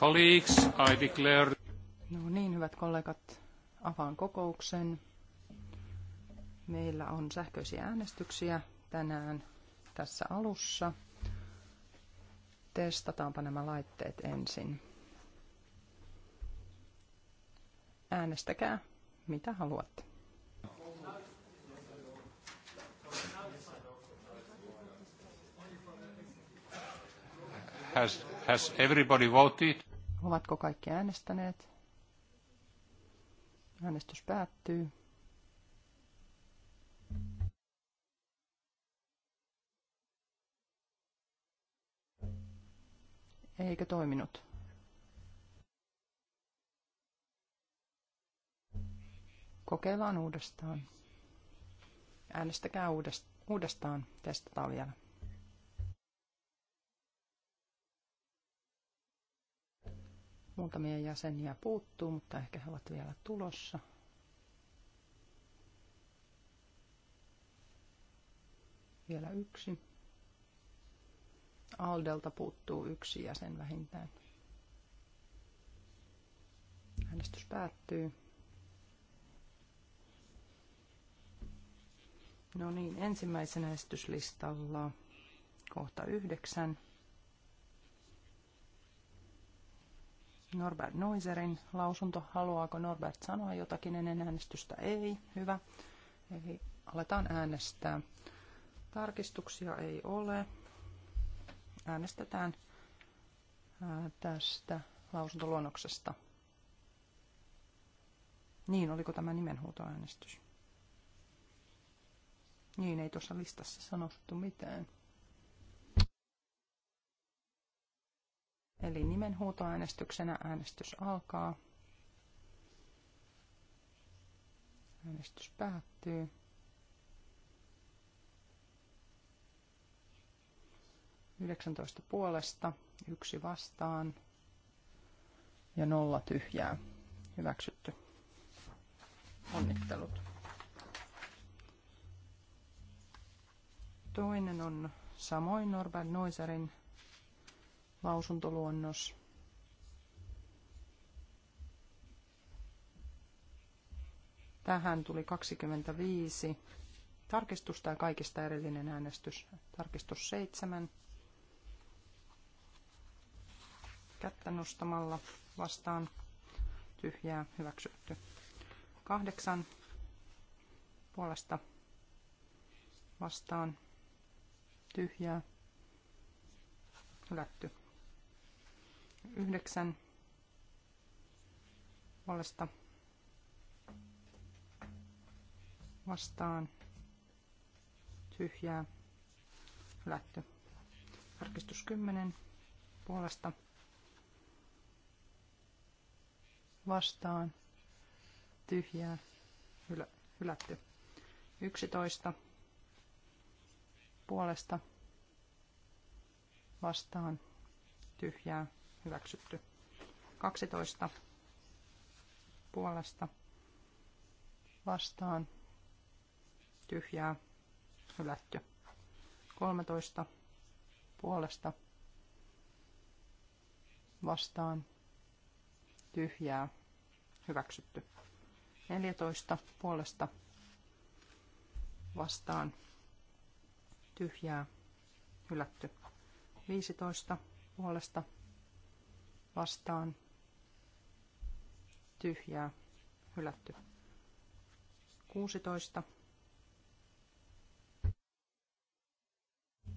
colleagues, I declare... No niin, hyvät kollegat, avaan kokouksen. Meillä on sähköisiä äänestyksiä tänään tässä alussa. Testataanpa nämä laitteet ensin. Äänestäkää, mitä haluatte. Has, has everybody voted? Ovatko kaikki äänestäneet? Äänestys päättyy. Eikö toiminut? Kokeillaan uudestaan. Äänestäkää uudestaan. Testataan vielä. Muutamia jäseniä puuttuu, mutta ehkä he ovat vielä tulossa. Vielä yksi. Aldelta puuttuu yksi jäsen vähintään. Äänestys päättyy. No niin, ensimmäisenä äänestyslistalla kohta yhdeksän. Norbert Noiserin lausunto. Haluaako Norbert sanoa jotakin ennen äänestystä? Ei. Hyvä. Eli aletaan äänestää. Tarkistuksia ei ole. Äänestetään tästä lausuntoluonnoksesta. Niin, oliko tämä nimenhuutoäänestys? Niin, ei tuossa listassa sanottu mitään. Eli nimenhuutoäänestyksenä äänestys alkaa. Äänestys päättyy. Yhdeksäntoista puolesta, yksi vastaan ja nolla tyhjää. Hyväksytty. Onnittelut. Toinen on samoin Norbert Noiserin lausuntoluonnos. Tähän tuli 25 tarkistusta ja kaikista erillinen äänestys. Tarkistus 7. Kättä nostamalla vastaan tyhjää hyväksytty. 8 puolesta vastaan tyhjää hylätty yhdeksän puolesta vastaan tyhjää hylätty. Tarkistus 10 puolesta vastaan tyhjää hylä, hylätty. 11 puolesta vastaan tyhjää hyväksytty. 12 puolesta vastaan tyhjää hylätty. 13 puolesta vastaan tyhjää hyväksytty. 14 puolesta vastaan tyhjää hylätty. 15 puolesta vastaan vastaan tyhjää hylätty. 16.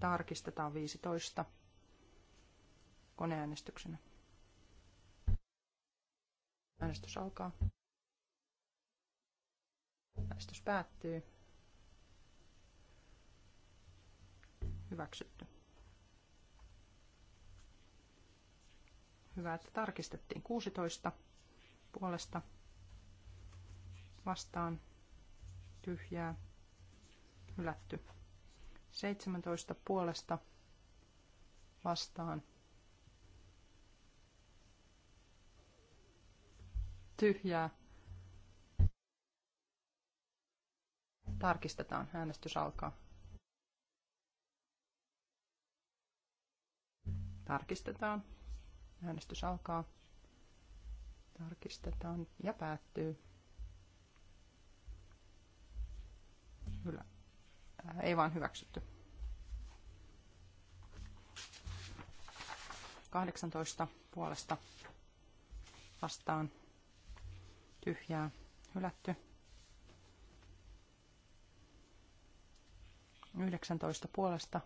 Tarkistetaan 15 koneäänestyksenä. Äänestys alkaa. Äänestys päättyy. Hyväksytty. Hyvä, että tarkistettiin. 16 puolesta vastaan tyhjää hylätty. 17 puolesta vastaan tyhjää. Tarkistetaan. Äänestys alkaa. Tarkistetaan. Äänestys alkaa. Tarkistetaan ja päättyy. Kyllä. Ei vaan hyväksytty. 18 puolesta vastaan tyhjää hylätty. 19 puolesta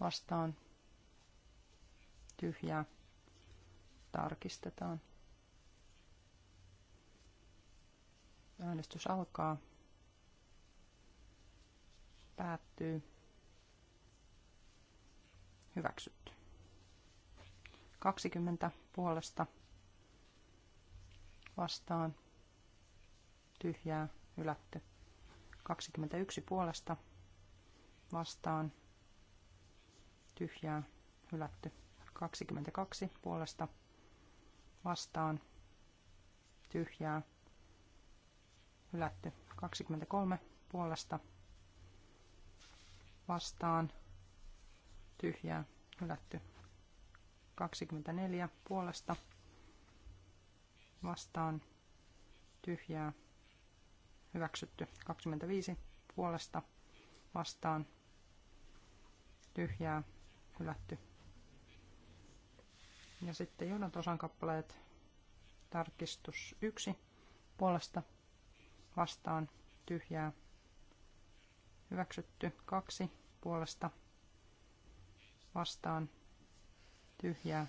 vastaan tyhjää tarkistetaan. Äänestys alkaa. Päättyy. Hyväksytty. 20 puolesta vastaan. Tyhjää. Hylätty. 21 puolesta vastaan. Tyhjää. Hylätty. 22 puolesta vastaan tyhjää hylätty 23 puolesta vastaan tyhjää hylätty 24 puolesta vastaan tyhjää hyväksytty 25 puolesta vastaan tyhjää hylätty ja sitten johdantosan kappaleet, tarkistus 1 puolesta vastaan tyhjää hyväksytty, 2 puolesta vastaan tyhjää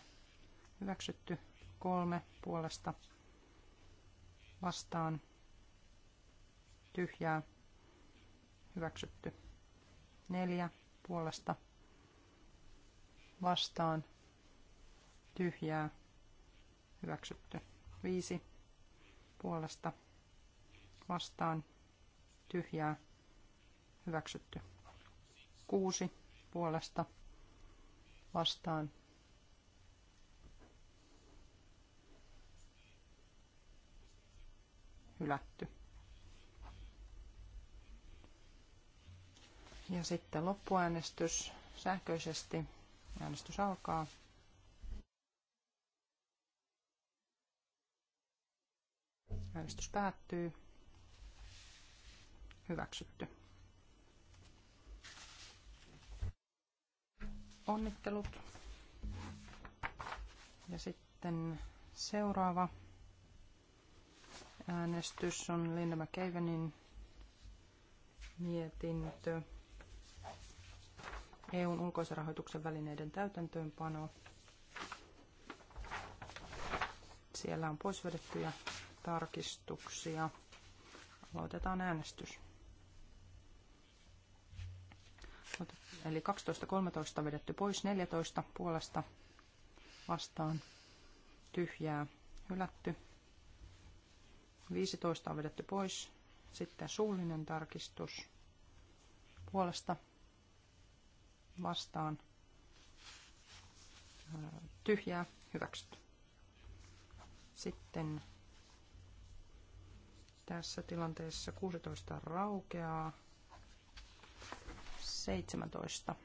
hyväksytty, 3 puolesta vastaan tyhjää hyväksytty, 4 puolesta vastaan tyhjää, hyväksytty. Viisi puolesta vastaan, tyhjää, hyväksytty. Kuusi puolesta vastaan, hylätty. Ja sitten loppuäänestys sähköisesti. Äänestys alkaa. Äänestys päättyy. Hyväksytty. Onnittelut. Ja sitten seuraava äänestys on Linda McCavenin mietintö. EUn ulkoisen rahoituksen välineiden täytäntöönpano. Siellä on ja tarkistuksia. Aloitetaan äänestys. Eli 12.13 vedetty pois, 14 puolesta vastaan tyhjää hylätty. 15 on vedetty pois. Sitten suullinen tarkistus puolesta vastaan tyhjää hyväksytty. Sitten tässä tilanteessa 16 raukeaa. 17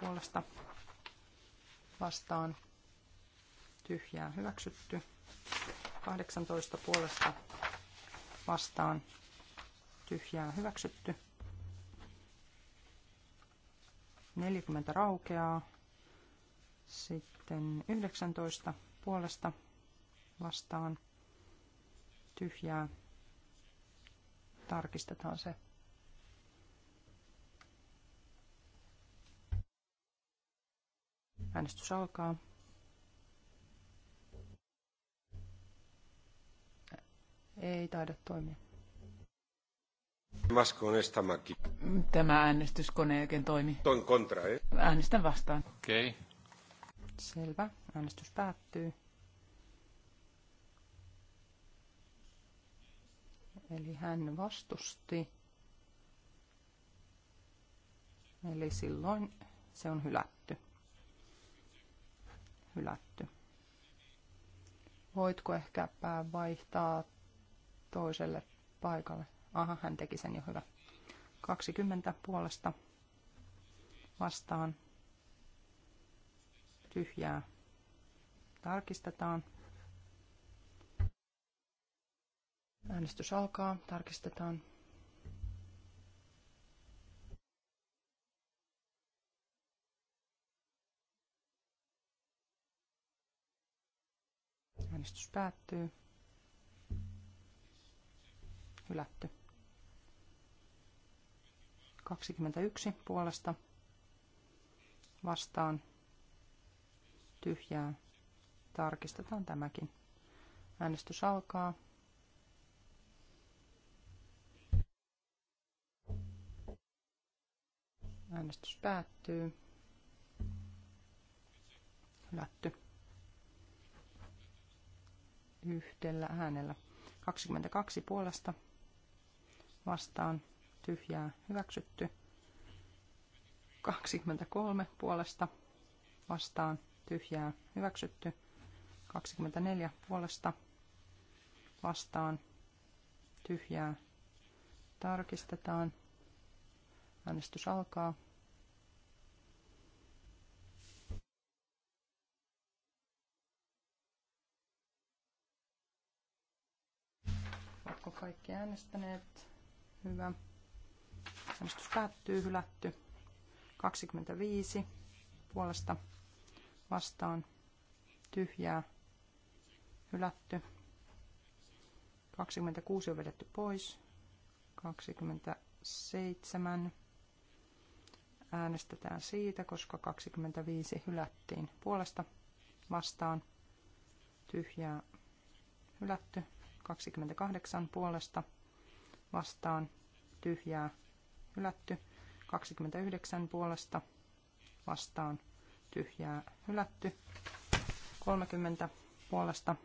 puolesta vastaan tyhjää hyväksytty. 18 puolesta vastaan tyhjää hyväksytty. 40 raukeaa. Sitten 19 puolesta vastaan tyhjää tarkistetaan se. Äänestys alkaa. Ei taida toimia. Tämä äänestyskone ei toimi. Toin kontra, ei. Äänestän vastaan. Okei. Okay. Selvä. Äänestys päättyy. Eli hän vastusti. Eli silloin se on hylätty. Hylätty. Voitko ehkä pää vaihtaa toiselle paikalle? Aha, hän teki sen jo hyvä. 20 puolesta vastaan tyhjää. Tarkistetaan. Äänestys alkaa. Tarkistetaan. Äänestys päättyy. Hylätty. 21 puolesta vastaan tyhjää. Tarkistetaan tämäkin. Äänestys alkaa. Äänestys päättyy. Hylätty. Yhdellä äänellä. 22 puolesta vastaan tyhjää hyväksytty. 23 puolesta vastaan tyhjää hyväksytty. 24 puolesta vastaan tyhjää tarkistetaan. Äänestys alkaa. Ovatko kaikki äänestäneet? Hyvä. Äänestys päättyy, hylätty. 25 puolesta vastaan tyhjää, hylätty. 26 on vedetty pois. 27 äänestetään siitä, koska 25 hylättiin puolesta vastaan. Tyhjää hylätty. 28 puolesta vastaan tyhjää hylätty. 29 puolesta vastaan tyhjää hylätty. 30 puolesta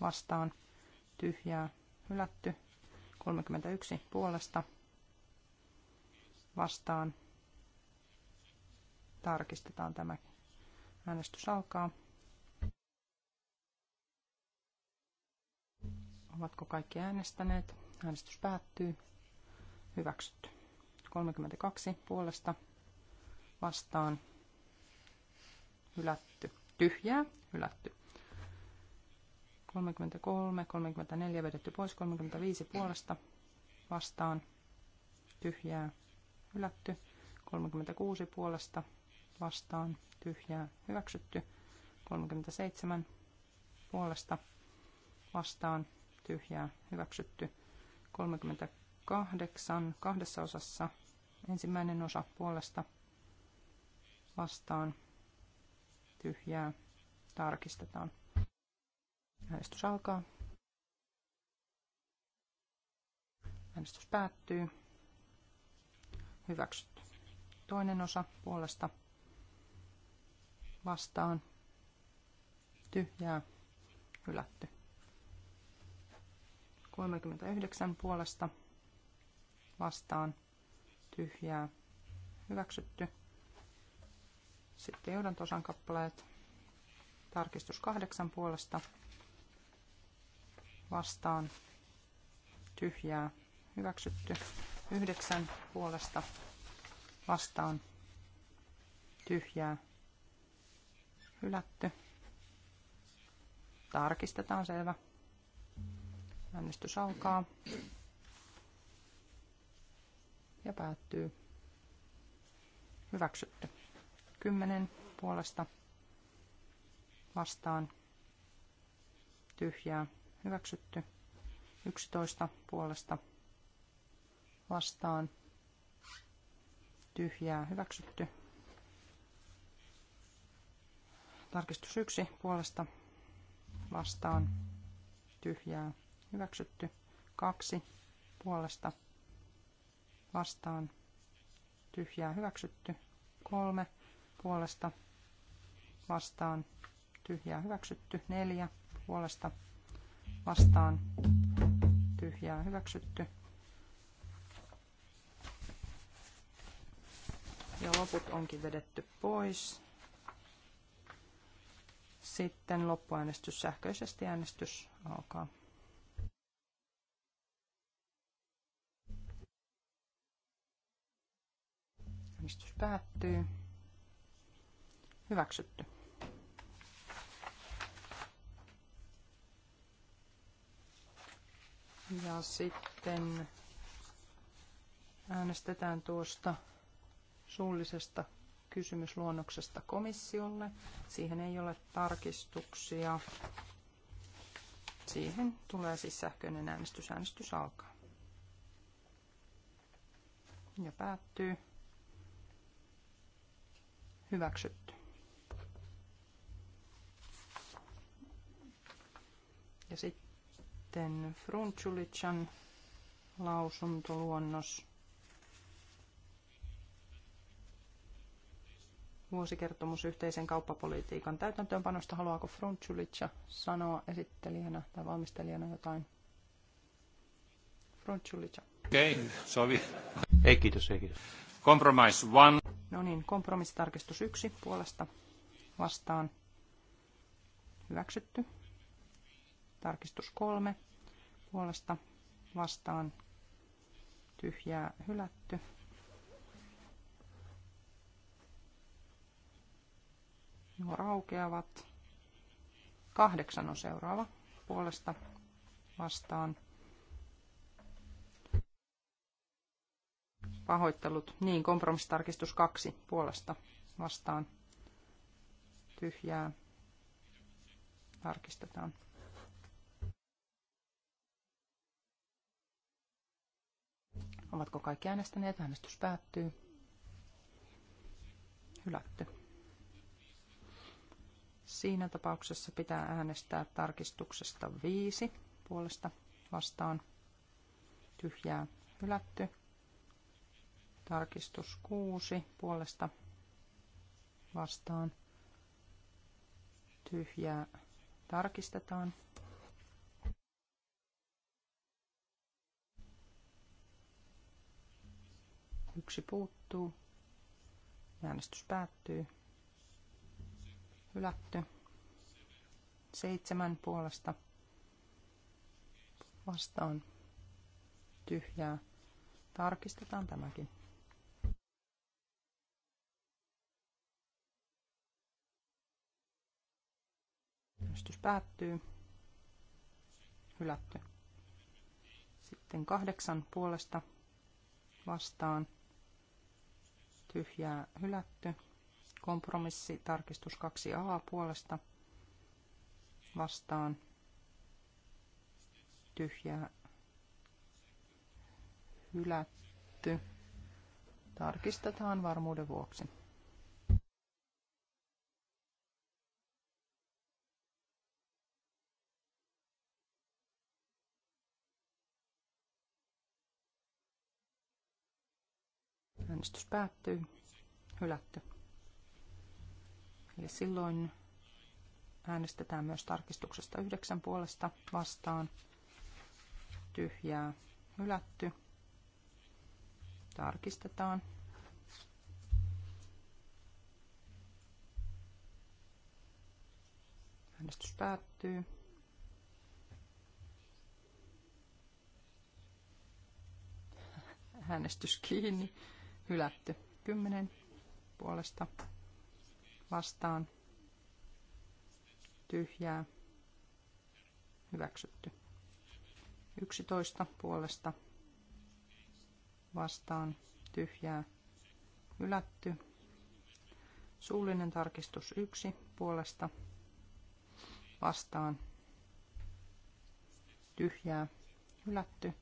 vastaan tyhjää hylätty. 31 puolesta vastaan. Tarkistetaan tämä. Äänestys alkaa. Ovatko kaikki äänestäneet? Äänestys päättyy. Hyväksytty. 32 puolesta vastaan. Hylätty. Tyhjää. Hylätty. 33, 34 vedetty pois, 35 puolesta vastaan, tyhjää, hylätty, 36 puolesta vastaan, tyhjää, hyväksytty, 37 puolesta vastaan, tyhjää hyväksytty. 38 kahdessa osassa ensimmäinen osa puolesta vastaan tyhjää tarkistetaan. Äänestys alkaa. Äänestys päättyy. Hyväksytty. Toinen osa puolesta vastaan tyhjää hylätty. 39 puolesta vastaan tyhjää hyväksytty. Sitten johdantosan kappaleet. Tarkistus 8 puolesta vastaan tyhjää hyväksytty. 9 puolesta vastaan tyhjää hylätty. Tarkistetaan selvä. Äänestys alkaa. Ja päättyy. Hyväksytty. 10 puolesta vastaan. Tyhjää. Hyväksytty. 11 puolesta vastaan. Tyhjää. Hyväksytty. Tarkistus 1 puolesta vastaan. Tyhjää hyväksytty. Kaksi puolesta vastaan tyhjää hyväksytty. Kolme puolesta vastaan tyhjää hyväksytty. Neljä puolesta vastaan tyhjää hyväksytty. Ja loput onkin vedetty pois. Sitten loppuäänestys sähköisesti äänestys alkaa. päättyy. Hyväksytty. Ja sitten äänestetään tuosta suullisesta kysymysluonnoksesta komissiolle. Siihen ei ole tarkistuksia. Siihen tulee siis sähköinen äänestys. Äänestys alkaa. Ja päättyy. Hyväksytty. Ja sitten Frunchulican lausuntoluonnos. Vuosikertomus yhteisen kauppapolitiikan täytäntöönpanosta. Haluaako Frunchulitsa sanoa esittelijänä tai valmistelijana jotain? Frunchulitsa. Okei, okay, sovi. Ei kiitos, ei kiitos. Compromise one. No niin, kompromissitarkistus yksi puolesta vastaan hyväksytty. Tarkistus kolme puolesta vastaan tyhjää hylätty. Nuo raukeavat. Kahdeksan on seuraava puolesta vastaan Pahoittelut. Niin, kompromissitarkistus kaksi puolesta vastaan. Tyhjää. Tarkistetaan. Ovatko kaikki äänestäneet? Äänestys päättyy. Hylätty. Siinä tapauksessa pitää äänestää tarkistuksesta 5 puolesta vastaan. Tyhjää hylätty. Tarkistus 6 puolesta vastaan. Tyhjää tarkistetaan. Yksi puuttuu. Äänestys päättyy. Hylätty. Seitsemän puolesta vastaan tyhjää. Tarkistetaan tämäkin. Äänestys päättyy. Hylätty. Sitten kahdeksan puolesta vastaan. Tyhjää hylätty. Kompromissi tarkistus 2a puolesta vastaan. Tyhjää hylätty. Tarkistetaan varmuuden vuoksi. Äänestys päättyy. Hylätty. Eli silloin äänestetään myös tarkistuksesta yhdeksän puolesta vastaan. Tyhjää hylätty. Tarkistetaan. Äänestys päättyy. Äänestys kiinni hylätty. 10 puolesta vastaan tyhjää hyväksytty. 11 puolesta vastaan tyhjää hylätty. Suullinen tarkistus 1 puolesta vastaan tyhjää hylätty.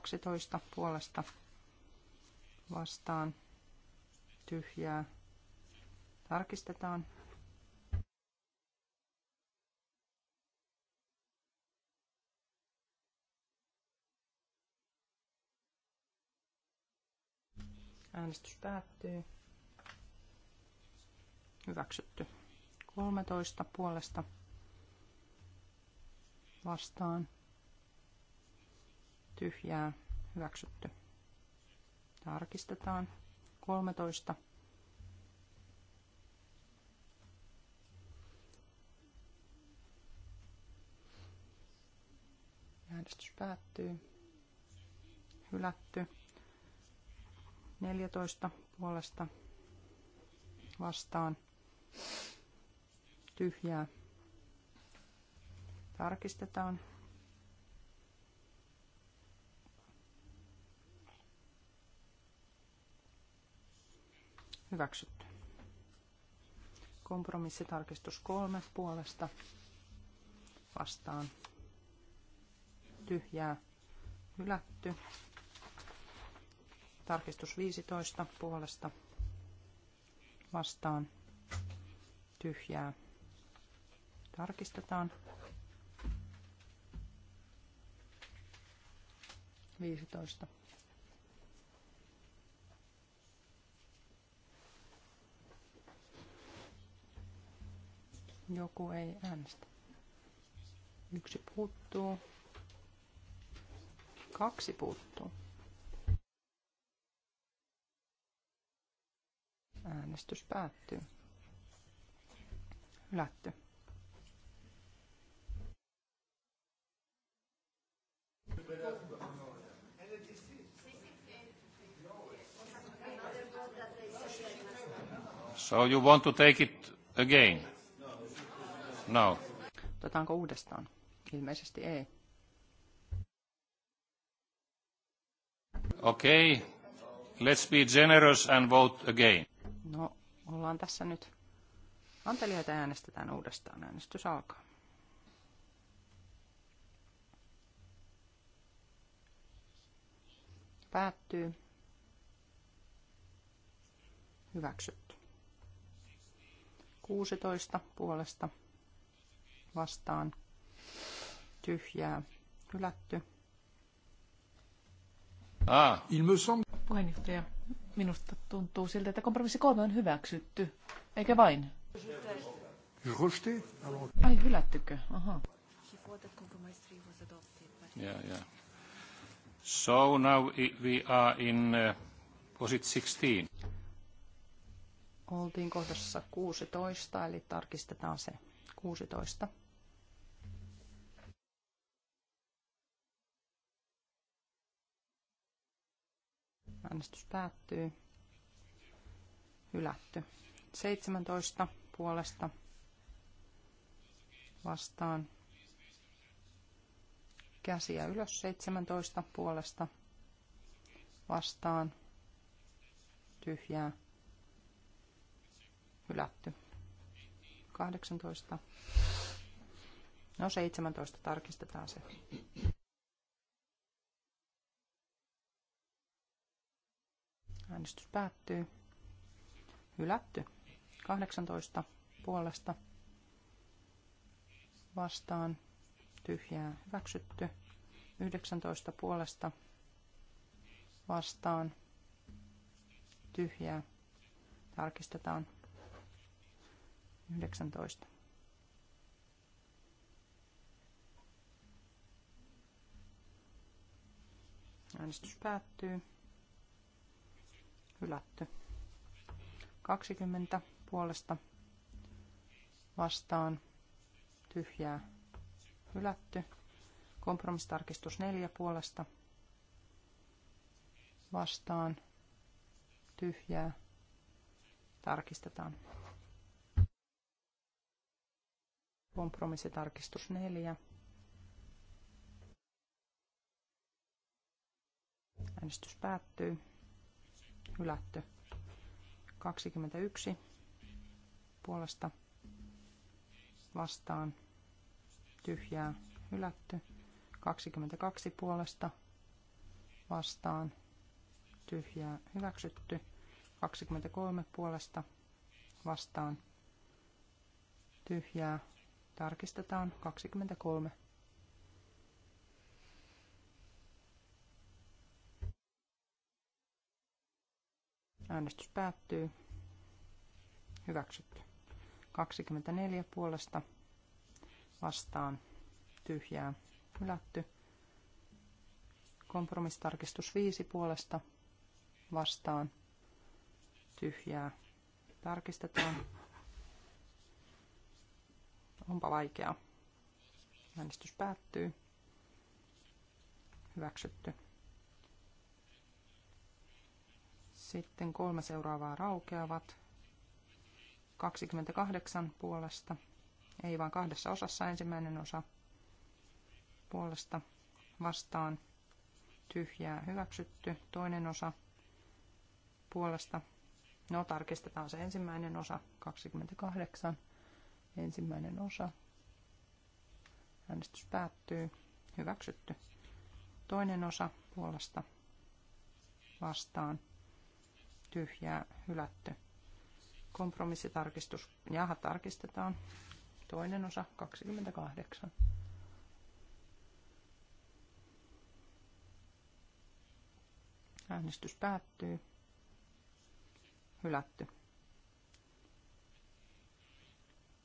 12 puolesta vastaan tyhjää. Tarkistetaan. Äänestys päättyy. Hyväksytty. 13 puolesta vastaan tyhjää, hyväksytty. Tarkistetaan. 13. Äänestys päättyy. Hylätty. 14 puolesta vastaan. Tyhjää. Tarkistetaan. Hyväksytty. Kompromissitarkistus kolme puolesta vastaan. Tyhjää. Hylätty. Tarkistus 15 puolesta vastaan. Tyhjää. Tarkistetaan. 15. Joku ei äänestä. Yksi puuttuu. Kaksi puuttuu. Äänestys päättyy. Hylätty. So you want to take it again? now. Otetaanko uudestaan? Ilmeisesti ei. Okei. Okay. Let's be generous and vote again. No, ollaan tässä nyt. Antelijoita äänestetään uudestaan. Äänestys alkaa. Päättyy. Hyväksytty. 16 puolesta vastaan tyhjää hylätty. Ah, il me semble... Puheenjohtaja, minusta tuntuu siltä, että kompromissi kolme on hyväksytty, eikä vain? Rejeté? Ai, hylättykö? Aha. Yeah, yeah. So now we are in, uh, was it 16? Oltiin kohdassa 16, eli tarkistetaan se 16. Äänestys päättyy. Hylätty. 17 puolesta vastaan. Käsiä ylös 17 puolesta vastaan. Tyhjää. Hylätty. 18. No 17 tarkistetaan se. Äänestys päättyy. Hylätty. 18 puolesta vastaan tyhjää hyväksytty. 19 puolesta vastaan tyhjää. Tarkistetaan 19. Äänestys päättyy hylätty. 20 puolesta vastaan tyhjää hylätty. Kompromistarkistus 4 puolesta vastaan tyhjää tarkistetaan. Kompromissitarkistus 4. Äänestys päättyy hylätty. 21 puolesta vastaan tyhjää hylätty. 22 puolesta vastaan tyhjää hyväksytty. 23 puolesta vastaan tyhjää tarkistetaan 23 Äänestys päättyy. Hyväksytty. 24 puolesta vastaan tyhjää hylätty. Kompromistarkistus 5 puolesta vastaan tyhjää tarkistetaan. Onpa vaikeaa. Äänestys päättyy. Hyväksytty. Sitten kolme seuraavaa raukeavat. 28 puolesta. Ei vaan kahdessa osassa ensimmäinen osa puolesta vastaan tyhjää hyväksytty. Toinen osa puolesta. No tarkistetaan se ensimmäinen osa. 28. Ensimmäinen osa. Äänestys päättyy. Hyväksytty. Toinen osa puolesta vastaan tyhjää hylätty. Kompromissitarkistus. Jaha, tarkistetaan. Toinen osa 28. Äänestys päättyy. Hylätty.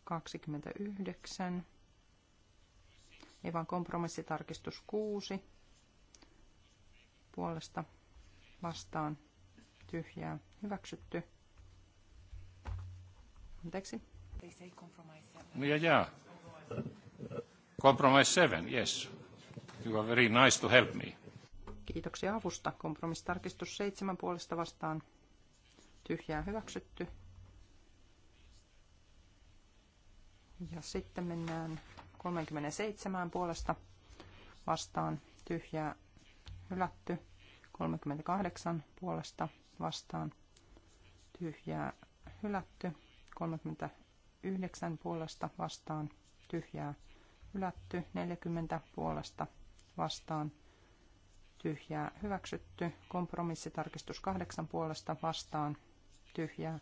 29. Ei vaan kompromissitarkistus 6. Puolesta vastaan tyhjää hyväksytty. Anteeksi. No ja, ja. Compromise seven, yes. You are very nice to help me. Kiitoksia avusta. Kompromistarkistus seitsemän puolesta vastaan. Tyhjää hyväksytty. Ja sitten mennään 37 puolesta vastaan. Tyhjää hylätty. 38 puolesta vastaan tyhjää hylätty. 39 puolesta vastaan tyhjää hylätty. 40 puolesta vastaan tyhjää hyväksytty. Kompromissitarkistus 8 puolesta vastaan tyhjää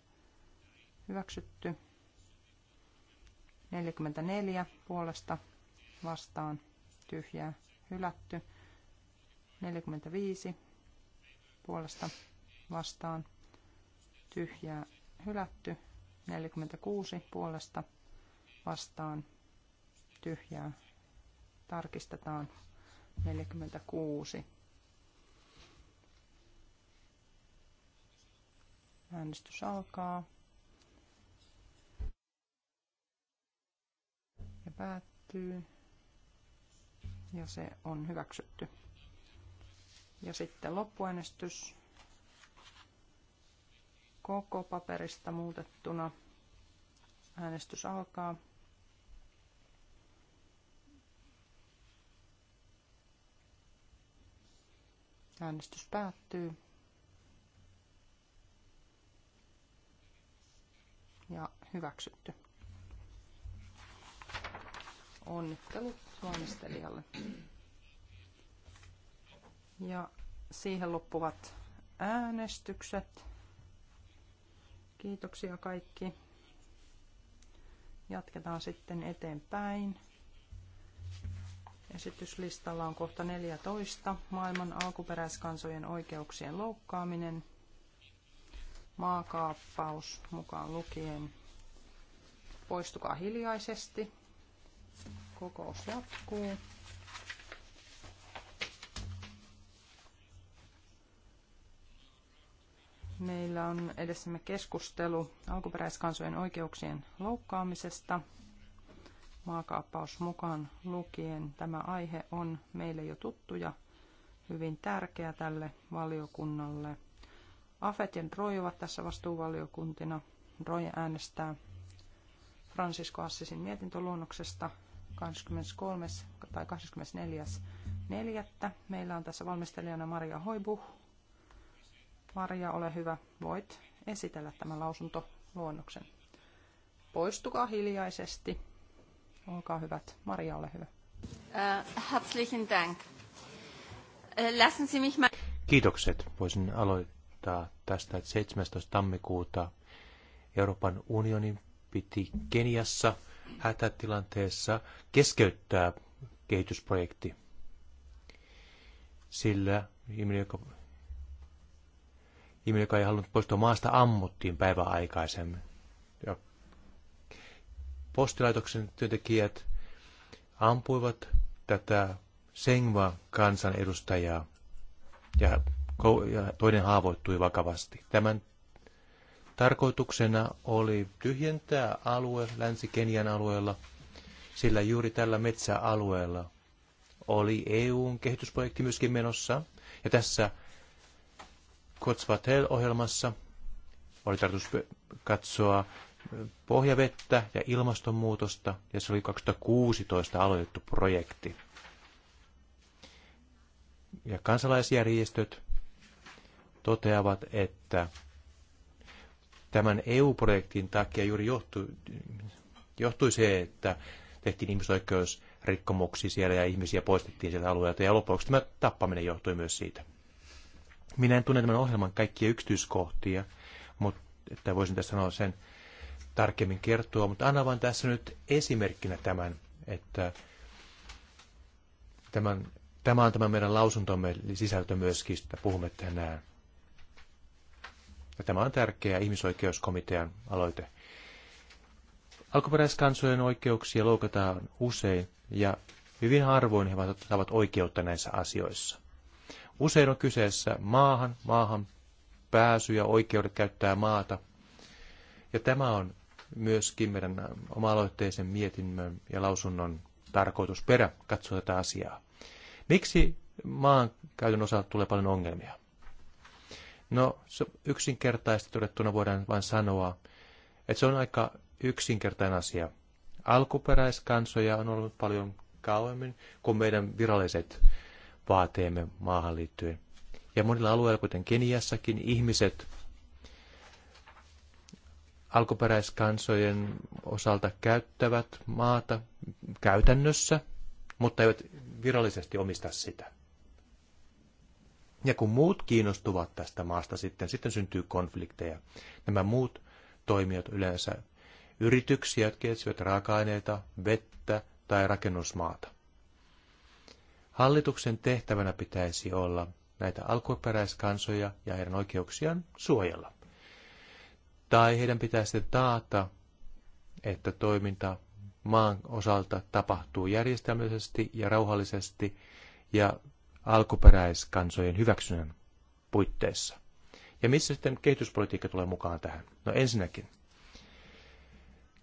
hyväksytty. 44 puolesta vastaan tyhjää hylätty. 45 puolesta vastaan tyhjää hylätty. 46 puolesta vastaan tyhjää. Tarkistetaan 46. Äänestys alkaa. Ja päättyy. Ja se on hyväksytty. Ja sitten loppuäänestys koko paperista muutettuna. Äänestys alkaa. Äänestys päättyy. Ja hyväksytty. Onnittelut valmistelijalle. Ja siihen loppuvat äänestykset. Kiitoksia kaikki. Jatketaan sitten eteenpäin. Esityslistalla on kohta 14. Maailman alkuperäiskansojen oikeuksien loukkaaminen, maakaappaus mukaan lukien. Poistukaa hiljaisesti. Kokous jatkuu. Meillä on edessämme keskustelu alkuperäiskansojen oikeuksien loukkaamisesta, maakaappaus mukaan lukien. Tämä aihe on meille jo tuttu ja hyvin tärkeä tälle valiokunnalle. Afet ja Roy ovat tässä vastuuvaliokuntina. Roy äänestää Francisco Assisin mietintöluonnoksesta 23. tai 24.4. Meillä on tässä valmistelijana Maria Hoibuh Maria, ole hyvä, voit esitellä tämän lausuntoluonnoksen. Poistukaa hiljaisesti. Olkaa hyvät. Maria, ole hyvä. Äh, herzlichen Dank. Äh, lassen Sie mich mal... Kiitokset. Voisin aloittaa tästä, että 17. tammikuuta Euroopan unionin piti Keniassa hätätilanteessa keskeyttää kehitysprojekti. Sillä ihminen, joka Ihminen, joka ei halunnut poistua maasta, ammuttiin päivää aikaisemmin. Ja postilaitoksen työntekijät ampuivat tätä Sengva kansanedustajaa ja, ja toinen haavoittui vakavasti. Tämän tarkoituksena oli tyhjentää alue Länsi-Kenian alueella, sillä juuri tällä metsäalueella oli EUn kehitysprojekti myöskin menossa. Ja tässä Kotsvatel-ohjelmassa oli tarkoitus katsoa pohjavettä ja ilmastonmuutosta, ja se oli 2016 aloitettu projekti. Ja kansalaisjärjestöt toteavat, että tämän EU-projektin takia juuri johtui, johtui se, että tehtiin ihmisoikeusrikkomuksia siellä ja ihmisiä poistettiin sieltä alueelta. Ja lopuksi tämä tappaminen johtui myös siitä. Minä en tunne tämän ohjelman kaikkia yksityiskohtia, mutta että voisin tässä sanoa sen tarkemmin kertoa, mutta anna vain tässä nyt esimerkkinä tämän, että tämän, tämä on tämä meidän lausuntomme sisältö myöskin, että puhumme tänään. Ja tämä on tärkeä ihmisoikeuskomitean aloite. Alkuperäiskansojen oikeuksia loukataan usein ja hyvin harvoin he saavat oikeutta näissä asioissa. Usein on kyseessä maahan, maahan pääsy ja oikeudet käyttää maata. Ja tämä on myöskin meidän oma-aloitteisen mietinnön ja lausunnon tarkoitusperä katsoa tätä asiaa. Miksi maan käytön osalta tulee paljon ongelmia? No, yksinkertaisesti todettuna voidaan vain sanoa, että se on aika yksinkertainen asia. Alkuperäiskansoja on ollut paljon kauemmin kuin meidän viralliset vaateemme maahan liittyen. Ja monilla alueilla, kuten Keniassakin, ihmiset alkuperäiskansojen osalta käyttävät maata käytännössä, mutta eivät virallisesti omista sitä. Ja kun muut kiinnostuvat tästä maasta sitten, sitten syntyy konflikteja. Nämä muut toimijat yleensä yrityksiä, jotka etsivät raaka-aineita, vettä tai rakennusmaata. Hallituksen tehtävänä pitäisi olla näitä alkuperäiskansoja ja heidän oikeuksiaan suojella. Tai heidän pitäisi taata, että toiminta maan osalta tapahtuu järjestelmällisesti ja rauhallisesti ja alkuperäiskansojen hyväksynnän puitteissa. Ja missä sitten kehityspolitiikka tulee mukaan tähän? No ensinnäkin,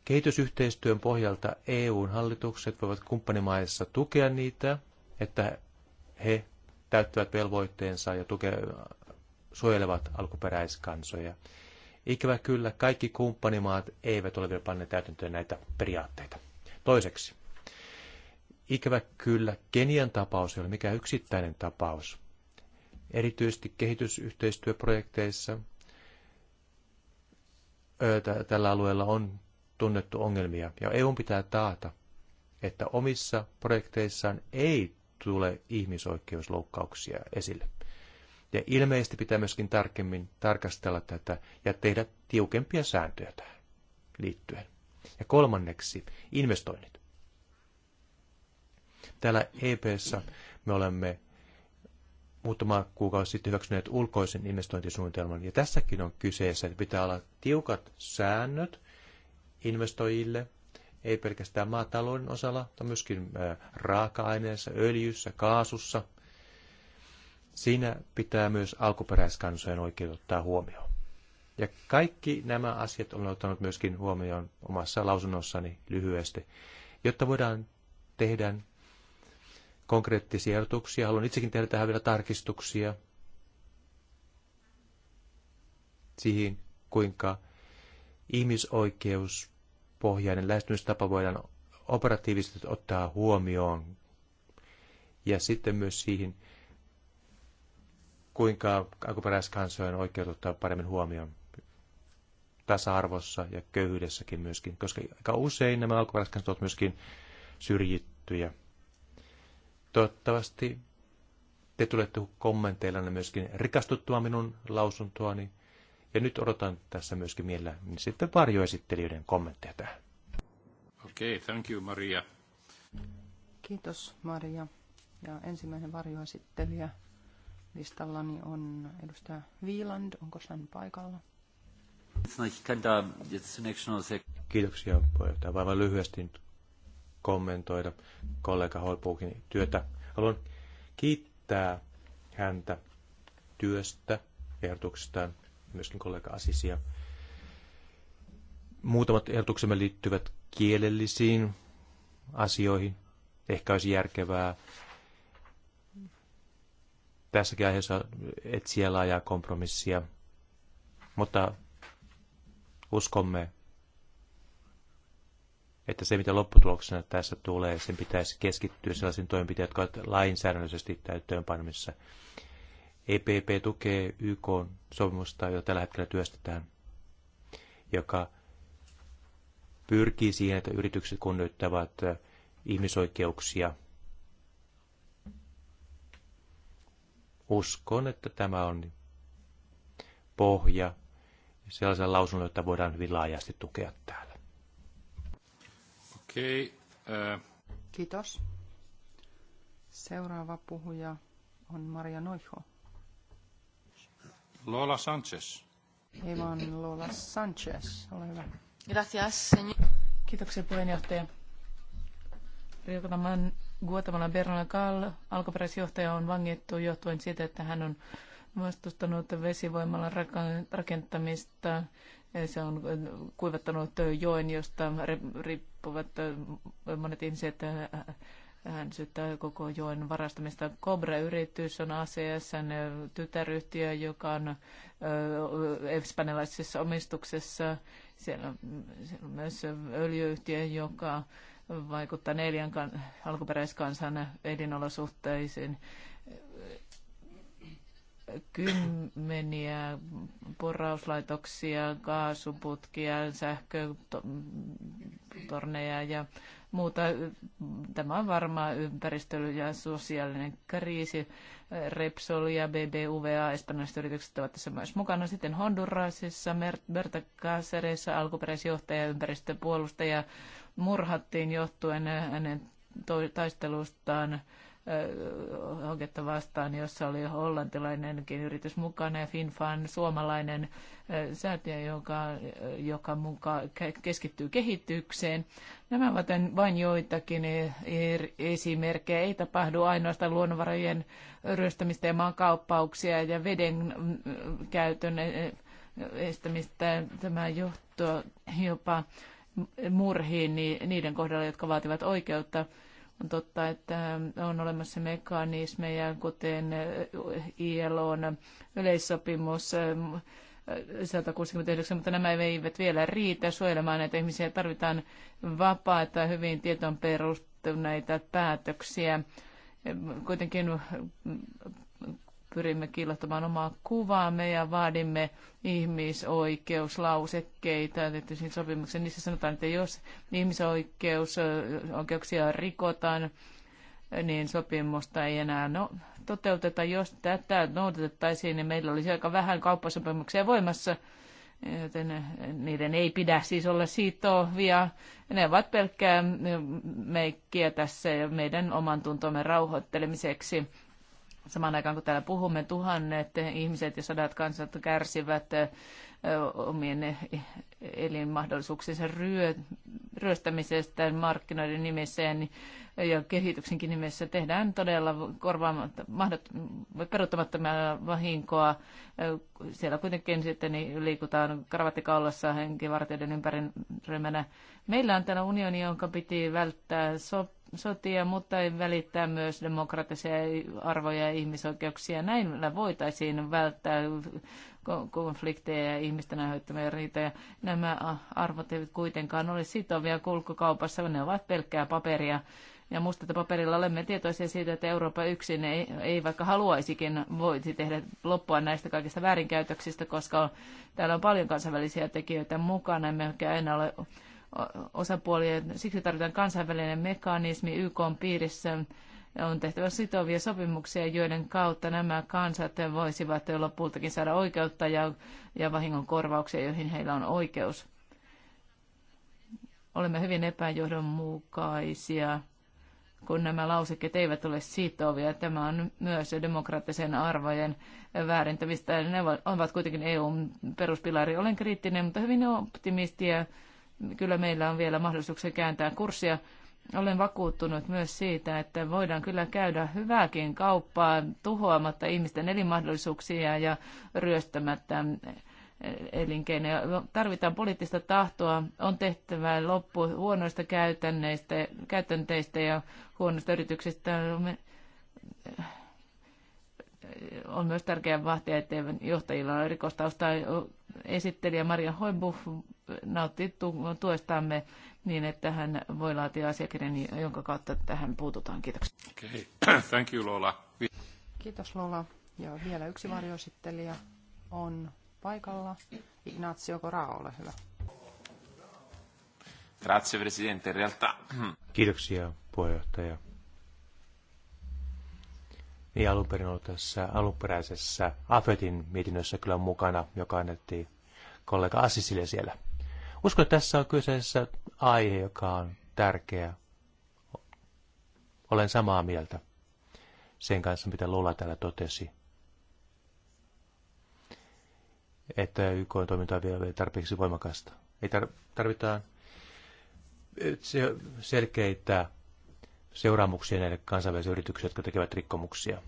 kehitysyhteistyön pohjalta EUn hallitukset voivat kumppanimaissa tukea niitä että he täyttävät velvoitteensa ja tuke, suojelevat alkuperäiskansoja. Ikävä kyllä, kaikki kumppanimaat eivät ole vielä panneet täytäntöön näitä periaatteita. Toiseksi, ikävä kyllä, Kenian tapaus ei ole mikään yksittäinen tapaus. Erityisesti kehitysyhteistyöprojekteissa tällä alueella on tunnettu ongelmia, ja EU pitää taata, että omissa projekteissaan ei tule ihmisoikeusloukkauksia esille. Ja ilmeisesti pitää myöskin tarkemmin tarkastella tätä ja tehdä tiukempia sääntöjä tähän liittyen. Ja kolmanneksi investoinnit. Täällä EPssä me olemme muutama kuukausi sitten hyväksyneet ulkoisen investointisuunnitelman. Ja tässäkin on kyseessä, että pitää olla tiukat säännöt investoijille ei pelkästään maatalouden osalla, mutta myöskin äh, raaka-aineessa, öljyssä, kaasussa. Siinä pitää myös alkuperäiskansojen oikeudet ottaa huomioon. Ja kaikki nämä asiat olen ottanut myöskin huomioon omassa lausunnossani lyhyesti, jotta voidaan tehdä konkreettisia ehdotuksia. Haluan itsekin tehdä tähän vielä tarkistuksia siihen, kuinka ihmisoikeus projektipohjainen lähestymistapa voidaan operatiivisesti ottaa huomioon. Ja sitten myös siihen, kuinka alkuperäiskansojen oikeudet ottaa paremmin huomioon tasa-arvossa ja köyhyydessäkin myöskin, koska aika usein nämä alkuperäiskansat ovat myöskin syrjittyjä. Toivottavasti te tulette kommenteillanne myöskin rikastuttua minun lausuntoani. Ja nyt odotan tässä myöskin mielellä niin sitten varjoesittelijöiden kommentteja tähän. Okei, okay, thank you Maria. Kiitos Maria. Ja ensimmäinen varjoesittelijä listallani on edustaja Wieland. Onko hän paikalla? No, Kiitoksia puheenjohtaja. vain lyhyesti nyt kommentoida kollega Holpuukin työtä. Haluan kiittää häntä työstä, ehdotuksestaan myöskin kollega Asisia. Muutamat ehdotuksemme liittyvät kielellisiin asioihin. Ehkä olisi järkevää tässäkin aiheessa etsiä laajaa kompromissia, mutta uskomme, että se mitä lopputuloksena tässä tulee, sen pitäisi keskittyä sellaisiin toimenpiteisiin, jotka ovat lainsäädännöllisesti täyttöönpanemissa EPP tukee YK-sopimusta, jota tällä hetkellä työstetään, joka pyrkii siihen, että yritykset kunnioittavat ihmisoikeuksia. Uskon, että tämä on pohja sellaisen lausunnon, jota voidaan hyvin laajasti tukea täällä. Okei. Okay, uh... Äh. Kiitos. Seuraava puhuja on Maria Noiho. Lola Sanchez. Ivon Lola Sanchez, ole hyvä. Gracias, señor. Kiitoksia puheenjohtaja. Riokataman Guatemalan Bernal kall alkuperäisjohtaja, on vangittu johtuen siitä, että hän on vastustanut vesivoimalla rakentamista. Se on kuivattanut joen, josta riippuvat monet ihmiset. Hän syyttää koko joen varastamista. Cobra-yritys on ACSn tytäryhtiö, joka on espanjalaisessa omistuksessa. Siellä on, siellä on myös öljyyhtiö, joka vaikuttaa neljän kan, alkuperäiskansan elinolosuhteisiin kymmeniä porauslaitoksia, kaasuputkia, sähkötorneja ja muuta. Tämä on varmaan ympäristö- ja sosiaalinen kriisi. Repsol ja BBVA, espanjalaiset yritykset ovat tässä myös mukana. Sitten Hondurasissa Berta Caceressa, alkuperäisjohtaja, ympäristöpuolustaja, murhattiin johtuen hänen taistelustaan hanketta vastaan, jossa oli hollantilainenkin yritys mukana ja FinFan suomalainen säätiö, joka, joka muka keskittyy kehitykseen. Nämä ovat vain joitakin e-, er-, esimerkkejä. Ei tapahdu ainoastaan luonnonvarojen ryöstämistä ja maankauppauksia ja veden mm, käytön e-, estämistä. Tämä johtuu jopa murhiin niiden kohdalla, jotka vaativat oikeutta on totta, että on olemassa mekanismeja, kuten ILOn yleissopimus 169, eh, mutta nämä eivät vielä riitä suojelemaan näitä ihmisiä. Tarvitaan vapaita, hyvin tietoon perustuneita päätöksiä. Kuitenkin pyrimme kiillottamaan omaa kuvaamme ja vaadimme ihmisoikeuslausekkeita liittyisiin sopimuksiin. Niissä sanotaan, että jos ihmisoikeuksia rikotaan, niin sopimusta ei enää no, toteuteta. Jos tätä noudatettaisiin, niin meillä olisi aika vähän kauppasopimuksia voimassa, joten niiden ei pidä siis olla sitovia. Ne ovat pelkkää meikkiä tässä meidän oman tuntomme rauhoittelemiseksi Samaan aikaan kun täällä puhumme, tuhannet ihmiset ja sadat kansat kärsivät omien elinmahdollisuuksiensa ryö, ryöstämisestä markkinoiden nimessä ja, ja kehityksenkin nimessä tehdään todella peruuttamattomia vahinkoa. Siellä kuitenkin sitten niin liikutaan karvattikaulassa henkivartijoiden ryhmänä. Meillä on täällä unioni, jonka piti välttää sop, sotia, mutta ei välittää myös demokraattisia arvoja ja ihmisoikeuksia. Näillä voitaisiin välttää konflikteja ja ihmisten aiheuttamia riitoja. Nämä arvot eivät kuitenkaan ole sitovia kulkukaupassa, ne ovat pelkkää paperia. Ja mustalta paperilla olemme tietoisia siitä, että Eurooppa yksin ei, ei vaikka haluaisikin voisi tehdä loppua näistä kaikista väärinkäytöksistä, koska on, täällä on paljon kansainvälisiä tekijöitä mukana, emmekä aina ole osapuolien Siksi tarvitaan kansainvälinen mekanismi YK on piirissä. On tehtävä sitovia sopimuksia, joiden kautta nämä kansat voisivat lopultakin saada oikeutta ja, ja vahingon korvauksia, joihin heillä on oikeus. Olemme hyvin epäjohdonmukaisia kun nämä lausekkeet eivät ole sitovia. Tämä on myös demokraattisen arvojen väärintämistä. Ne ovat kuitenkin EUn peruspilari. Olen kriittinen, mutta hyvin optimistia kyllä meillä on vielä mahdollisuuksia kääntää kurssia. Olen vakuuttunut myös siitä, että voidaan kyllä käydä hyvääkin kauppaa tuhoamatta ihmisten elinmahdollisuuksia ja ryöstämättä elinkeinoja. Tarvitaan poliittista tahtoa, on tehtävä loppu huonoista käytänneistä, käytänteistä ja huonoista yrityksistä. On myös tärkeää vahtia, että johtajilla on rikostausta. Esittelijä Maria Hoibuff nauttii tuestamme niin, että hän voi laatia asiakirjan, jonka kautta tähän puututaan. Kiitoksia. Okay. Thank you, Lola. Kiitos Lola. Ja vielä yksi varjoesittelijä on paikalla. Ignazio Corao, ole hyvä. Grazie Presidente, in realtà... Kiitoksia puheenjohtaja. Niin alun perin ollut tässä alunperäisessä AFETin mietinnössä kyllä mukana, joka annettiin kollega Assisille siellä. Uskon, että tässä on kyseessä aihe, joka on tärkeä. Olen samaa mieltä sen kanssa, mitä Lola täällä totesi. Että YK-toiminta on vielä tarpeeksi voimakasta. Ei tar- tarvitaan selkeitä seuraamuksia näille kansainvälisille yrityksille, jotka tekevät rikkomuksia.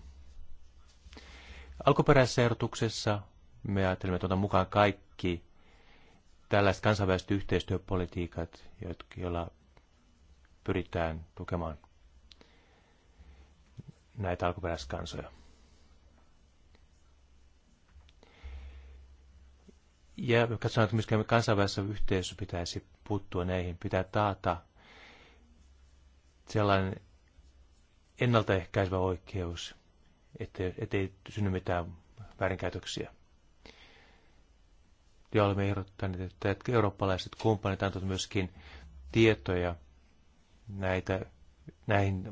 Alkuperäisessä ehdotuksessa me ajattelimme tuota mukaan kaikki tällaiset kansainväliset yhteistyöpolitiikat, joilla pyritään tukemaan näitä alkuperäiskansoja. Ja katsotaan, että myöskin kansainvälisessä yhteisössä pitäisi puuttua näihin. Pitää taata sellainen ennaltaehkäisevä oikeus, ettei, ettei synny mitään väärinkäytöksiä ja olemme ehdottaneet, että eurooppalaiset kumppanit antavat myöskin tietoja näitä, näihin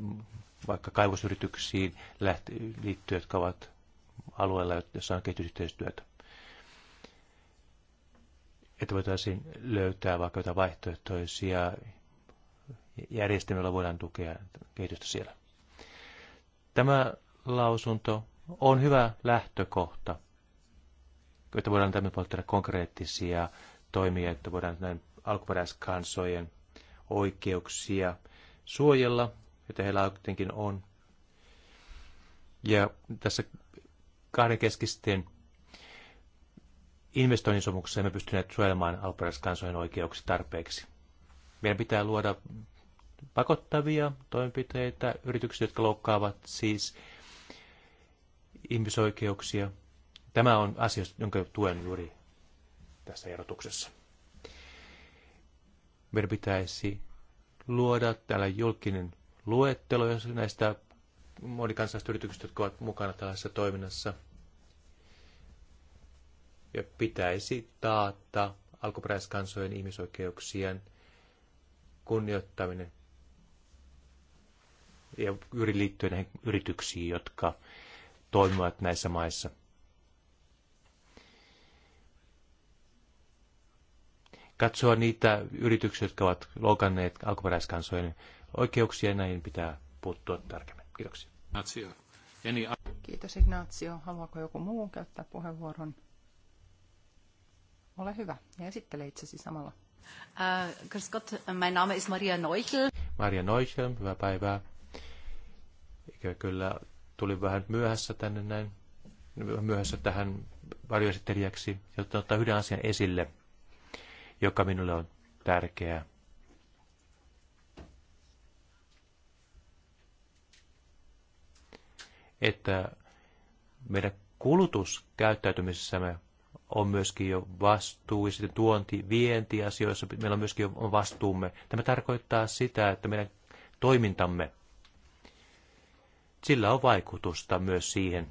vaikka kaivosyrityksiin liittyen, jotka ovat alueella, jossa on kehitysyhteistyötä. Että voitaisiin löytää vaikka jotain vaihtoehtoisia järjestelmillä voidaan tukea kehitystä siellä. Tämä lausunto on hyvä lähtökohta että voidaan tämän tehdä konkreettisia toimia, että voidaan näin alkuperäiskansojen oikeuksia suojella, joita heillä kuitenkin on. Ja tässä kahdenkeskisten sopimuksessa emme pystyneet suojelemaan alkuperäiskansojen oikeuksia tarpeeksi. Meidän pitää luoda pakottavia toimenpiteitä yrityksille, jotka loukkaavat siis ihmisoikeuksia Tämä on asia, jonka tuen juuri tässä erotuksessa. Meidän pitäisi luoda täällä julkinen luettelo näistä monikansallisista yrityksistä, jotka ovat mukana tällaisessa toiminnassa. Ja pitäisi taata alkuperäiskansojen ihmisoikeuksien kunnioittaminen ja liittyen näihin yrityksiin, jotka toimivat näissä maissa – katsoa niitä yrityksiä, jotka ovat loukanneet alkuperäiskansojen oikeuksia, ja näihin pitää puuttua tarkemmin. Kiitoksia. Kiitos Ignacio. Haluaako joku muu käyttää puheenvuoron? Ole hyvä ja esittele itsesi samalla. Uh, grüß Gott, mein Name ist Maria Neuchel. Maria Neuchel, hyvää päivää. Ikävä kyllä tulin vähän myöhässä tänne näin, myöhässä tähän varjoesittelijäksi, jotta ottaa yhden asian esille joka minulle on tärkeää. Että meidän kulutuskäyttäytymisessämme on myöskin jo vastuu ja sitten tuonti, asioissa meillä on myöskin jo vastuumme. Tämä tarkoittaa sitä, että meidän toimintamme, sillä on vaikutusta myös siihen,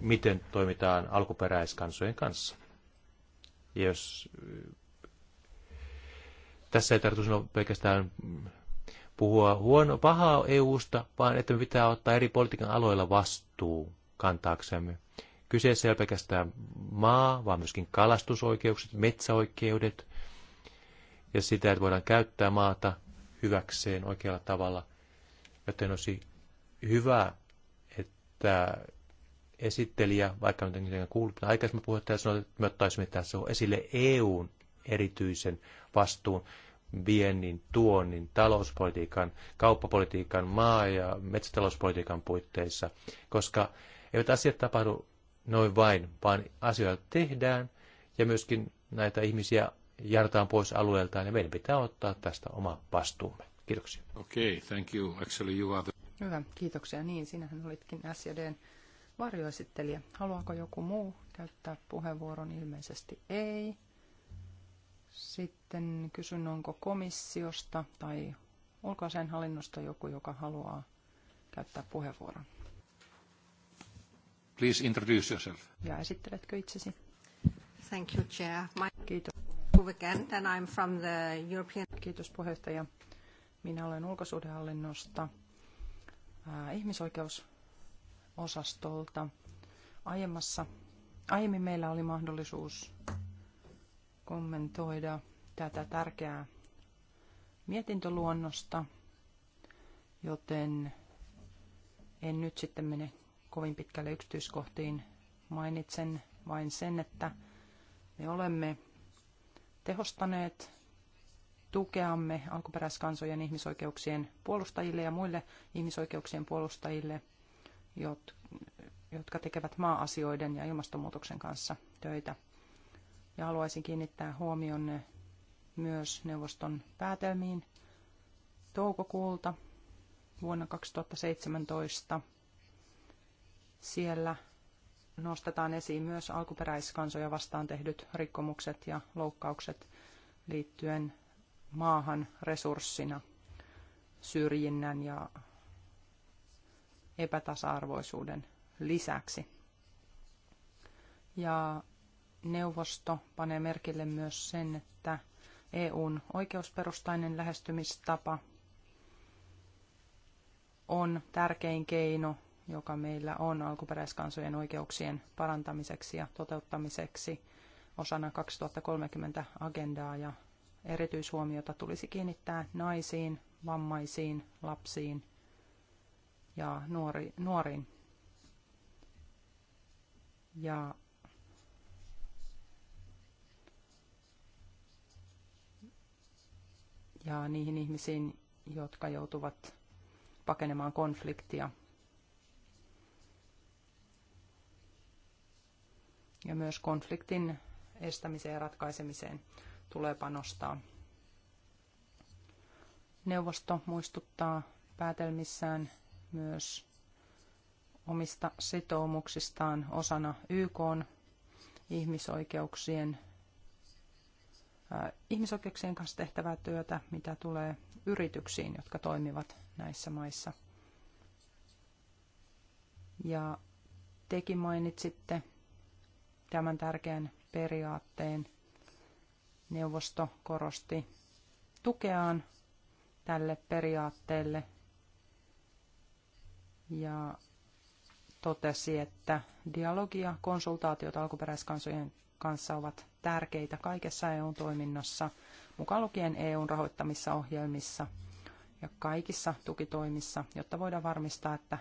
miten toimitaan alkuperäiskansojen kanssa jos tässä ei tarvitse pelkästään puhua huono, pahaa EUsta, vaan että me pitää ottaa eri politiikan aloilla vastuu kantaaksemme. Kyseessä ei ole pelkästään maa, vaan myöskin kalastusoikeukset, metsäoikeudet ja sitä, että voidaan käyttää maata hyväkseen oikealla tavalla. Joten olisi hyvä, että esittelijä, vaikka nyt en kuullut aikaisemmin puheenjohtaja sanoi, että me ottaisimme tässä esille EUn erityisen vastuun viennin, tuonnin, talouspolitiikan, kauppapolitiikan, maa- ja metsätalouspolitiikan puitteissa, koska eivät asiat tapahdu noin vain, vaan asioita tehdään ja myöskin näitä ihmisiä jartaan pois alueeltaan ja meidän pitää ottaa tästä oma vastuumme. Kiitoksia. Okei, okay, thank you. Actually you are the... Hyvä, kiitoksia. Niin, sinähän olitkin SJDn varjoesittelijä. Haluaako joku muu käyttää puheenvuoron? Ilmeisesti ei. Sitten kysyn, onko komissiosta tai hallinnosta joku, joka haluaa käyttää puheenvuoron. Please introduce yourself. Ja esitteletkö itsesi? Thank you, Chair. My... Kiitos. Again, and I'm from the European... Kiitos puheenjohtaja. Minä olen ulkosuhdehallinnosta ihmisoikeus osastolta. Aiemmassa, aiemmin meillä oli mahdollisuus kommentoida tätä tärkeää mietintöluonnosta, joten en nyt sitten mene kovin pitkälle yksityiskohtiin. Mainitsen vain sen, että me olemme tehostaneet tukeamme alkuperäiskansojen ihmisoikeuksien puolustajille ja muille ihmisoikeuksien puolustajille – jotka tekevät maa-asioiden ja ilmastonmuutoksen kanssa töitä. Ja haluaisin kiinnittää huomion myös neuvoston päätelmiin toukokuulta vuonna 2017. Siellä nostetaan esiin myös alkuperäiskansoja vastaan tehdyt rikkomukset ja loukkaukset liittyen maahan resurssina syrjinnän ja epätasa-arvoisuuden lisäksi. Ja neuvosto panee merkille myös sen, että EUn oikeusperustainen lähestymistapa on tärkein keino, joka meillä on alkuperäiskansojen oikeuksien parantamiseksi ja toteuttamiseksi osana 2030-agendaa ja erityishuomiota tulisi kiinnittää naisiin, vammaisiin, lapsiin ja nuori, nuoriin. Ja ja niihin ihmisiin, jotka joutuvat pakenemaan konfliktia. Ja myös konfliktin estämiseen ja ratkaisemiseen tulee panostaa. Neuvosto muistuttaa päätelmissään myös omista sitoumuksistaan osana YK ihmisoikeuksien, ihmisoikeuksien kanssa tehtävää työtä, mitä tulee yrityksiin, jotka toimivat näissä maissa. Ja tekin mainitsitte tämän tärkeän periaatteen. Neuvosto korosti tukeaan tälle periaatteelle ja totesi, että dialogi ja konsultaatiot alkuperäiskansojen kanssa ovat tärkeitä kaikessa eu toiminnassa, mukaan lukien EUn rahoittamissa ohjelmissa ja kaikissa tukitoimissa, jotta voidaan varmistaa, että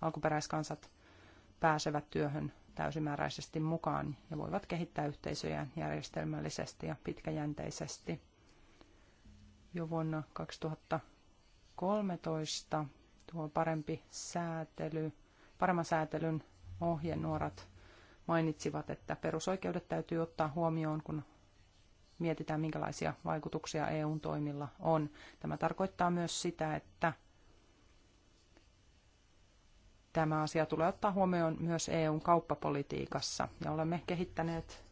alkuperäiskansat pääsevät työhön täysimääräisesti mukaan ja voivat kehittää yhteisöjään järjestelmällisesti ja pitkäjänteisesti. Jo vuonna 2013 tuo parempi säätely, paremman säätelyn ohjenuorat mainitsivat, että perusoikeudet täytyy ottaa huomioon, kun mietitään, minkälaisia vaikutuksia EUn toimilla on. Tämä tarkoittaa myös sitä, että tämä asia tulee ottaa huomioon myös EUn kauppapolitiikassa ja olemme kehittäneet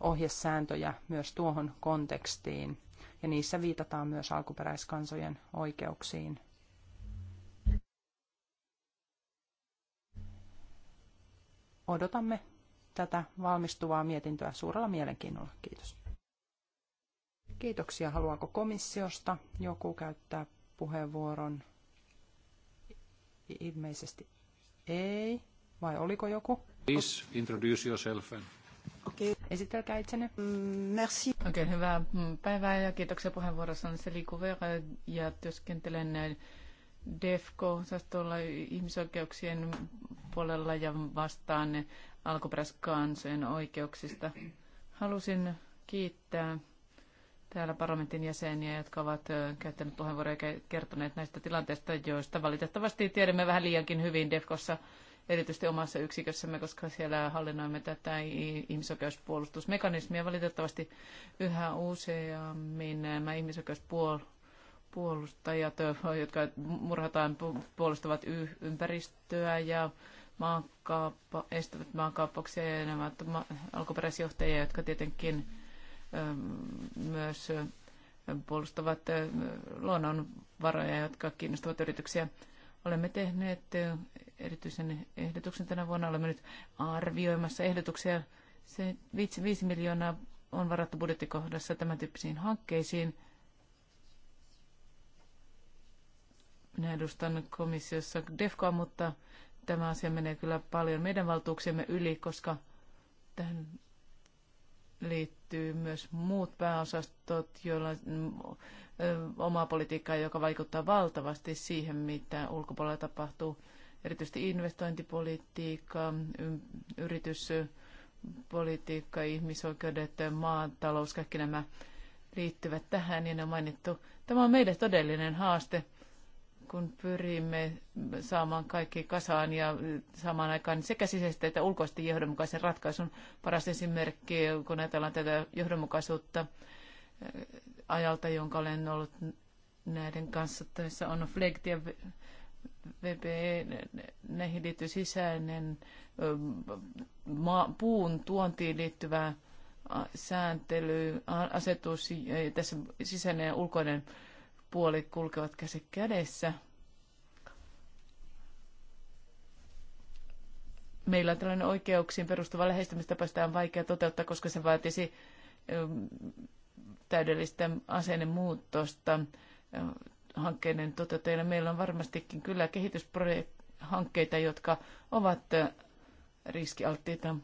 ohjesääntöjä myös tuohon kontekstiin ja niissä viitataan myös alkuperäiskansojen oikeuksiin. odotamme tätä valmistuvaa mietintöä suurella mielenkiinnolla. Kiitos. Kiitoksia. Haluaako komissiosta joku käyttää puheenvuoron? Ilmeisesti ei. Vai oliko joku? Please introduce yourself. Okay. Esitelkää itsenne. Mm, merci. okay, hyvää mm, päivää ja kiitoksia puheenvuorossa. On Seli Kuvera ja työskentelen äh, DEFCO-osastolla ihmisoikeuksien puolella ja vastaan alkuperäiskansojen oikeuksista. Halusin kiittää täällä parlamentin jäseniä, jotka ovat käyttäneet puheenvuoroja ja kertoneet näistä tilanteista, joista valitettavasti tiedämme vähän liiankin hyvin DEFKossa, erityisesti omassa yksikössämme, koska siellä hallinnoimme tätä ihmisoikeuspuolustusmekanismia. Valitettavasti yhä useammin nämä ihmisoikeuspuolustajat, jotka murhataan, puolustavat ympäristöä ja maakaappa, estävät maakaappauksia ja nämä alkuperäisjohtajia, jotka tietenkin ähm, myös ähm, puolustavat äh, luonnonvaroja, jotka kiinnostavat yrityksiä. Olemme tehneet äh, erityisen ehdotuksen tänä vuonna. Olemme nyt arvioimassa ehdotuksia. Se 5, 5 miljoonaa on varattu budjettikohdassa tämän tyyppisiin hankkeisiin. Minä edustan komissiossa DEFCOa, mutta tämä asia menee kyllä paljon meidän valtuuksiemme yli, koska tähän liittyy myös muut pääosastot, joilla on mm, omaa politiikkaa, joka vaikuttaa valtavasti siihen, mitä ulkopuolella tapahtuu. Erityisesti investointipolitiikka, yrityspolitiikka, ihmisoikeudet, maatalous, kaikki nämä liittyvät tähän ja ne on mainittu. Tämä on meille todellinen haaste kun pyrimme saamaan kaikki kasaan ja samaan aikaan sekä sisäisesti että ulkoisesti johdonmukaisen ratkaisun. Paras esimerkki, kun ajatellaan tätä johdonmukaisuutta ajalta, jonka olen ollut näiden kanssa, tässä on Flegt ja VPE, näihin liittyy sisäinen puun tuontiin liittyvä sääntely, asetus, tässä sisäinen ja ulkoinen puolet kulkevat käsi kädessä. Meillä tällainen oikeuksiin perustuva lähestymistapa sitä on vaikea toteuttaa, koska se vaatisi ähm, täydellistä asennemuutosta äh, hankkeiden toteuttajana. Meillä on varmastikin kyllä hankkeita, jotka ovat äh, riskialttiita.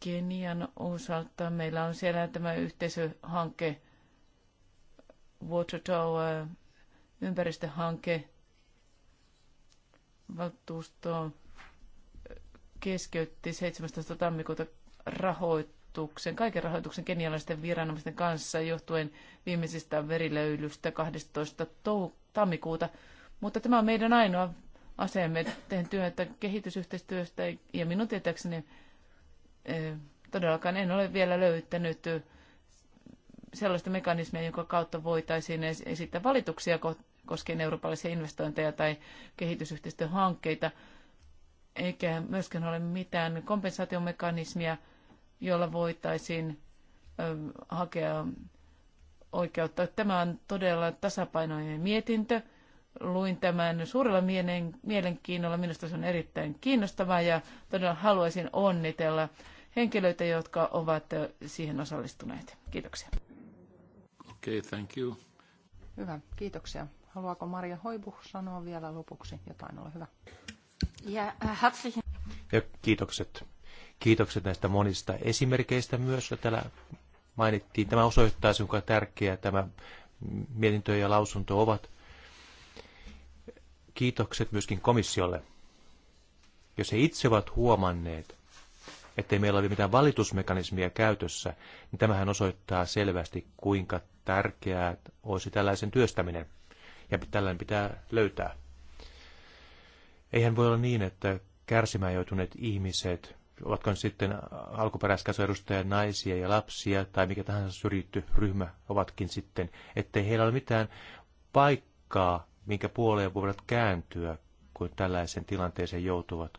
Kenian osalta meillä on siellä tämä yhteisöhanke, Water Tower, ympäristöhanke, valtuusto keskeytti 17. tammikuuta rahoituksen, kaiken rahoituksen kenialaisten viranomaisten kanssa johtuen viimeisistä verilöylystä 12. tammikuuta. Mutta tämä on meidän ainoa aseemme. tehdä työtä kehitysyhteistyöstä ja minun tietääkseni eh, todellakaan en ole vielä löytänyt sellaista mekanismia, jonka kautta voitaisiin esittää valituksia koskien eurooppalaisia investointeja tai kehitysyhteistyöhankkeita, eikä myöskään ole mitään kompensaatiomekanismia, jolla voitaisiin hakea oikeutta. Tämä on todella tasapainoinen mietintö. Luin tämän suurella mielenkiinnolla. Minusta se on erittäin kiinnostavaa ja todella haluaisin onnitella henkilöitä, jotka ovat siihen osallistuneet. Kiitoksia. Okay, thank you. Hyvä, kiitoksia. Haluaako Maria Hoibu sanoa vielä lopuksi jotain? Ole hyvä. Ja, äh, ja kiitokset. Kiitokset näistä monista esimerkkeistä myös, joita täällä mainittiin. Tämä osoittaa, kuinka tärkeää tämä mietintö ja lausunto ovat. Kiitokset myöskin komissiolle. Jos he itse ovat huomanneet, ettei meillä ole mitään valitusmekanismia käytössä, niin tämähän osoittaa selvästi, kuinka tärkeää olisi tällaisen työstäminen, ja tällainen pitää löytää. Eihän voi olla niin, että kärsimään joutuneet ihmiset, ovatko ne sitten alkuperäiskansaedustajia, naisia ja lapsia tai mikä tahansa syrjitty ryhmä ovatkin sitten, ettei heillä ole mitään paikkaa, minkä puoleen voivat kääntyä, kun tällaisen tilanteeseen joutuvat.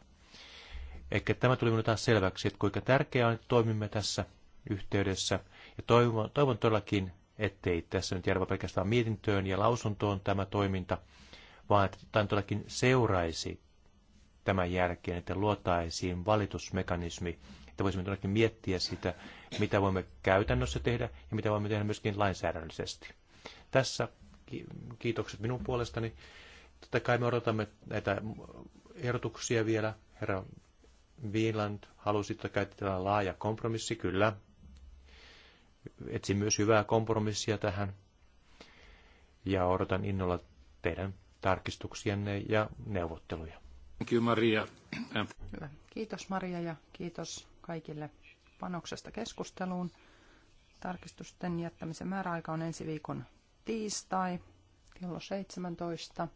Ehkä tämä tuli minulle taas selväksi, että kuinka tärkeää on, että toimimme tässä yhteydessä. Ja toivon, toivon todellakin, ettei tässä nyt järvä pelkästään mietintöön ja lausuntoon tämä toiminta, vaan että tämä todellakin seuraisi tämän jälkeen, että luotaisiin valitusmekanismi, että voisimme todellakin miettiä sitä, mitä voimme käytännössä tehdä ja mitä voimme tehdä myöskin lainsäädännöllisesti. Tässä kiitokset minun puolestani. Totta kai me odotamme näitä ehdotuksia vielä. Herra Viiland halusi, että käytetään laaja kompromissi, kyllä, etsi myös hyvää kompromissia tähän ja odotan innolla teidän tarkistuksianne ja neuvotteluja. Maria. Hyvä. Kiitos Maria ja kiitos kaikille panoksesta keskusteluun. Tarkistusten jättämisen määräaika on ensi viikon tiistai kello 17.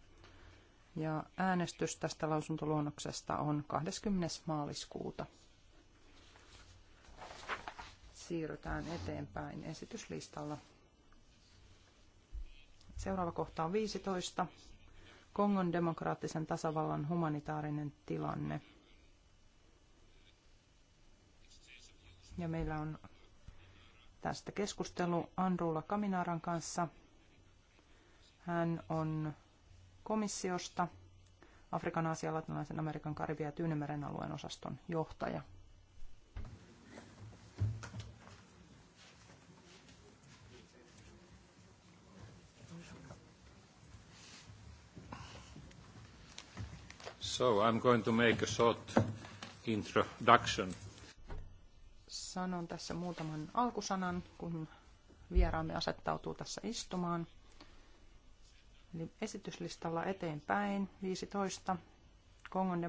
Ja äänestys tästä lausuntoluonnoksesta on 20. maaliskuuta siirrytään eteenpäin esityslistalla. Seuraava kohta on 15. Kongon demokraattisen tasavallan humanitaarinen tilanne. Ja meillä on tästä keskustelu Andrulla Kaminaran kanssa. Hän on komissiosta Afrikan, Aasian, Latinalaisen Amerikan, Karibian ja Tyynemeren alueen osaston johtaja. So I'm going to make a short introduction. Sanon tässä muutaman alkusanan, kun vieraamme asettautuu tässä istumaan. Eli esityslistalla eteenpäin 15. Kongon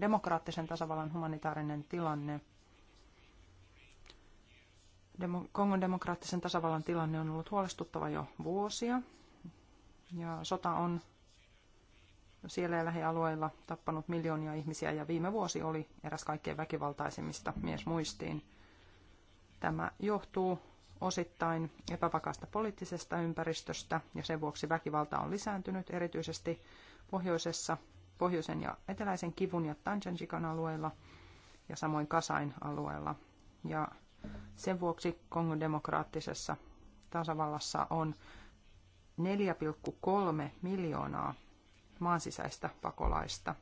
demokraattisen tasavallan humanitaarinen tilanne. Demo, Kongon demokraattisen tasavallan tilanne on ollut huolestuttava jo vuosia. Ja sota on siellä ja lähialueilla tappanut miljoonia ihmisiä ja viime vuosi oli eräs kaikkein väkivaltaisimmista Mies muistiin Tämä johtuu osittain epävakaasta poliittisesta ympäristöstä ja sen vuoksi väkivalta on lisääntynyt erityisesti pohjoisessa, pohjoisen ja eteläisen kivun ja Tanjanjikan alueilla ja samoin Kasain alueella. Ja sen vuoksi Kongon demokraattisessa tasavallassa on 4,3 miljoonaa maan sisäistä pakolaista.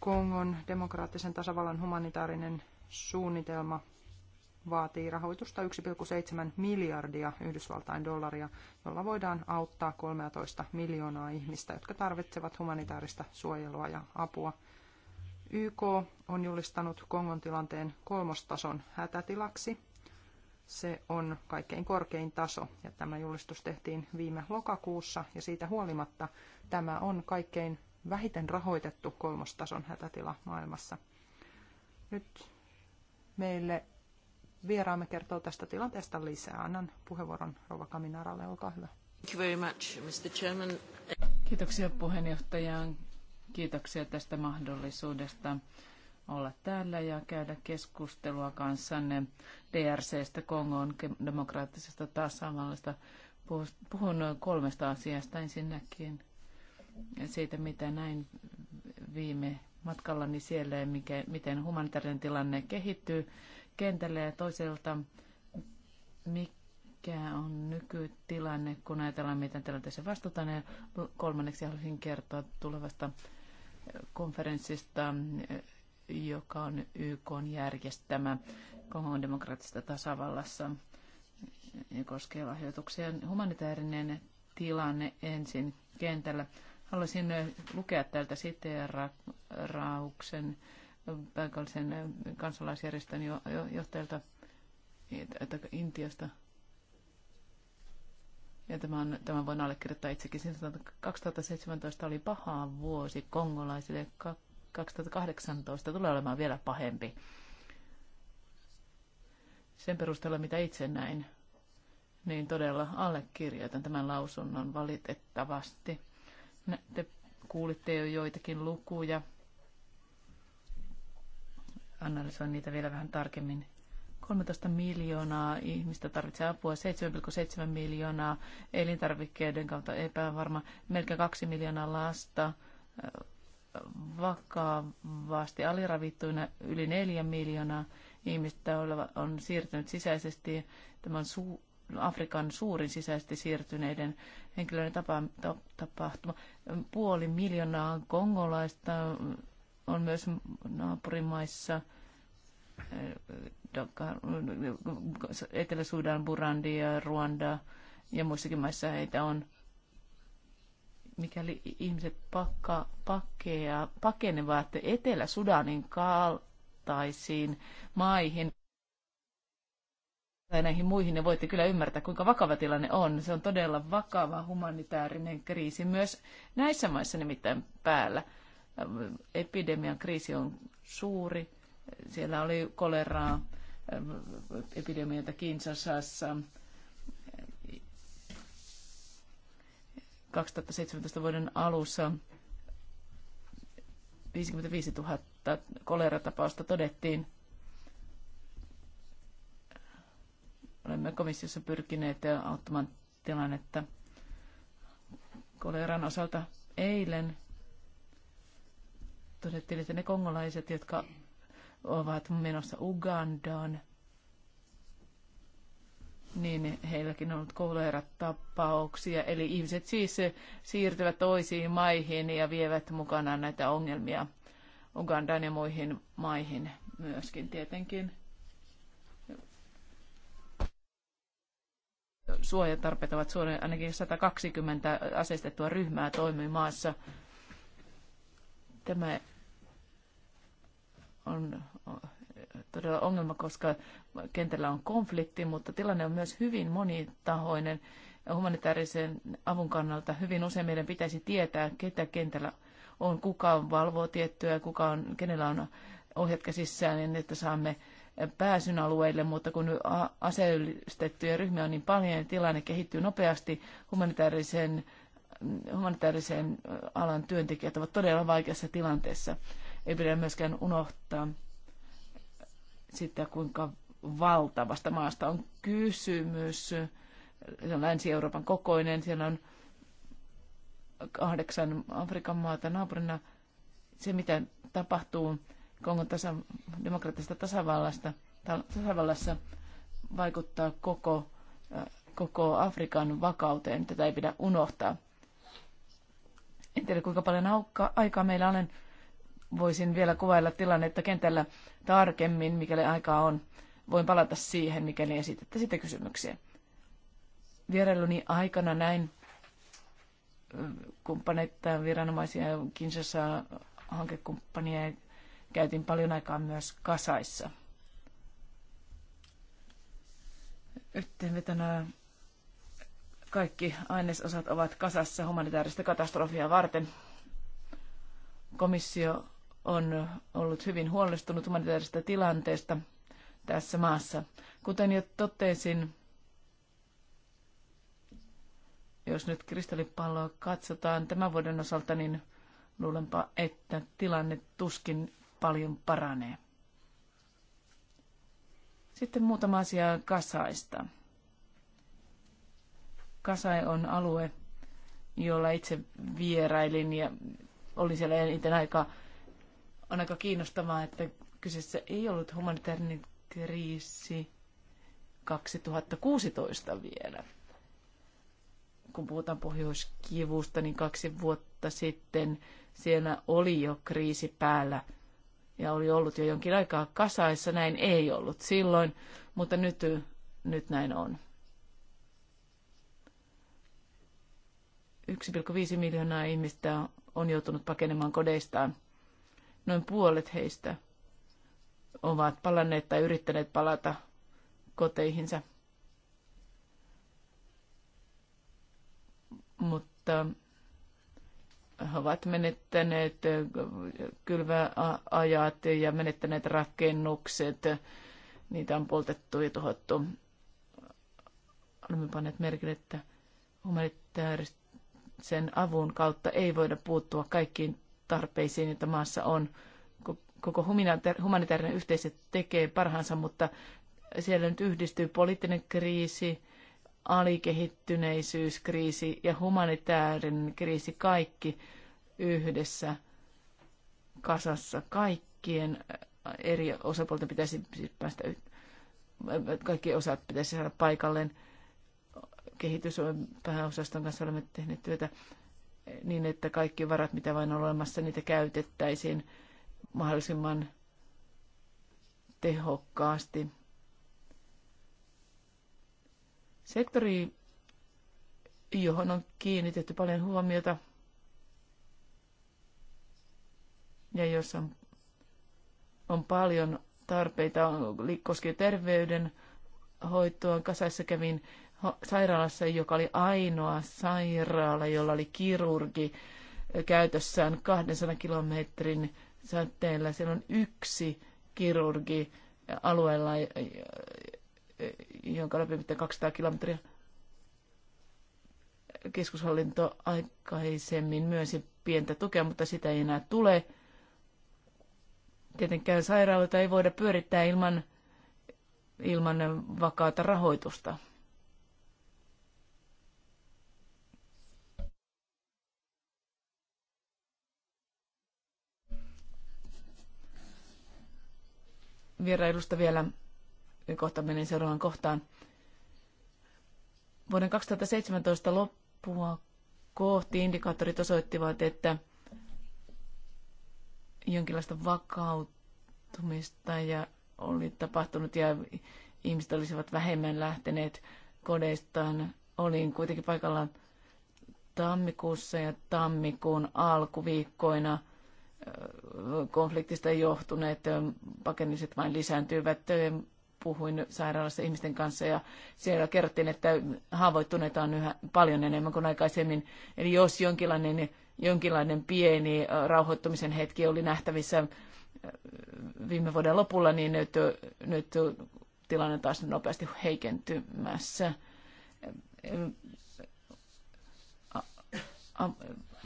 Kongon demokraattisen tasavallan humanitaarinen suunnitelma vaatii rahoitusta 1,7 miljardia Yhdysvaltain dollaria, jolla voidaan auttaa 13 miljoonaa ihmistä, jotka tarvitsevat humanitaarista suojelua ja apua. YK on julistanut Kongon tilanteen kolmostason hätätilaksi se on kaikkein korkein taso ja tämä julistus tehtiin viime lokakuussa ja siitä huolimatta tämä on kaikkein vähiten rahoitettu kolmostason hätätila maailmassa. Nyt meille vieraamme kertoo tästä tilanteesta lisää. Annan puheenvuoron Rova Kaminaralle, olkaa hyvä. Thank you very much, Mr. Chairman. Kiitoksia puheenjohtajaan. Kiitoksia tästä mahdollisuudesta olla täällä ja käydä keskustelua kanssanne DRCstä, Kongon demokraattisesta tasavallasta. Puhun kolmesta asiasta ensinnäkin siitä, mitä näin viime matkallani siellä ja mikä, miten humanitaarinen tilanne kehittyy kentälle ja toiselta, mikä on nykytilanne, kun ajatellaan, miten tilanteeseen vastataan. Ja kolmanneksi haluaisin kertoa tulevasta konferenssista joka on YK järjestämä Kongon demokraattisesta tasavallassa ja koskee lahjoituksia. Humanitaarinen tilanne ensin kentällä. Haluaisin lukea täältä siteerauksen paikallisen kansalaisjärjestön johtajalta Intiasta. Ja tämän, tämän voin allekirjoittaa itsekin. 2017 oli paha vuosi kongolaisille. 2018 tulee olemaan vielä pahempi. Sen perusteella, mitä itse näin, niin todella allekirjoitan tämän lausunnon valitettavasti. Te kuulitte jo joitakin lukuja. Analysoin niitä vielä vähän tarkemmin 13 miljoonaa ihmistä tarvitsee apua, 7,7 miljoonaa elintarvikkeiden kautta epävarma, melkein 2 miljoonaa lasta vakavasti aliravittuina yli neljä miljoonaa ihmistä on siirtynyt sisäisesti. tämän su- Afrikan suurin sisäisesti siirtyneiden henkilöiden tapa- ta- tapahtuma. Puoli miljoonaa kongolaista on myös naapurimaissa. Etelä-Sudan, Burundi ja Ruanda ja muissakin maissa heitä on mikäli ihmiset pakka, pakkeja, pakenevat Etelä-Sudanin kaltaisiin maihin tai näihin muihin, ne niin voitte kyllä ymmärtää, kuinka vakava tilanne on. Se on todella vakava humanitaarinen kriisi myös näissä maissa nimittäin päällä. Epidemian kriisi on suuri. Siellä oli koleraa, epidemioita Kinsasassa, 2017 vuoden alussa 55 000 koleratapausta todettiin. Olemme komissiossa pyrkineet auttamaan tilannetta koleran osalta eilen. Todettiin, että ne kongolaiset, jotka ovat menossa Ugandaan, niin heilläkin on ollut kouluherratapauksia. Eli ihmiset siis siirtyvät toisiin maihin ja vievät mukanaan näitä ongelmia Ugandan ja muihin maihin myöskin tietenkin. Suojatarpeet ovat suoraan ainakin 120 asestettua ryhmää toimii maassa. Tämä on todella ongelma, koska kentällä on konflikti, mutta tilanne on myös hyvin monitahoinen humanitaarisen avun kannalta. Hyvin usein meidän pitäisi tietää, ketä kentällä on, kuka valvoo tiettyä, kuka on, kenellä on ohjat käsissään, niin että saamme pääsyn alueille, mutta kun aseellistettyjä ryhmiä on niin paljon ja tilanne kehittyy nopeasti, humanitaarisen, humanitaarisen alan työntekijät ovat todella vaikeassa tilanteessa. Ei pidä myöskään unohtaa sitä, kuinka valtavasta maasta on kysymys. Se on Länsi-Euroopan kokoinen, siellä on kahdeksan Afrikan maata naapurina. Se, mitä tapahtuu Kongon tasa, demokraattisesta tasavallasta, tasavallassa, vaikuttaa koko, äh, koko Afrikan vakauteen. Tätä ei pidä unohtaa. En tiedä, kuinka paljon auka, aikaa meillä on voisin vielä kuvailla tilannetta kentällä tarkemmin, mikäli aikaa on. Voin palata siihen, mikäli esitätte sitä kysymyksiä. Vierailuni aikana näin kumppaneita, viranomaisia, Kinsassa hankekumppania ja käytin paljon aikaa myös kasaissa. Yhteenvetona kaikki ainesosat ovat kasassa humanitaarista katastrofia varten. Komissio on ollut hyvin huolestunut humanitaarisesta tilanteesta tässä maassa. Kuten jo totesin, jos nyt kristallipalloa katsotaan tämän vuoden osalta, niin luulenpa, että tilanne tuskin paljon paranee. Sitten muutama asia Kasaista. Kasai on alue, jolla itse vierailin ja olin siellä eniten aikaa on aika kiinnostavaa, että kyseessä ei ollut humanitaarinen kriisi 2016 vielä. Kun puhutaan Pohjois-Kivusta, niin kaksi vuotta sitten siellä oli jo kriisi päällä ja oli ollut jo jonkin aikaa kasaissa. Näin ei ollut silloin, mutta nyt, nyt näin on. 1,5 miljoonaa ihmistä on joutunut pakenemaan kodeistaan – Noin puolet heistä ovat palanneet tai yrittäneet palata koteihinsa. Mutta he ovat menettäneet kylväajat ja menettäneet rakennukset. Niitä on poltettu ja tuhottu. Olemme panneet merkille, että humanitaarisen avun kautta ei voida puuttua kaikkiin tarpeisiin, että maassa on. Koko humanitaarinen yhteisö tekee parhaansa, mutta siellä nyt yhdistyy poliittinen kriisi, alikehittyneisyyskriisi ja humanitaarinen kriisi kaikki yhdessä kasassa. Kaikkien äh, eri osapuolta pitäisi päästä, äh, kaikki osat pitäisi saada paikalleen pääosaston kanssa olemme tehneet työtä niin, että kaikki varat, mitä vain on olemassa, niitä käytettäisiin mahdollisimman tehokkaasti. Sektori, johon on kiinnitetty paljon huomiota ja jossa on, on paljon tarpeita, koskee terveyden hoitoon. Kasassa kävin sairaalassa, joka oli ainoa sairaala, jolla oli kirurgi käytössään 200 kilometrin säteellä. Siellä on yksi kirurgi alueella, jonka läpi 200 kilometriä keskushallinto aikaisemmin myönsi pientä tukea, mutta sitä ei enää tule. Tietenkään sairaaloita ei voida pyörittää ilman ilman vakaata rahoitusta. Vierailusta vielä kohta menin seuraavaan kohtaan. Vuoden 2017 loppua kohti indikaattorit osoittivat, että jonkinlaista vakautumista ja oli tapahtunut ja ihmiset olisivat vähemmän lähteneet kodeistaan. Olin kuitenkin paikalla tammikuussa ja tammikuun alkuviikkoina konfliktista johtuneet pakeniset vain lisääntyivät. Puhuin sairaalassa ihmisten kanssa ja siellä kerrottiin, että haavoittuneita on yhä paljon enemmän kuin aikaisemmin. Eli jos jonkinlainen, jonkinlainen pieni rauhoittumisen hetki oli nähtävissä viime vuoden lopulla, niin nyt, nyt tilanne taas nopeasti heikentymässä.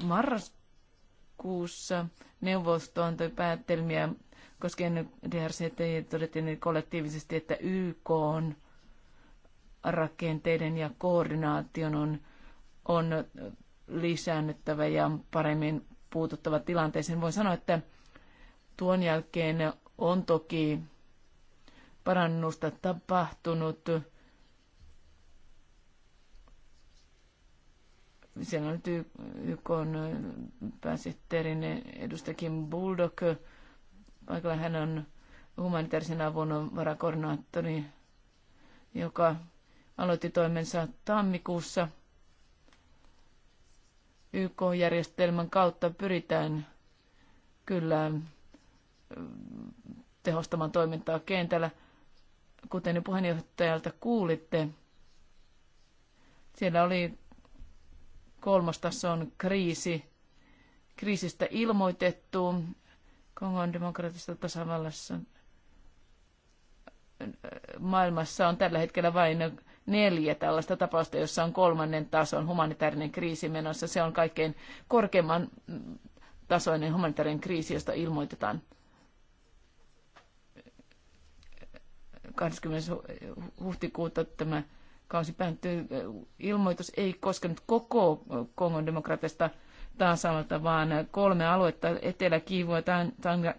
Marraskuussa neuvosto antoi päättelmiä koskien DRCT todettiin kollektiivisesti, että YK on rakenteiden ja koordinaation on, on lisäännyttävä ja paremmin puututtava tilanteeseen. Voin sanoa, että Tuon jälkeen on toki parannusta tapahtunut. Siellä on nyt YK pääsihteerin edustakin Bulldog. Paikalla hän on humanitaarisen avun varakoordinaattori, joka aloitti toimensa tammikuussa. YK-järjestelmän kautta pyritään kyllä tehostamaan toimintaa kentällä. Kuten jo puheenjohtajalta kuulitte, siellä oli tason kriisi. Kriisistä ilmoitettu Kongon demokraattisessa tasavallassa maailmassa on tällä hetkellä vain neljä tällaista tapausta, jossa on kolmannen tason humanitaarinen kriisi menossa. Se on kaikkein korkeimman tasoinen humanitaarinen kriisi, josta ilmoitetaan. 20. huhtikuuta tämä kausi päättyy. Ilmoitus ei koskenut koko Kongon demokratista tasavalta, vaan kolme aluetta, Etelä-Kiivua,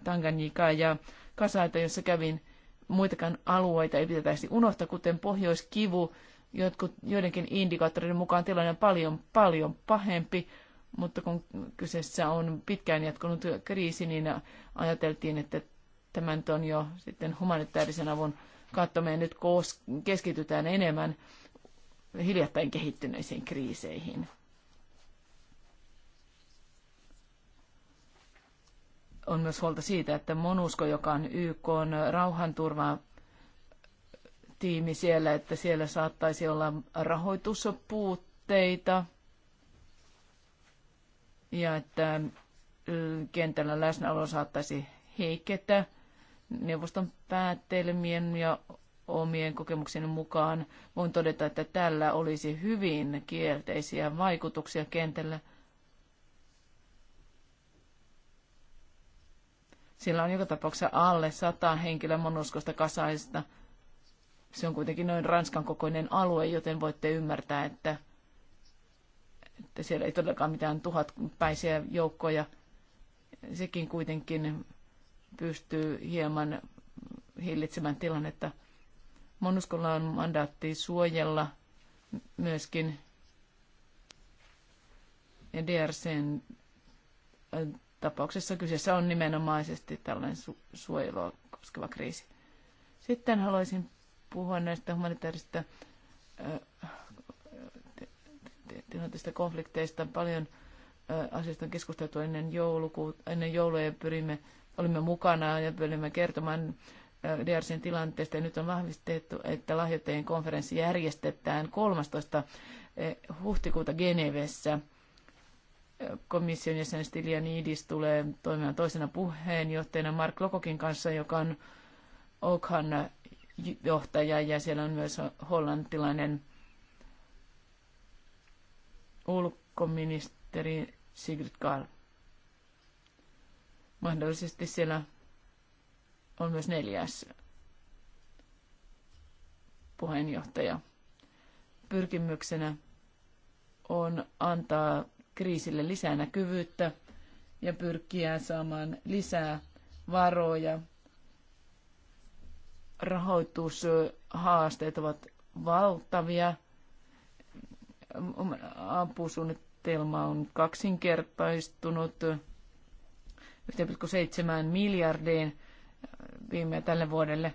Tanganyika ja Kasaita, jossa kävin muitakaan alueita ei pitäisi unohtaa, kuten Pohjois-Kivu, jotkut, joidenkin indikaattoreiden mukaan tilanne on paljon, paljon pahempi, mutta kun kyseessä on pitkään jatkunut kriisi, niin ajateltiin, että tämän on jo sitten humanitaarisen avun kattomme nyt keskitytään enemmän hiljattain kehittyneisiin kriiseihin. On myös huolta siitä, että Monusko, joka on YK on rauhanturva tiimi siellä, että siellä saattaisi olla rahoituspuutteita ja että kentällä läsnäolo saattaisi heiketä neuvoston päättelmien ja omien kokemuksien mukaan voin todeta, että tällä olisi hyvin kielteisiä vaikutuksia kentällä. Sillä on joka tapauksessa alle sata henkilöä monuskosta kasaista. Se on kuitenkin noin Ranskan kokoinen alue, joten voitte ymmärtää, että, että siellä ei todellakaan mitään tuhatpäisiä joukkoja. Sekin kuitenkin pystyy hieman hillitsemään tilannetta. Monuskolla on mandaatti suojella myöskin DRCn äh, tapauksessa kyseessä on nimenomaisesti tällainen su- suojelua koskeva kriisi. Sitten haluaisin puhua näistä humanitaarista äh, tilanteista konflikteista. Paljon äh, asioista on keskusteltu ennen, joulukuuta, ennen joulua ja pyrimme olimme mukana ja pyrimme kertomaan äh, DRCn tilanteesta. Ja nyt on vahvistettu, että lahjoittajien konferenssi järjestetään 13. Äh, huhtikuuta Genevessä. Äh, komission jäsen Stylianidis tulee toimimaan toisena puheenjohtajana Mark Lokokin kanssa, joka on Oakhan johtaja ja siellä on myös hollantilainen ulkoministeri Sigrid Karl. Mahdollisesti siellä on myös neljäs puheenjohtaja. Pyrkimyksenä on antaa kriisille lisää näkyvyyttä ja pyrkiä saamaan lisää varoja. Rahoitushaasteet ovat valtavia. Apusuunnitelma on kaksinkertaistunut 1,7 miljardiin äh, viime tälle vuodelle,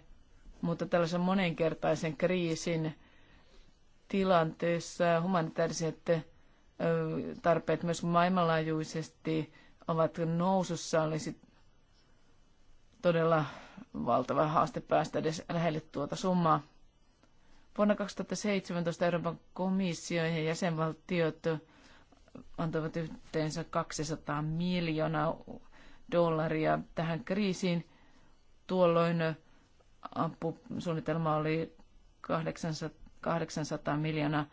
mutta tällaisen monenkertaisen kriisin tilanteessa humanitaariset äh, tarpeet myös maailmanlaajuisesti ovat nousussa, olisi todella valtava haaste päästä edes lähelle tuota summaa. Vuonna 2017 Euroopan komissio ja jäsenvaltiot antoivat yhteensä 200 miljoonaa dollaria tähän kriisiin. Tuolloin apusuunnitelma oli 800, miljoonaa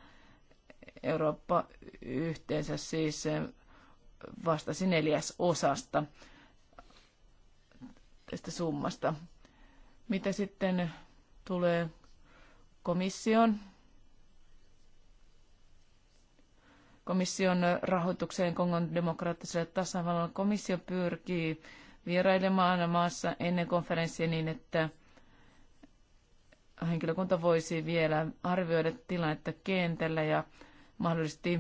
Eurooppa yhteensä siis eh, vastasi neljäs osasta tästä summasta. Mitä sitten tulee komission komission rahoitukseen Kongon demokraattiselle tasavallalle. Komissio pyrkii vierailemaan maassa ennen konferenssia niin, että henkilökunta voisi vielä arvioida tilannetta kentällä ja mahdollisesti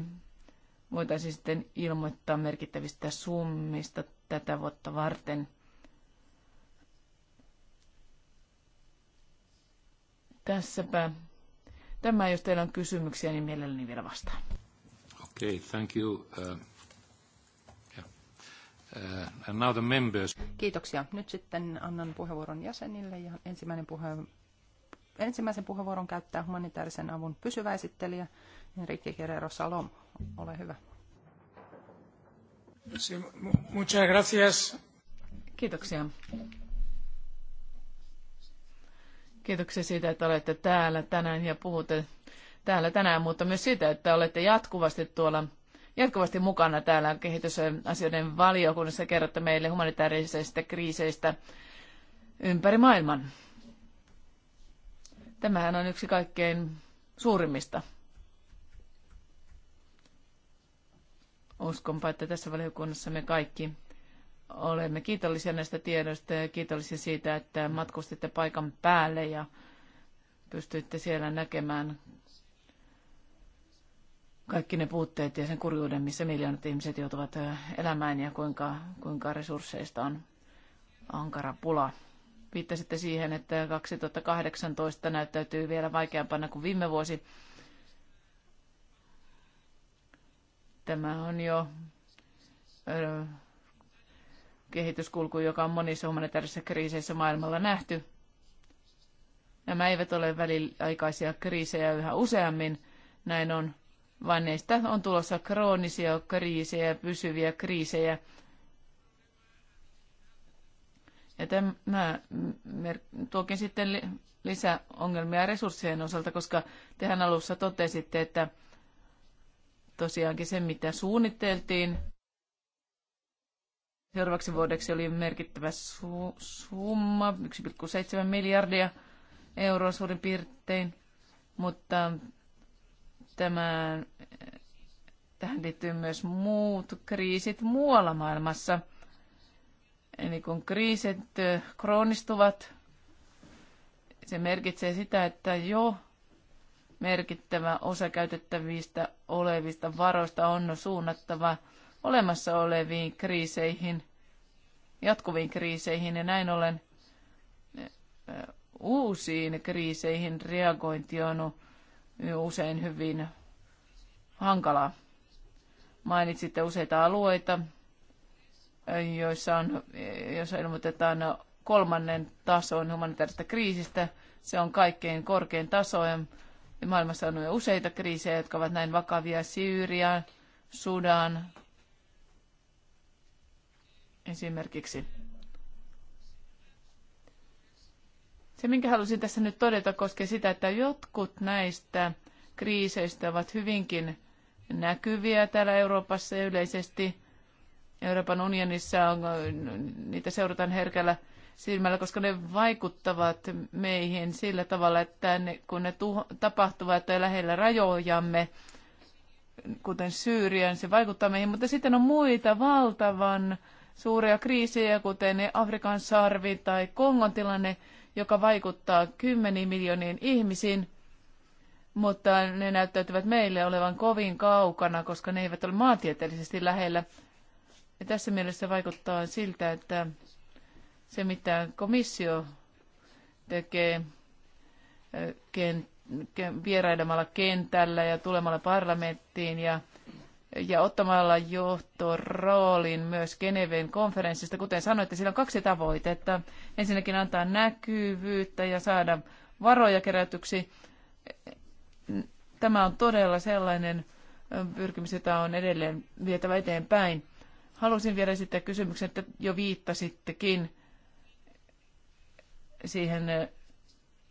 voitaisiin sitten ilmoittaa merkittävistä summista tätä vuotta varten. Tässäpä tämä, jos teillä on kysymyksiä, niin mielelläni vielä vastaan. Okay, thank you. Uh, uh, and now the members. Kiitoksia. Nyt sitten annan puheenvuoron jäsenille ja ensimmäinen puhe, ensimmäisen puheenvuoron käyttää humanitaarisen avun pysyvä esittelijä Enrique Guerrero Salom. Ole hyvä. Sí, muchas gracias. Kiitoksia. Kiitoksia siitä, että olette täällä tänään ja puhutte täällä tänään, mutta myös siitä, että olette jatkuvasti tuolla jatkuvasti mukana täällä kehitysasioiden valiokunnassa kerrotte meille humanitaarisista kriiseistä ympäri maailman. Tämähän on yksi kaikkein suurimmista. Uskonpa, että tässä valiokunnassa me kaikki olemme kiitollisia näistä tiedoista ja kiitollisia siitä, että matkustitte paikan päälle ja pystyitte siellä näkemään kaikki ne puutteet ja sen kurjuuden, missä miljoonat ihmiset joutuvat elämään ja kuinka, kuinka resursseista on ankara pula. Viittasitte siihen, että 2018 näyttäytyy vielä vaikeampana kuin viime vuosi. Tämä on jo kehityskulku, joka on monissa humanitaarisissa kriiseissä maailmalla nähty. Nämä eivät ole väliaikaisia kriisejä yhä useammin. Näin on vaan näistä on tulossa kroonisia kriisejä pysyviä kriisejä. Ja tämä tuokin sitten lisäongelmia resurssien osalta, koska tehän alussa totesitte, että tosiaankin se, mitä suunniteltiin seuraavaksi vuodeksi, oli merkittävä summa, 1,7 miljardia euroa suurin piirtein, mutta Tämän, tähän liittyy myös muut kriisit muualla maailmassa. Eli kun kriisit kroonistuvat, se merkitsee sitä, että jo merkittävä osa käytettävistä olevista varoista on suunnattava olemassa oleviin kriiseihin, jatkuviin kriiseihin ja näin ollen uusiin kriiseihin reagointi on usein hyvin hankalaa. Mainitsitte useita alueita, joissa, on, joissa ilmoitetaan kolmannen tason humanitaarista kriisistä. Se on kaikkein korkein taso ja maailmassa on jo useita kriisejä, jotka ovat näin vakavia. Syyria, Sudan esimerkiksi. Se, minkä halusin tässä nyt todeta, koskee sitä, että jotkut näistä kriiseistä ovat hyvinkin näkyviä täällä Euroopassa ja yleisesti Euroopan unionissa on, niitä seurataan herkällä silmällä, koska ne vaikuttavat meihin sillä tavalla, että ne, kun ne tuho, tapahtuvat lähellä rajojamme, kuten Syyrian, se vaikuttaa meihin, mutta sitten on muita valtavan suuria kriisejä, kuten Afrikan sarvi tai Kongon tilanne, joka vaikuttaa kymmeniin miljooniin ihmisiin, mutta ne näyttäytyvät meille olevan kovin kaukana, koska ne eivät ole maantieteellisesti lähellä. Ja tässä mielessä vaikuttaa siltä, että se mitä komissio tekee kent, vierailemalla kentällä ja tulemalla parlamenttiin ja ja ottamalla johtoroolin myös Geneven konferenssista. Kuten sanoitte, sillä on kaksi tavoitetta. Ensinnäkin antaa näkyvyyttä ja saada varoja kerätyksi. Tämä on todella sellainen pyrkimys, jota on edelleen vietävä eteenpäin. Halusin vielä sitten kysymyksen, että jo viittasittekin siihen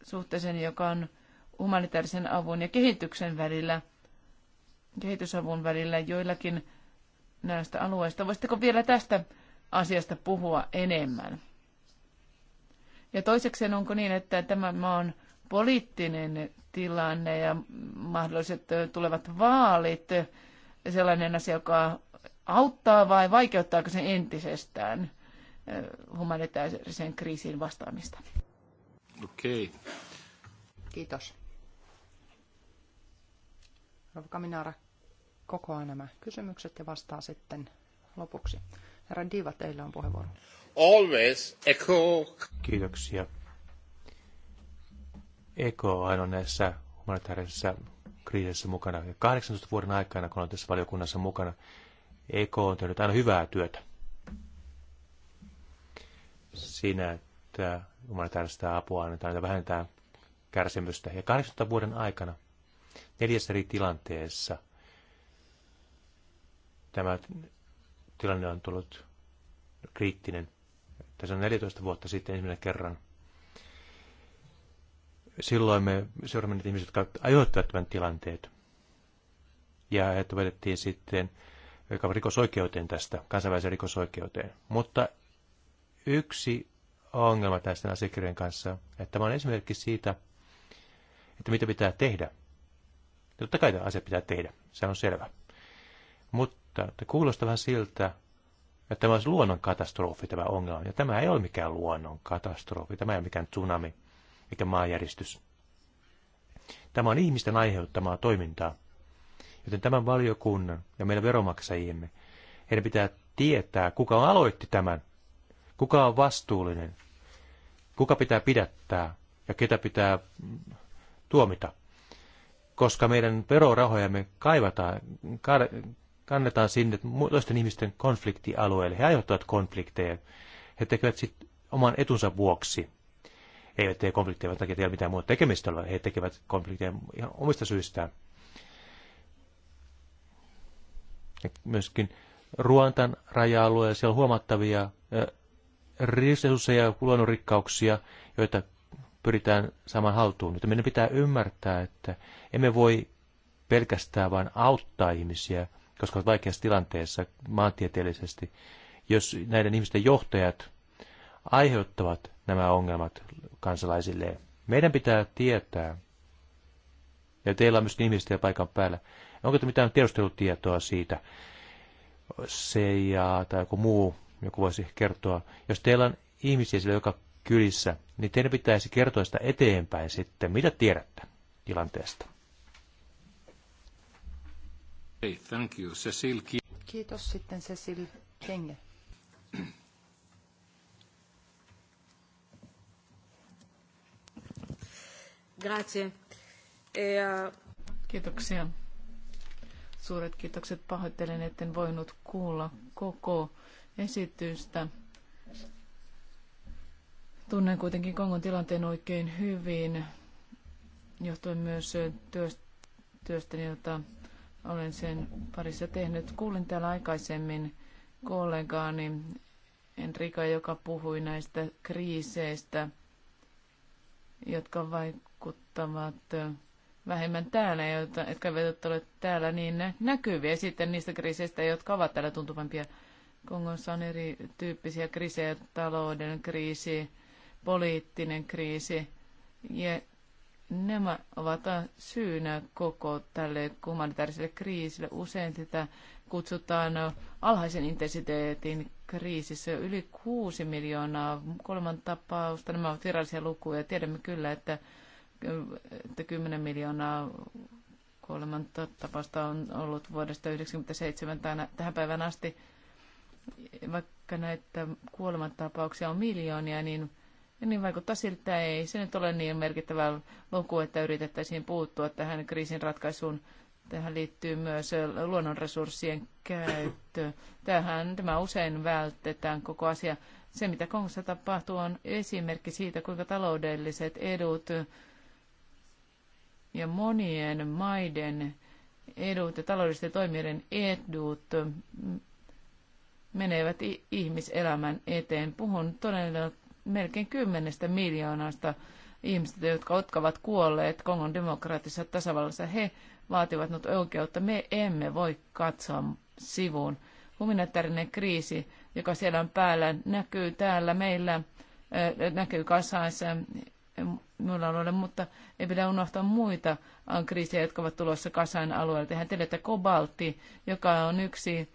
suhteeseen, joka on humanitaarisen avun ja kehityksen välillä – kehitysavun välillä joillakin näistä alueista. Voisitteko vielä tästä asiasta puhua enemmän? Ja toisekseen onko niin, että tämä maa on poliittinen tilanne ja mahdolliset tulevat vaalit sellainen asia, joka auttaa vai vaikeuttaako se entisestään humanitaariseen kriisiin vastaamista? Okei. Okay. Kiitos. Rovka Minara, kokoaa nämä kysymykset ja vastaa sitten lopuksi. Herra Diva, teillä on puheenvuoro. Always echo. Kiitoksia. Eko on aina näissä humanitaarisissa kriisissä mukana. 18 vuoden aikana, kun olen tässä valiokunnassa mukana, Eko on tehnyt aina hyvää työtä. Siinä, että humanitaarista apua annetaan ja vähentää kärsimystä. Ja 18 vuoden aikana neljässä eri tilanteessa – tämä tilanne on tullut kriittinen. Tässä on 14 vuotta sitten ensimmäinen kerran. Silloin me seuraamme niitä ihmisiä, jotka ajoittavat tämän tilanteet. Ja heidät vedettiin sitten rikosoikeuteen tästä, kansainväliseen rikosoikeuteen. Mutta yksi ongelma tästä asiakirjojen kanssa, että tämä on esimerkki siitä, että mitä pitää tehdä. Totta kai tämä asia pitää tehdä, se on selvä. Mutta mutta te kuulostaa vähän siltä, että tämä olisi luonnon katastrofi tämä ongelma. Ja tämä ei ole mikään luonnon katastrofi, tämä ei ole mikään tsunami eikä maanjäristys. Tämä on ihmisten aiheuttamaa toimintaa. Joten tämän valiokunnan ja meidän veromaksajiemme, heidän pitää tietää, kuka on aloitti tämän, kuka on vastuullinen, kuka pitää pidättää ja ketä pitää tuomita. Koska meidän verorahojamme kaivataan, kannetaan sinne toisten ihmisten konfliktialueelle. He aiheuttavat konflikteja. He tekevät sitten oman etunsa vuoksi. He eivät tee konflikteja, takia ei mitään muuta tekemistä vaan He tekevät konflikteja ihan omista syistään. Ja myöskin Ruantan raja-alueella siellä on huomattavia resursseja ja luonnonrikkauksia, joita pyritään saamaan haltuun. Nyt meidän pitää ymmärtää, että emme voi pelkästään vain auttaa ihmisiä, koska ovat vaikeassa tilanteessa maantieteellisesti. Jos näiden ihmisten johtajat aiheuttavat nämä ongelmat kansalaisille, meidän pitää tietää, ja teillä on myös ihmisiä paikan päällä, onko te mitään tiedustelutietoa siitä, ja, tai joku muu, joku voisi kertoa. Jos teillä on ihmisiä siellä joka kylissä, niin teidän pitäisi kertoa sitä eteenpäin sitten, mitä tiedätte tilanteesta thank you. Cecil Kiitos sitten Cecil Kenge. Grazie. E, Kiitoksia. Suuret kiitokset. Pahoittelen, etten voinut kuulla koko esitystä. Tunnen kuitenkin Kongon tilanteen oikein hyvin, johtuen myös työstä jota olen sen parissa tehnyt. Kuulin täällä aikaisemmin kollegaani Enrika, joka puhui näistä kriiseistä, jotka vaikuttavat vähemmän täällä, joita, jotka eivät ole täällä niin näkyviä. Ja sitten niistä kriiseistä, jotka ovat täällä tuntuvampia. Kongossa on erityyppisiä kriisejä, talouden kriisi, poliittinen kriisi ja Nämä ovat syynä koko tälle humanitaariselle kriisille. Usein sitä kutsutaan alhaisen intensiteetin kriisissä yli 6 miljoonaa kolman tapausta. Nämä ovat virallisia lukuja. Tiedämme kyllä, että, että 10 miljoonaa kolman tapausta on ollut vuodesta 1997 tähän päivään asti. Vaikka näitä kuolemantapauksia on miljoonia, niin niin vaikuttaa siltä, ei se nyt ole niin merkittävä luku, että yritettäisiin puuttua tähän kriisin ratkaisuun. Tähän liittyy myös luonnonresurssien käyttö. Tähän tämä usein vältetään koko asia. Se, mitä Kongossa tapahtuu, on esimerkki siitä, kuinka taloudelliset edut ja monien maiden edut ja taloudellisten toimijoiden edut menevät ihmiselämän eteen. Puhun todella melkein kymmenestä miljoonasta ihmistä, jotka ovat kuolleet Kongon demokraattisessa tasavallassa. He vaativat nyt oikeutta. Me emme voi katsoa sivuun. Humanitaarinen kriisi, joka siellä on päällä, näkyy täällä meillä, eh, näkyy kasaissa muilla alueilla, mutta ei pidä unohtaa muita eh, kriisejä, jotka ovat tulossa kasain alueelta. Tehän että kobaltti, joka on yksi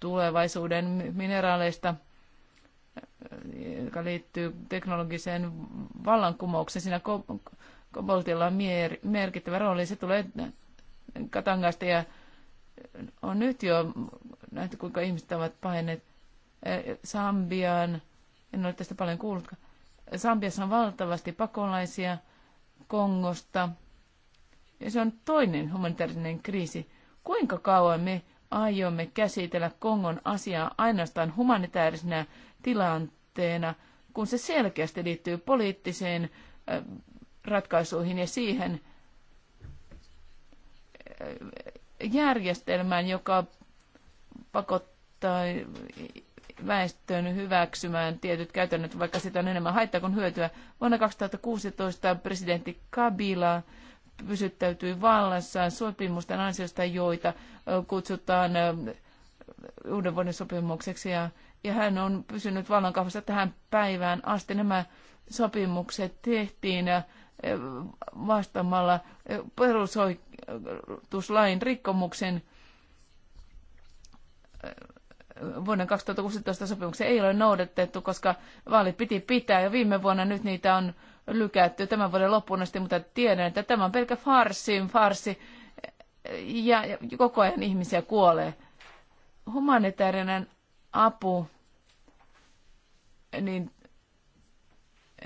tulevaisuuden mineraaleista – joka liittyy teknologiseen vallankumoukseen. Siinä koboltilla on merkittävä rooli. Se tulee Katangasta ja on nyt jo nähty, kuinka ihmiset ovat paineet Sambiaan. En ole tästä paljon kuullutkaan. Sambiassa on valtavasti pakolaisia Kongosta. Ja se on toinen humanitaarinen kriisi. Kuinka kauan me aiomme käsitellä Kongon asiaa ainoastaan humanitaarisena tilanteena, kun se selkeästi liittyy poliittisiin ratkaisuihin ja siihen järjestelmään, joka pakottaa väestön hyväksymään tietyt käytännöt, vaikka sitä on enemmän haittaa kuin hyötyä. Vuonna 2016 presidentti Kabila pysyttäytyi vallassaan sopimusten ansiosta, joita kutsutaan uuden vuoden sopimukseksi ja ja hän on pysynyt vallankahvassa tähän päivään asti. Nämä sopimukset tehtiin äh, vastaamalla äh, perusoituslain rikkomuksen äh, vuoden 2016 sopimuksia ei ole noudatettu, koska vaalit piti pitää ja viime vuonna nyt niitä on lykätty tämän vuoden loppuun asti, mutta tiedän, että tämä on pelkä farsi, farsi ja, ja koko ajan ihmisiä kuolee. Humanitaarinen apu, niin,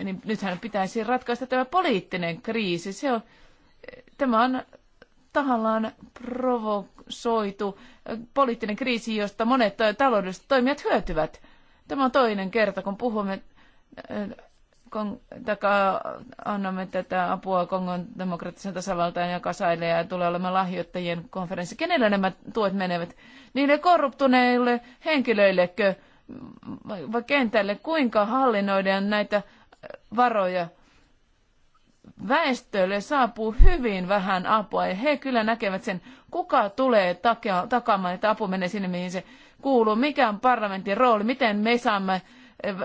niin nythän pitäisi ratkaista tämä poliittinen kriisi. Se on, tämä on tahallaan provosoitu poliittinen kriisi, josta monet taloudelliset toimijat hyötyvät. Tämä on toinen kerta, kun puhumme Taka annamme tätä apua Kongon demokraattisen tasavaltaan ja Kasaille ja tulee olemaan lahjoittajien konferenssi. Kenelle nämä tuet menevät? Niille korruptuneille henkilöillekö vai kentälle? Kuinka hallinnoidaan näitä varoja? Väestölle saapuu hyvin vähän apua ja he kyllä näkevät sen, kuka tulee takaamaan, että apu menee sinne, mihin se kuuluu, mikä on parlamentin rooli, miten me saamme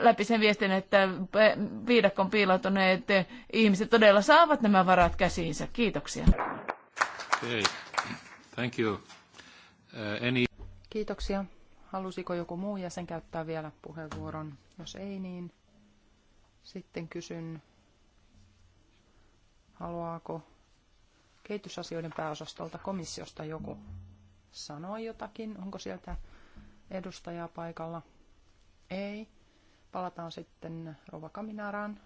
läpi sen viestin, että eh, viidakon piiloutuneet eh, ihmiset todella saavat nämä varat käsiinsä. Kiitoksia. Okay. Thank you. Uh, any... Kiitoksia. Halusiko joku muu jäsen käyttää vielä puheenvuoron? Jos ei, niin sitten kysyn, haluaako kehitysasioiden pääosastolta komissiosta joku sanoa jotakin? Onko sieltä edustajaa paikalla? Ei. Palataan sitten Rova Kaminaraan.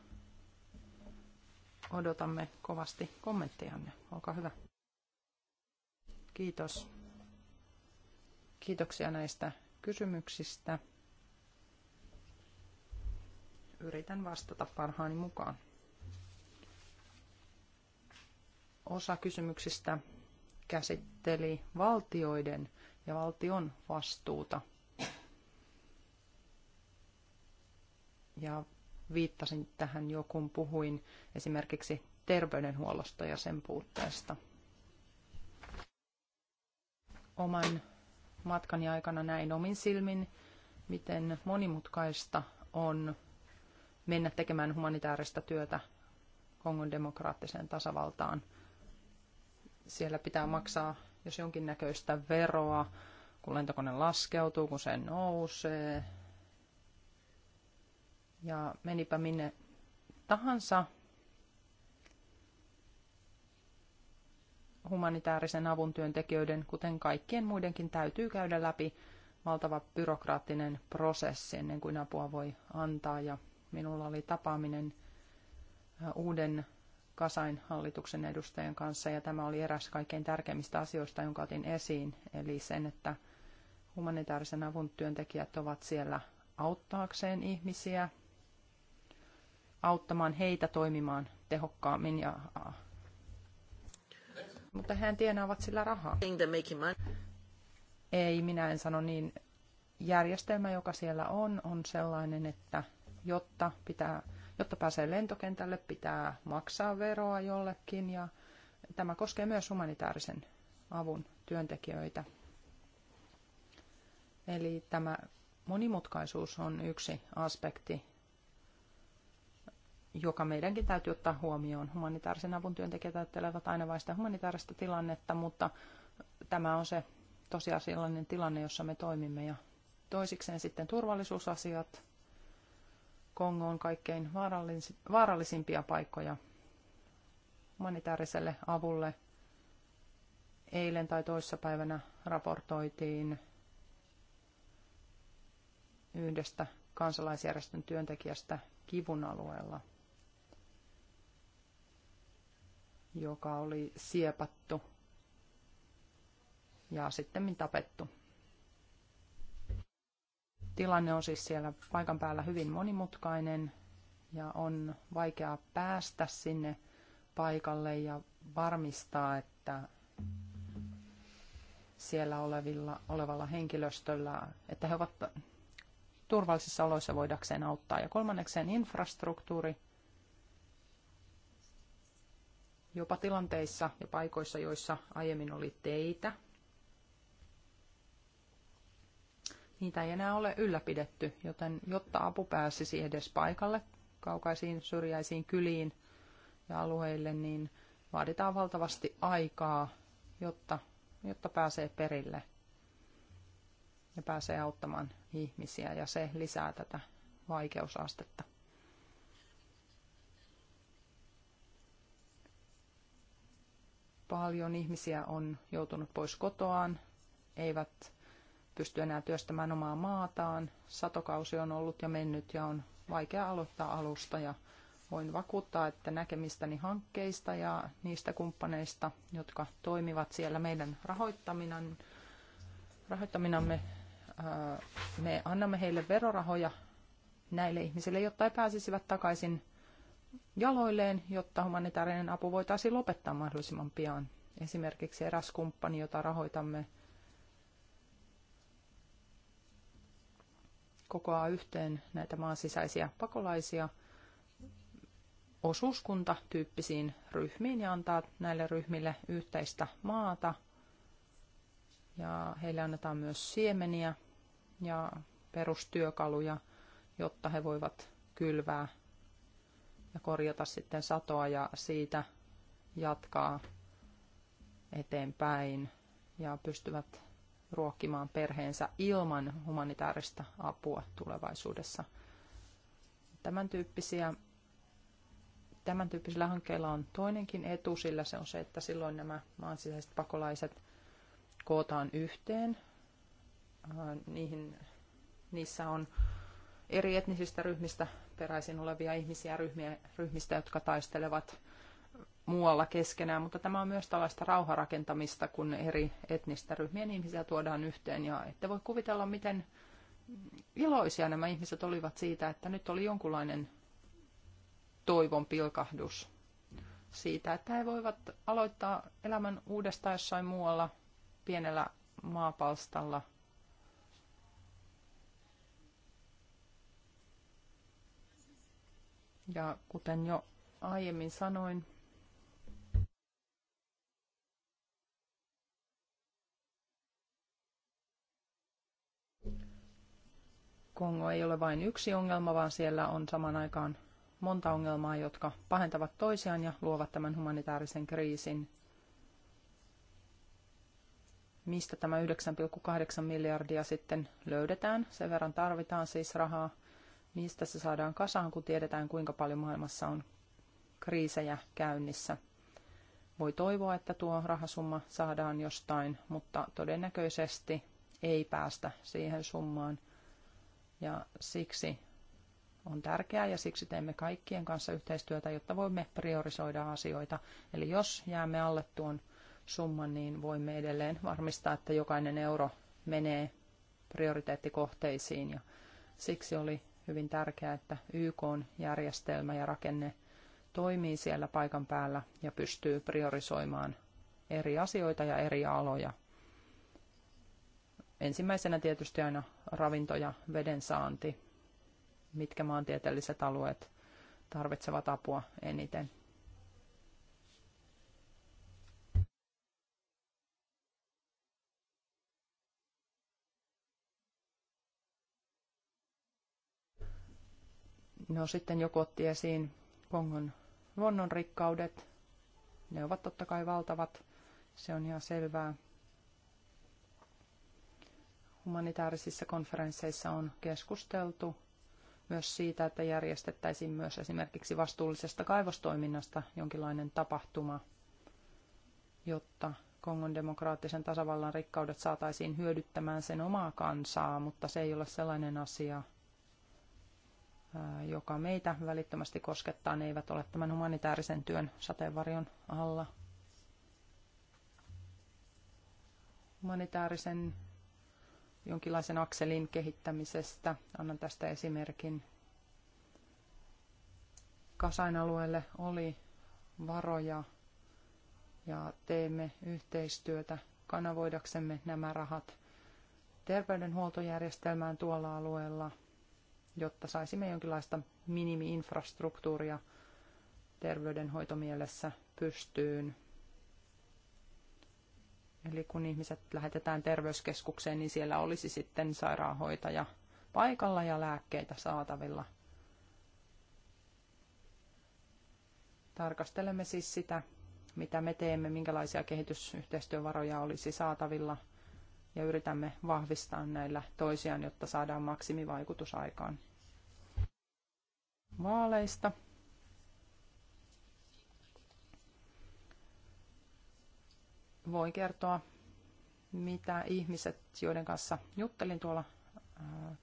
Odotamme kovasti kommenttejanne. Olkaa hyvä. Kiitos. Kiitoksia näistä kysymyksistä. Yritän vastata parhaani mukaan. Osa kysymyksistä käsitteli valtioiden ja valtion vastuuta – ja viittasin tähän jo, kun puhuin esimerkiksi terveydenhuollosta ja sen puutteesta. Oman matkani aikana näin omin silmin, miten monimutkaista on mennä tekemään humanitaarista työtä Kongon demokraattiseen tasavaltaan. Siellä pitää maksaa, jos jonkinnäköistä veroa, kun lentokone laskeutuu, kun se nousee, ja menipä minne tahansa humanitaarisen avun työntekijöiden, kuten kaikkien muidenkin, täytyy käydä läpi valtava byrokraattinen prosessi ennen kuin apua voi antaa. Ja minulla oli tapaaminen uuden Kasain hallituksen edustajan kanssa ja tämä oli eräs kaikkein tärkeimmistä asioista, jonka otin esiin, eli sen, että humanitaarisen avun työntekijät ovat siellä auttaakseen ihmisiä auttamaan heitä toimimaan tehokkaammin ja mutta hän tienaavat sillä rahaa. Ei, minä en sano niin. Järjestelmä, joka siellä on, on sellainen, että jotta, pitää, jotta pääsee lentokentälle, pitää maksaa veroa jollekin. Ja tämä koskee myös humanitaarisen avun työntekijöitä. Eli tämä monimutkaisuus on yksi aspekti joka meidänkin täytyy ottaa huomioon. Humanitaarisen avun työntekijät ajattelevat aina vain sitä humanitaarista tilannetta, mutta tämä on se tosiasiallinen tilanne, jossa me toimimme. Ja toisikseen sitten turvallisuusasiat. Kongo on kaikkein vaarallisimpia paikkoja humanitaariselle avulle. Eilen tai toissapäivänä raportoitiin yhdestä kansalaisjärjestön työntekijästä kivun alueella – joka oli siepattu ja sitten tapettu. Tilanne on siis siellä paikan päällä hyvin monimutkainen ja on vaikea päästä sinne paikalle ja varmistaa, että siellä olevilla, olevalla henkilöstöllä, että he ovat turvallisissa oloissa voidakseen auttaa. Ja kolmannekseen infrastruktuuri. jopa tilanteissa ja paikoissa, joissa aiemmin oli teitä. Niitä ei enää ole ylläpidetty, joten jotta apu pääsisi edes paikalle kaukaisiin syrjäisiin kyliin ja alueille, niin vaaditaan valtavasti aikaa, jotta, jotta pääsee perille ja pääsee auttamaan ihmisiä ja se lisää tätä vaikeusastetta. Paljon ihmisiä on joutunut pois kotoaan, eivät pysty enää työstämään omaa maataan. Satokausi on ollut ja mennyt ja on vaikea aloittaa alusta ja voin vakuuttaa, että näkemistäni hankkeista ja niistä kumppaneista, jotka toimivat siellä meidän rahoittaminan, rahoittaminamme, äh, me annamme heille verorahoja näille ihmisille, jotta he pääsisivät takaisin jaloilleen, jotta humanitaarinen apu voitaisiin lopettaa mahdollisimman pian. Esimerkiksi eräs kumppani, jota rahoitamme, kokoaa yhteen näitä maan sisäisiä pakolaisia osuuskuntatyyppisiin ryhmiin ja antaa näille ryhmille yhteistä maata. Ja heille annetaan myös siemeniä ja perustyökaluja, jotta he voivat kylvää ja korjata sitten satoa ja siitä jatkaa eteenpäin ja pystyvät ruokkimaan perheensä ilman humanitaarista apua tulevaisuudessa. Tämän, tyyppisiä, tämän tyyppisillä hankkeilla on toinenkin etu, sillä se on se, että silloin nämä sisäiset pakolaiset kootaan yhteen. Äh, niihin, niissä on eri etnisistä ryhmistä peräisin olevia ihmisiä ryhmiä, ryhmistä, jotka taistelevat muualla keskenään, mutta tämä on myös tällaista rauharakentamista, kun eri etnistä ryhmien ihmisiä tuodaan yhteen. Ja ette voi kuvitella, miten iloisia nämä ihmiset olivat siitä, että nyt oli jonkunlainen toivon pilkahdus siitä, että he voivat aloittaa elämän uudestaan jossain muualla pienellä maapalstalla – Ja kuten jo aiemmin sanoin, Kongo ei ole vain yksi ongelma, vaan siellä on saman aikaan monta ongelmaa, jotka pahentavat toisiaan ja luovat tämän humanitaarisen kriisin. Mistä tämä 9,8 miljardia sitten löydetään? Sen verran tarvitaan siis rahaa mistä se saadaan kasaan, kun tiedetään kuinka paljon maailmassa on kriisejä käynnissä. Voi toivoa, että tuo rahasumma saadaan jostain, mutta todennäköisesti ei päästä siihen summaan. Ja siksi on tärkeää ja siksi teemme kaikkien kanssa yhteistyötä, jotta voimme priorisoida asioita. Eli jos jäämme alle tuon summan, niin voimme edelleen varmistaa, että jokainen euro menee prioriteettikohteisiin. Ja siksi oli hyvin tärkeää, että YK järjestelmä ja rakenne toimii siellä paikan päällä ja pystyy priorisoimaan eri asioita ja eri aloja. Ensimmäisenä tietysti aina ravinto ja veden saanti, mitkä maantieteelliset alueet tarvitsevat apua eniten. No sitten joku otti esiin Kongon luonnonrikkaudet. Ne ovat totta kai valtavat, se on ihan selvää. Humanitaarisissa konferensseissa on keskusteltu myös siitä, että järjestettäisiin myös esimerkiksi vastuullisesta kaivostoiminnasta jonkinlainen tapahtuma, jotta Kongon demokraattisen tasavallan rikkaudet saataisiin hyödyttämään sen omaa kansaa, mutta se ei ole sellainen asia – joka meitä välittömästi koskettaa, ne eivät ole tämän humanitaarisen työn sateenvarjon alla. Humanitaarisen jonkinlaisen akselin kehittämisestä. Annan tästä esimerkin. Kasain alueelle oli varoja ja teemme yhteistyötä kanavoidaksemme nämä rahat terveydenhuoltojärjestelmään tuolla alueella – jotta saisimme jonkinlaista minimiinfrastruktuuria terveydenhoitomielessä pystyyn. Eli kun ihmiset lähetetään terveyskeskukseen, niin siellä olisi sitten sairaanhoitaja paikalla ja lääkkeitä saatavilla. Tarkastelemme siis sitä, mitä me teemme, minkälaisia kehitysyhteistyövaroja olisi saatavilla – ja yritämme vahvistaa näillä toisiaan, jotta saadaan maksimivaikutus aikaan. Vaaleista. Voin kertoa, mitä ihmiset, joiden kanssa juttelin tuolla,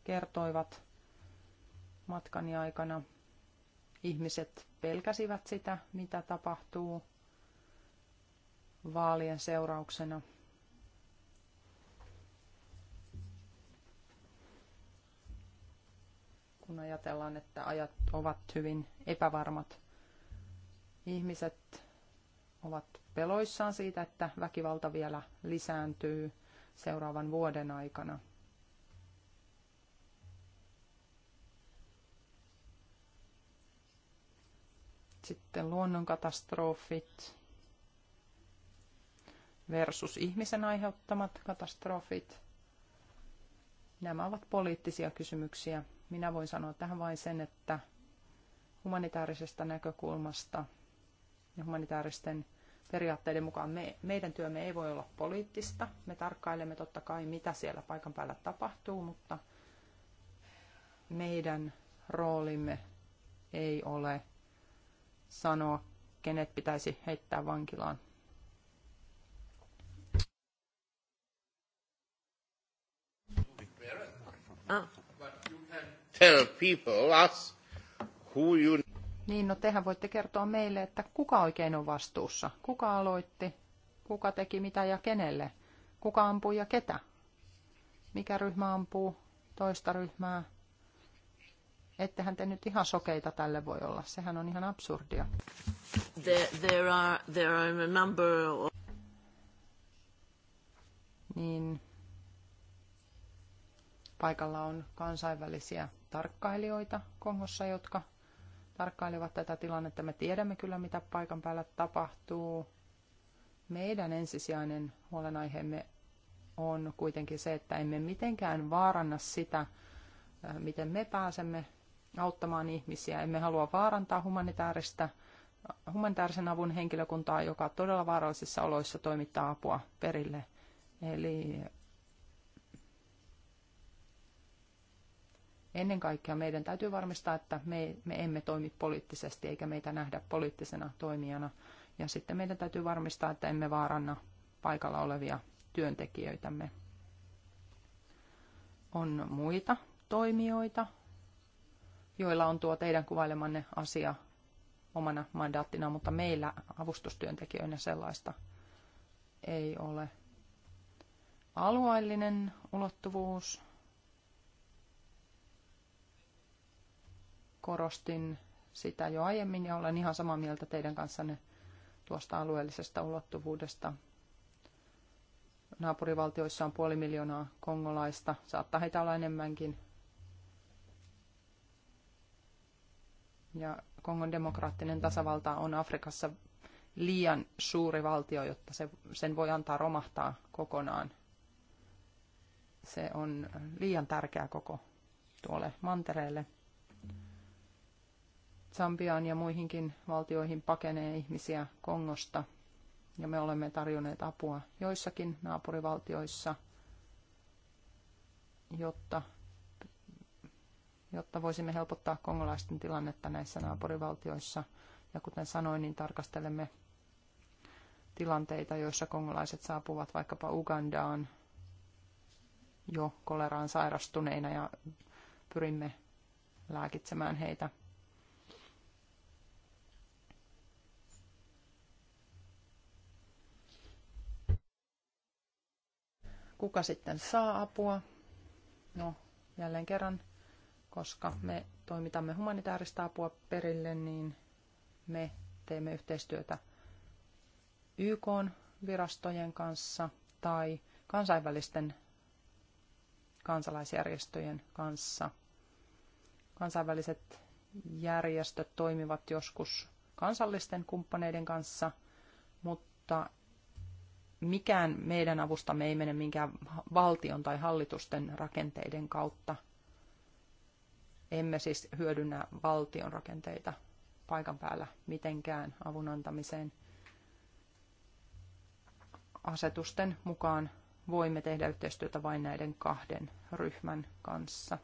kertoivat matkani aikana. Ihmiset pelkäsivät sitä, mitä tapahtuu vaalien seurauksena – kun ajatellaan, että ajat ovat hyvin epävarmat. Ihmiset ovat peloissaan siitä, että väkivalta vielä lisääntyy seuraavan vuoden aikana. Sitten luonnonkatastrofit versus ihmisen aiheuttamat katastrofit. Nämä ovat poliittisia kysymyksiä, minä voin sanoa tähän vain sen, että humanitaarisesta näkökulmasta ja humanitaaristen periaatteiden mukaan me, meidän työmme ei voi olla poliittista. Me tarkkailemme totta kai, mitä siellä paikan päällä tapahtuu, mutta meidän roolimme ei ole sanoa, kenet pitäisi heittää vankilaan. Ah tell people, us, who you... Niin, no tehän voitte kertoa meille, että kuka oikein on vastuussa, kuka aloitti, kuka teki mitä ja kenelle, kuka ampuu ja ketä, mikä ryhmä ampuu toista ryhmää. Ettehän te nyt ihan sokeita tälle voi olla, sehän on ihan absurdia. There, there are, there are a number of... Niin paikalla on kansainvälisiä tarkkailijoita Kongossa, jotka tarkkailevat tätä tilannetta. Me tiedämme kyllä, mitä paikan päällä tapahtuu. Meidän ensisijainen huolenaiheemme on kuitenkin se, että emme mitenkään vaaranna sitä, äh, miten me pääsemme auttamaan ihmisiä. Emme halua vaarantaa humanitaarista, humanitaarisen avun henkilökuntaa, joka todella vaarallisissa oloissa toimittaa apua perille. Eli Ennen kaikkea meidän täytyy varmistaa, että me, me emme toimi poliittisesti eikä meitä nähdä poliittisena toimijana. Ja sitten meidän täytyy varmistaa, että emme vaaranna paikalla olevia työntekijöitämme. On muita toimijoita, joilla on tuo teidän kuvailemanne asia omana mandaattina, mutta meillä avustustyöntekijöinä sellaista ei ole. Alueellinen ulottuvuus korostin sitä jo aiemmin ja olen ihan samaa mieltä teidän kanssanne tuosta alueellisesta ulottuvuudesta. Naapurivaltioissa on puoli miljoonaa kongolaista, saattaa heitä olla enemmänkin. Ja Kongon demokraattinen tasavalta on Afrikassa liian suuri valtio, jotta se, sen voi antaa romahtaa kokonaan. Se on liian tärkeä koko tuolle mantereelle. Zambiaan ja muihinkin valtioihin pakenee ihmisiä Kongosta ja me olemme tarjonneet apua joissakin naapurivaltioissa, jotta, jotta voisimme helpottaa kongolaisten tilannetta näissä naapurivaltioissa. Ja kuten sanoin, niin tarkastelemme tilanteita, joissa kongolaiset saapuvat vaikkapa Ugandaan jo koleraan sairastuneina ja pyrimme lääkitsemään heitä – kuka sitten saa apua? No, jälleen kerran, koska me toimitamme humanitaarista apua perille, niin me teemme yhteistyötä YK virastojen kanssa tai kansainvälisten kansalaisjärjestöjen kanssa. Kansainväliset järjestöt toimivat joskus kansallisten kumppaneiden kanssa, mutta mikään meidän avustamme ei mene minkään valtion tai hallitusten rakenteiden kautta. Emme siis hyödynnä valtion rakenteita paikan päällä mitenkään avun antamiseen. Asetusten mukaan voimme tehdä yhteistyötä vain näiden kahden ryhmän kanssa.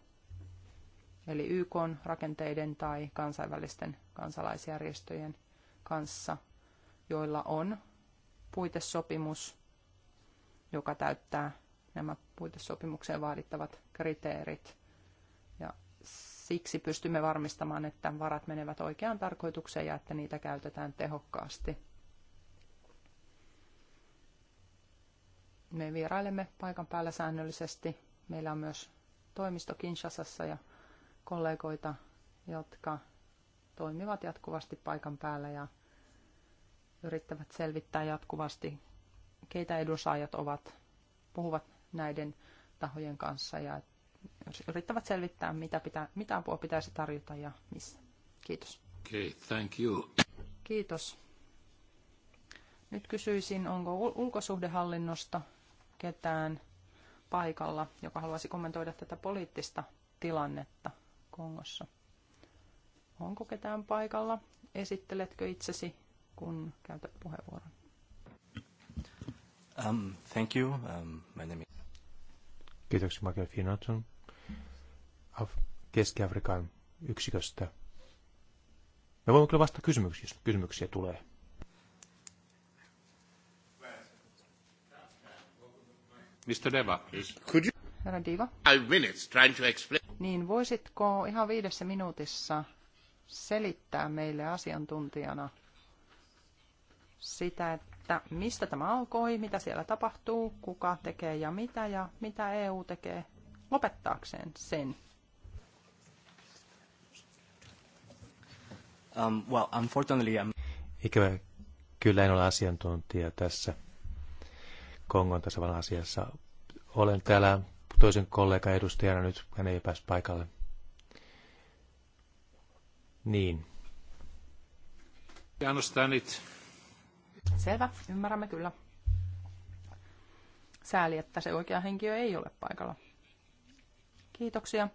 Eli YK rakenteiden tai kansainvälisten kansalaisjärjestöjen kanssa, joilla on puitesopimus, joka täyttää nämä puitesopimukseen vaadittavat kriteerit. Ja siksi pystymme varmistamaan, että varat menevät oikeaan tarkoitukseen ja että niitä käytetään tehokkaasti. Me vierailemme paikan päällä säännöllisesti. Meillä on myös toimisto Kinshasassa ja kollegoita, jotka toimivat jatkuvasti paikan päällä ja yrittävät selvittää jatkuvasti, keitä edunsaajat ovat, puhuvat näiden tahojen kanssa ja yrittävät selvittää, mitä, pitää, mitä apua pitäisi tarjota ja missä. Kiitos. Okay, thank you. Kiitos. Nyt kysyisin, onko ulkosuhdehallinnosta ketään paikalla, joka haluaisi kommentoida tätä poliittista tilannetta Kongossa. Onko ketään paikalla? Esitteletkö itsesi kun käytät puheenvuoron. Um, thank you. Um, my name is... Kiitoksia Michael Finaton Af- Keski-Afrikan yksiköstä. Me voimme kyllä vastata kysymyksiä, jos kysymyksiä tulee. Mr. Deva, please. Could you... Herra Diva. Five minutes trying to explain. Niin voisitko ihan viidessä minuutissa selittää meille asiantuntijana sitä, että mistä tämä alkoi, mitä siellä tapahtuu, kuka tekee ja mitä ja mitä EU tekee lopettaakseen sen. Um, well, unfortunately, I'm... Ikävä kyllä en ole asiantuntija tässä Kongon tasavallan asiassa. Olen täällä toisen kollegan edustajana nyt, hän ei päässyt paikalle. Niin. I understand it. Selvä, ymmärrämme kyllä. Sääli, että se oikea henkilö ei ole paikalla. Kiitoksia.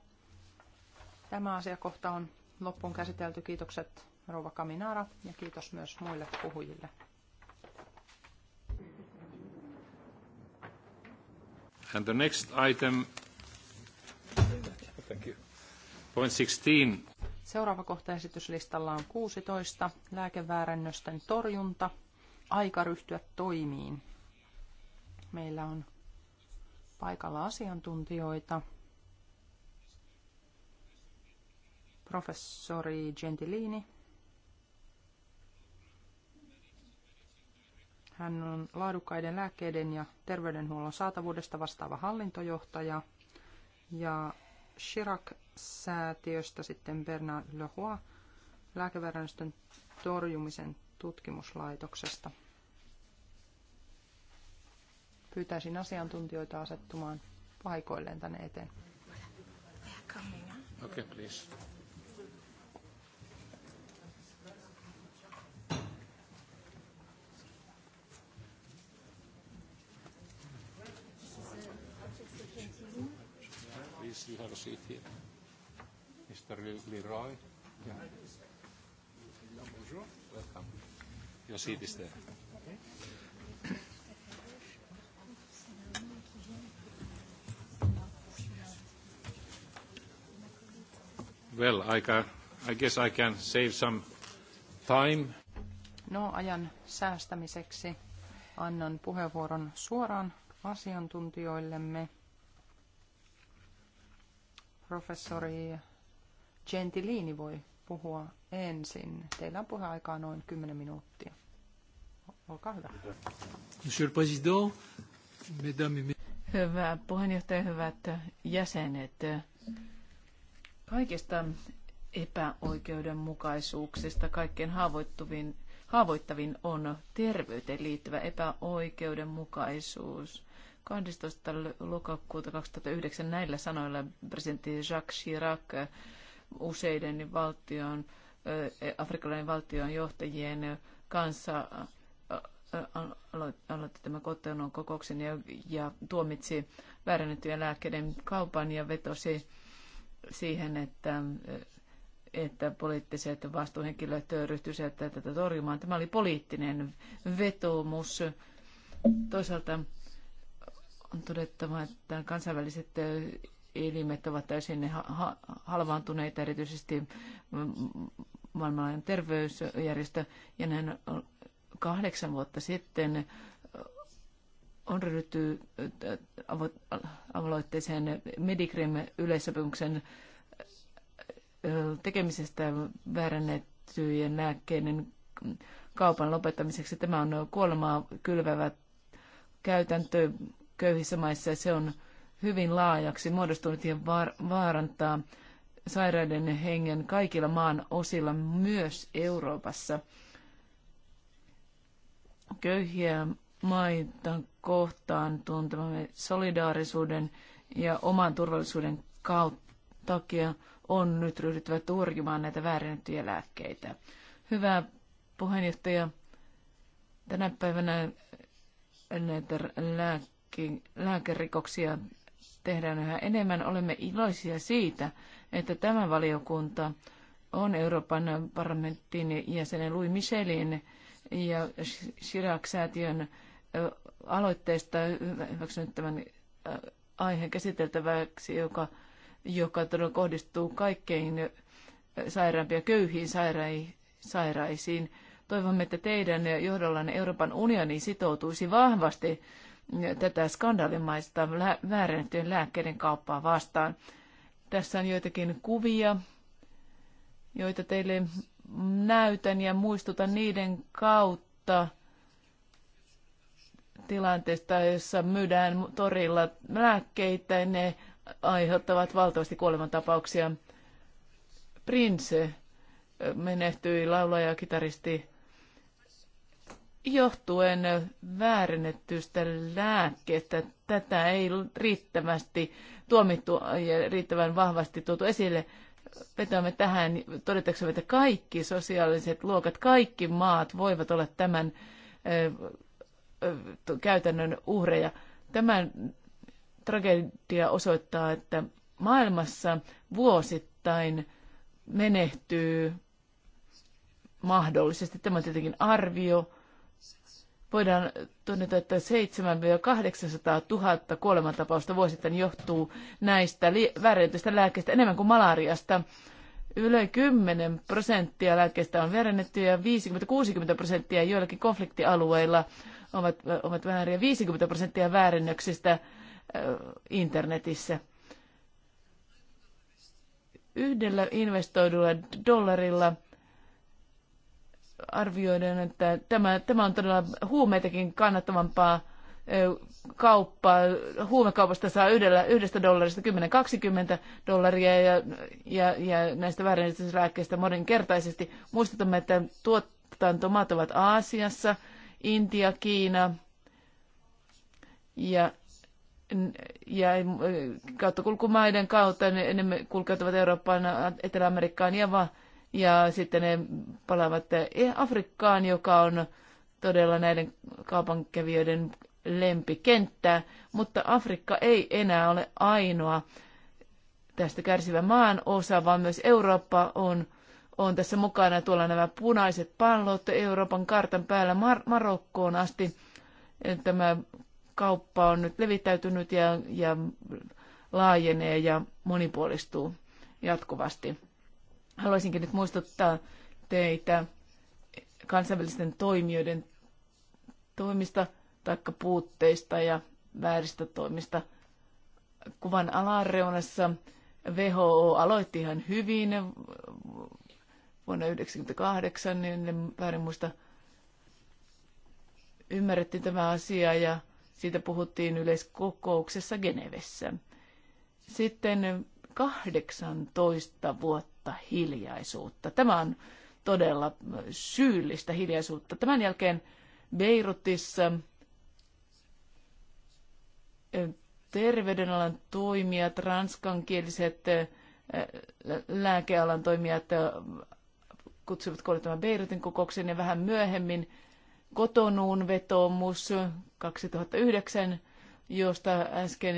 Tämä asiakohta on loppuun käsitelty. Kiitokset Rouva Kaminaara ja kiitos myös muille puhujille. And the next item, Thank you. point 16. Seuraava kohta esityslistalla on 16, lääkeväärännösten torjunta aika ryhtyä toimiin. Meillä on paikalla asiantuntijoita. Professori Gentilini. Hän on laadukkaiden lääkkeiden ja terveydenhuollon saatavuudesta vastaava hallintojohtaja. Ja Chirac-säätiöstä sitten Bernard Leroy, lääkeväärännysten torjumisen tutkimuslaitoksesta. Pyytäisin asiantuntijoita asettumaan paikoilleen tänne eteen. Okay, please. Please, you have a seat here. Mr. Leroy. Yeah. Bonjour. Welcome. Your seat is there. Okay. Well, I, can, I guess I can save some time. No, ajan säästämiseksi annan puheenvuoron suoraan asiantuntijoillemme. Professori Gentilini voi puhua ensin. Teillä on puheaikaa noin 10 minuuttia. Olkaa hyvä. Monsieur le Président, Mesdames et Hyvä puheenjohtaja, hyvät jäsenet. Kaikista epäoikeudenmukaisuuksista kaikkein haavoittuvin, haavoittavin on terveyteen liittyvä epäoikeudenmukaisuus. 12. lokakuuta 2009 näillä sanoilla presidentti Jacques Chirac useiden valtion, e, afrikkalainen valtion johtajien kanssa aloitti tämän kotonon kokouksen ja, ja tuomitsi väärennettyjen lääkkeiden kaupan ja vetosi siihen, että, että poliittiset vastuuhenkilöt ryhtyisivät tätä torjumaan. Tämä oli poliittinen vetoomus. Toisaalta on todettava, että kansainväliset elimet ovat täysin ha- halvaantuneita, erityisesti maailmanlaajan terveysjärjestö. Ja näin kahdeksan vuotta sitten on ryhdytty äh, aloitteeseen Medicrim-yleissopimuksen äh, tekemisestä väärännettyjen lääkkeiden kaupan lopettamiseksi. Tämä on kuolemaa kylvävä käytäntö köyhissä maissa ja se on hyvin laajaksi muodostunut ja vaarantaa sairaiden hengen kaikilla maan osilla, myös Euroopassa. Köyhiä maita kohtaan tuntemamme solidaarisuuden ja oman turvallisuuden kautta takia on nyt ryhdyttävä torjumaan näitä väärennettyjä lääkkeitä. Hyvä puheenjohtaja, tänä päivänä näitä lääke- lääkerikoksia tehdään yhä enemmän. Olemme iloisia siitä, että tämä valiokunta on Euroopan parlamentin jäsenen Louis Michelin ja Chirac-säätiön aloitteesta hyväksynyt tämän aiheen käsiteltäväksi, joka, joka todella kohdistuu kaikkein sairaampia köyhiin sairai, sairaisiin. Toivomme, että teidän johdollanne Euroopan unioni sitoutuisi vahvasti tätä skandaalimaista väärennettyjen lääkkeiden kauppaa vastaan. Tässä on joitakin kuvia, joita teille näytän ja muistutan niiden kautta tilanteesta, jossa myydään torilla lääkkeitä, ne aiheuttavat valtavasti kuolemantapauksia. Prince menehtyi laulaja ja kitaristi johtuen väärennettystä lääkkeestä. Tätä ei riittävästi tuomittu ja riittävän vahvasti tuotu esille. Vetoamme tähän, todetaanko että kaikki sosiaaliset luokat, kaikki maat voivat olla tämän eh, käytännön uhreja. Tämän tragedia osoittaa, että maailmassa vuosittain menehtyy mahdollisesti, tämä on tietenkin arvio, voidaan todeta, että 700-800 000 kuolemantapausta vuosittain johtuu näistä väärennetyistä lääkkeistä enemmän kuin malariasta. Yli 10 prosenttia lääkkeistä on väärennetty ja 50-60 prosenttia joillakin konfliktialueilla – ovat, ovat vääriä. 50 prosenttia väärennöksistä internetissä. Yhdellä investoidulla dollarilla arvioidaan, että tämä, tämä on todella huumeitakin kannattavampaa kauppaa. Huumekaupasta saa yhdellä, yhdestä dollarista 10-20 dollaria ja, ja, ja näistä väärennetyslääkkeistä moninkertaisesti. Muistutamme, että tuotantomaat ovat Aasiassa – Intia, Kiina ja ja kauttakulkumaiden kautta ne, ne kulkeutuvat Eurooppaan, Etelä-Amerikkaan ja, ja sitten ne palaavat Afrikkaan, joka on todella näiden kaupankävijöiden lempikenttää, mutta Afrikka ei enää ole ainoa tästä kärsivä maan osa, vaan myös Eurooppa on on tässä mukana. Tuolla nämä punaiset pallot Euroopan kartan päällä Mar- Marokkoon asti. Tämä kauppa on nyt levittäytynyt ja, ja laajenee ja monipuolistuu jatkuvasti. Haluaisinkin nyt muistuttaa teitä kansainvälisten toimijoiden toimista taikka puutteista ja vääristä toimista. Kuvan alareunassa WHO aloitti ihan hyvin vuonna 1998, niin en väärin muista, ymmärrettiin tämä asia ja siitä puhuttiin yleiskokouksessa Genevessä. Sitten 18 vuotta hiljaisuutta. Tämä on todella syyllistä hiljaisuutta. Tämän jälkeen Beirutissa terveydenalan toimijat, ranskankieliset lääkealan toimijat kutsuivat koolle Beirutin kokouksen ja vähän myöhemmin Kotonuun vetoomus 2009, josta äsken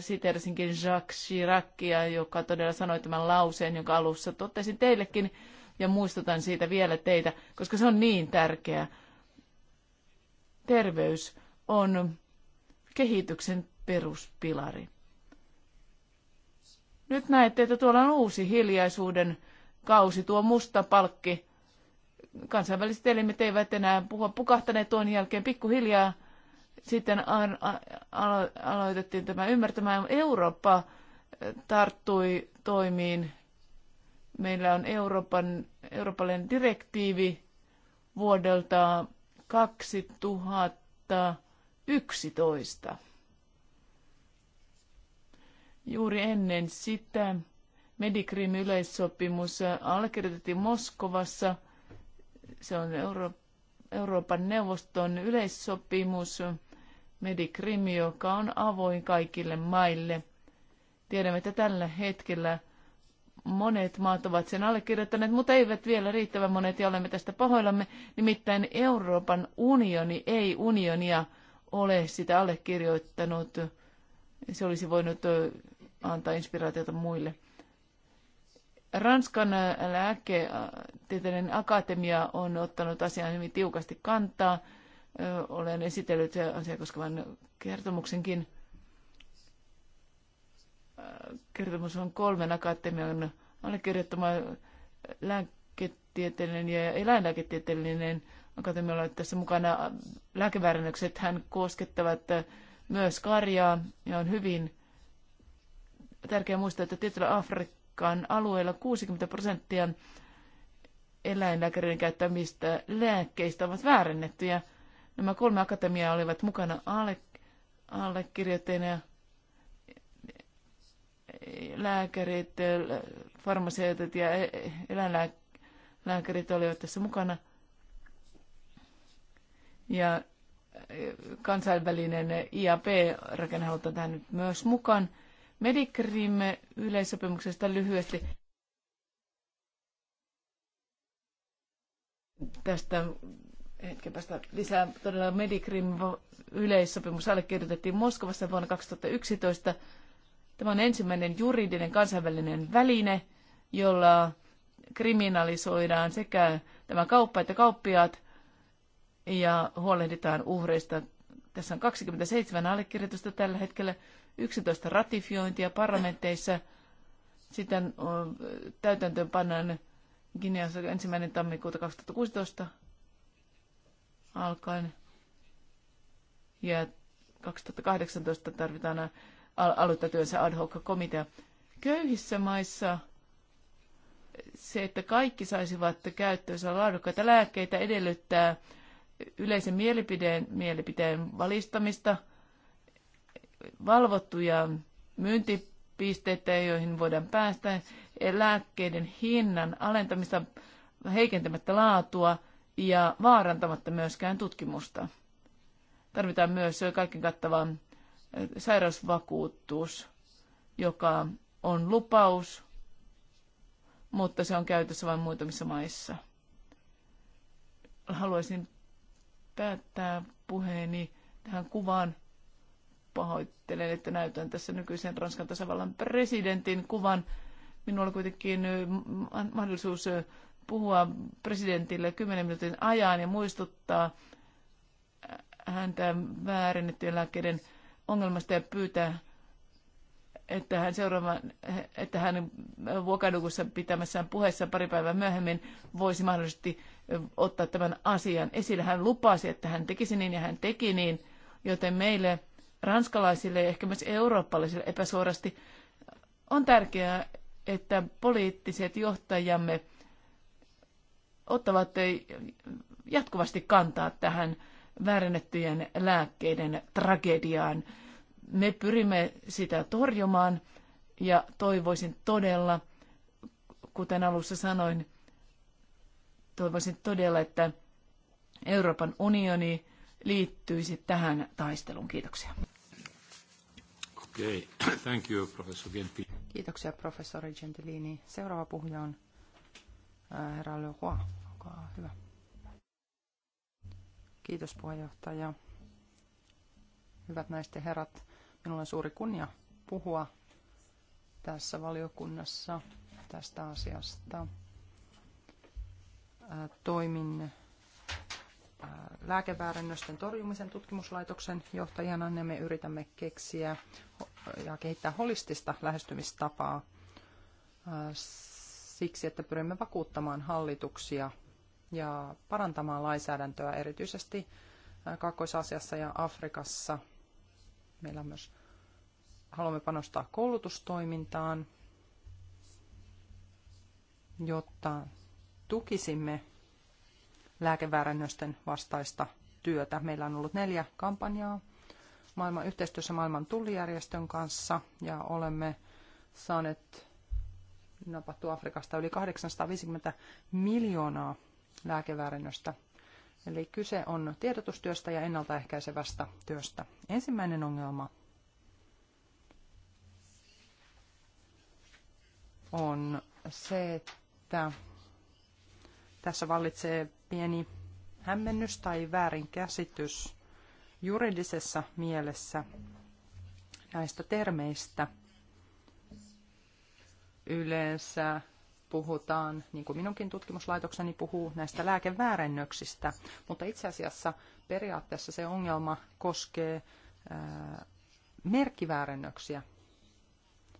siteerasinkin Jacques Chiracia, joka todella sanoi tämän lauseen, jonka alussa totesin teillekin, ja muistutan siitä vielä teitä, koska se on niin tärkeä. Terveys on kehityksen peruspilari. Nyt näette, että tuolla on uusi hiljaisuuden kausi, tuo musta palkki. Kansainväliset elimet eivät enää puhua pukahtaneet tuon jälkeen pikkuhiljaa. Sitten aloitettiin tämä ymmärtämään. Eurooppa eh, tarttui toimiin. Meillä on Euroopan, eurooppalainen direktiivi vuodelta 2011. Juuri ennen sitä Medikrin yleissopimus allekirjoitettiin Moskovassa. Se on Euro- Euroopan neuvoston yleissopimus Medikrim, joka on avoin kaikille maille. Tiedämme, että tällä hetkellä monet maat ovat sen allekirjoittaneet, mutta eivät vielä riittävän monet, ja olemme tästä pahoillamme. Nimittäin Euroopan unioni ei unionia ole sitä allekirjoittanut. Se olisi voinut antaa inspiraatiota muille. Ranskan äh, lääketieteellinen akatemia on ottanut asiaan hyvin tiukasti kantaa. Äh, olen esitellyt asiaa koskevan kertomuksenkin. Äh, kertomus on kolmen akatemian allekirjoittama lääketieteellinen ja eläinlääketieteellinen akatemia on tässä mukana. lääkeväärännökset. hän koskettavat myös karjaa ja on hyvin tärkeää muistaa, että tietyllä Afrikka Afrikan alueella 60 prosenttia eläinlääkäreiden käyttämistä lääkkeistä ovat väärennettyjä. Nämä kolme akatemiaa olivat mukana alle, allekirjoittajina ja lääkärit, farmaseutit ja e, eläinlääkärit olivat tässä mukana. Ja kansainvälinen IAP-rakenne halutaan tähän nyt myös mukaan medicrim yleissopimuksesta lyhyesti. Tästä hetken päästä lisää. Todella Medikrim yleissopimus allekirjoitettiin Moskovassa vuonna 2011. Tämä on ensimmäinen juridinen kansainvälinen väline, jolla kriminalisoidaan sekä tämä kauppa että kauppiaat ja huolehditaan uhreista. Tässä on 27 allekirjoitusta tällä hetkellä. 11 ratifiointia parlamentteissa. Sitten täytäntöön pannaan Guineassa ensimmäinen tammikuuta 2016 alkaen. Ja 2018 tarvitaan aloittatyönsä ad hoc komitea. Köyhissä maissa se, että kaikki saisivat käyttöönsä laadukkaita lääkkeitä, edellyttää yleisen mielipiteen, mielipiteen valistamista – valvottuja myyntipisteitä, joihin voidaan päästä, lääkkeiden hinnan alentamista heikentämättä laatua ja vaarantamatta myöskään tutkimusta. Tarvitaan myös kaiken kattava eh, sairausvakuutus, joka on lupaus, mutta se on käytössä vain muutamissa maissa. Haluaisin päättää puheeni tähän kuvaan pahoittelen, että näytän tässä nykyisen Ranskan tasavallan presidentin kuvan. Minulla kuitenkin mahdollisuus puhua presidentille 10 minuutin ajan ja muistuttaa häntä väärennettyjen lääkkeiden ongelmasta ja pyytää, että hän, seuraava, että hän Vuokadukussa pitämässään puheessa pari päivää myöhemmin voisi mahdollisesti ottaa tämän asian esille. Hän lupasi, että hän tekisi niin ja hän teki niin, joten meille ranskalaisille ja ehkä myös eurooppalaisille epäsuorasti, on tärkeää, että poliittiset johtajamme ottavat jatkuvasti kantaa tähän väärennettyjen lääkkeiden tragediaan. Me pyrimme sitä torjumaan ja toivoisin todella, kuten alussa sanoin, toivoisin todella, että Euroopan unioni liittyisi tähän taisteluun. Kiitoksia. Okay. Thank you, professor Kiitoksia, professori Gentilini. Seuraava puhuja on herra Leroy. Olkaa hyvä. Kiitos, puheenjohtaja. Hyvät naisten herrat, minulla on suuri kunnia puhua tässä valiokunnassa tästä asiasta. Toimin Äh, lääkeväärennösten torjumisen tutkimuslaitoksen johtajana ja niin me yritämme keksiä ja kehittää holistista lähestymistapaa äh, siksi, että pyrimme vakuuttamaan hallituksia ja parantamaan lainsäädäntöä erityisesti äh, Kaakkois-Asiassa ja Afrikassa. Meillä on myös haluamme panostaa koulutustoimintaan, jotta tukisimme lääkeväärännösten vastaista työtä. Meillä on ollut neljä kampanjaa maailman, yhteistyössä maailman tullijärjestön kanssa ja olemme saaneet napattua Afrikasta yli 850 miljoonaa lääkeväärännöstä. Eli kyse on tiedotustyöstä ja ennaltaehkäisevästä työstä. Ensimmäinen ongelma on se, että tässä vallitsee pieni hämmennys tai väärinkäsitys juridisessa mielessä näistä termeistä. Yleensä puhutaan, niin kuin minunkin tutkimuslaitokseni puhuu, näistä lääkeväärennöksistä, mutta itse asiassa periaatteessa se ongelma koskee ää, merkkiväärennöksiä.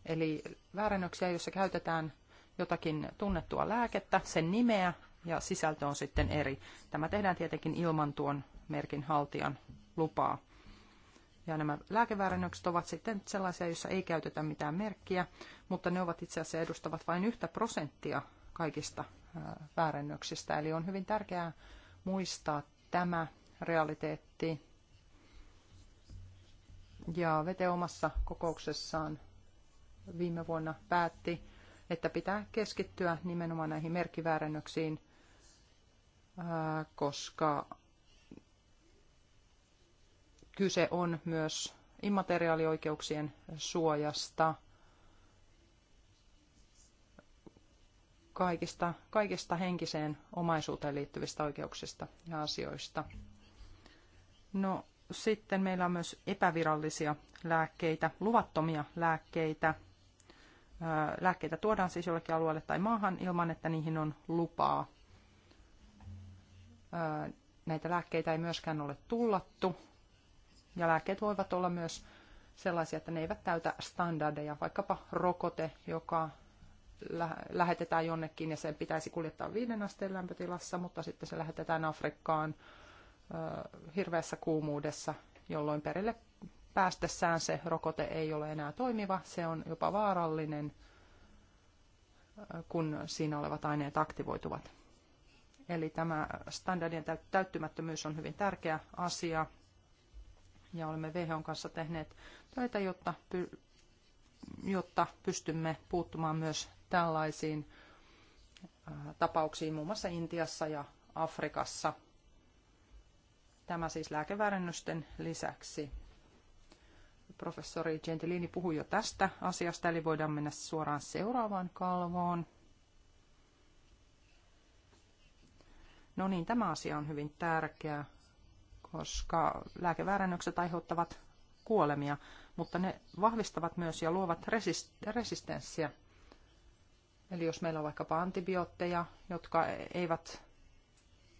Eli väärennöksiä, joissa käytetään jotakin tunnettua lääkettä, sen nimeä ja sisältö on sitten eri. Tämä tehdään tietenkin ilman tuon merkin haltijan lupaa. Ja nämä lääkeväärennökset ovat sitten sellaisia, joissa ei käytetä mitään merkkiä, mutta ne ovat itse asiassa edustavat vain yhtä prosenttia kaikista väärennöksistä. Eli on hyvin tärkeää muistaa tämä realiteetti. Ja Vete omassa kokouksessaan viime vuonna päätti, että pitää keskittyä nimenomaan näihin merkkiväärennöksiin – koska kyse on myös immateriaalioikeuksien suojasta, kaikista, kaikista henkiseen omaisuuteen liittyvistä oikeuksista ja asioista. No sitten meillä on myös epävirallisia lääkkeitä, luvattomia lääkkeitä. Lääkkeitä tuodaan siis jollekin alueelle tai maahan ilman, että niihin on lupaa näitä lääkkeitä ei myöskään ole tullattu. Ja lääkkeet voivat olla myös sellaisia, että ne eivät täytä standardeja, vaikkapa rokote, joka lähetetään jonnekin ja sen pitäisi kuljettaa viiden asteen lämpötilassa, mutta sitten se lähetetään Afrikkaan hirveässä kuumuudessa, jolloin perille päästessään se rokote ei ole enää toimiva, se on jopa vaarallinen, kun siinä olevat aineet aktivoituvat. Eli tämä standardien täyttymättömyys on hyvin tärkeä asia. Ja olemme WHOn kanssa tehneet töitä, jotta, jotta pystymme puuttumaan myös tällaisiin tapauksiin muun muassa Intiassa ja Afrikassa. Tämä siis lääkeväärennösten lisäksi. Professori Gentilini puhui jo tästä asiasta, eli voidaan mennä suoraan seuraavaan kalvoon. No niin, tämä asia on hyvin tärkeä, koska lääkeväärännökset aiheuttavat kuolemia, mutta ne vahvistavat myös ja luovat resist- resistenssiä. Eli jos meillä on vaikkapa antibiootteja, jotka eivät,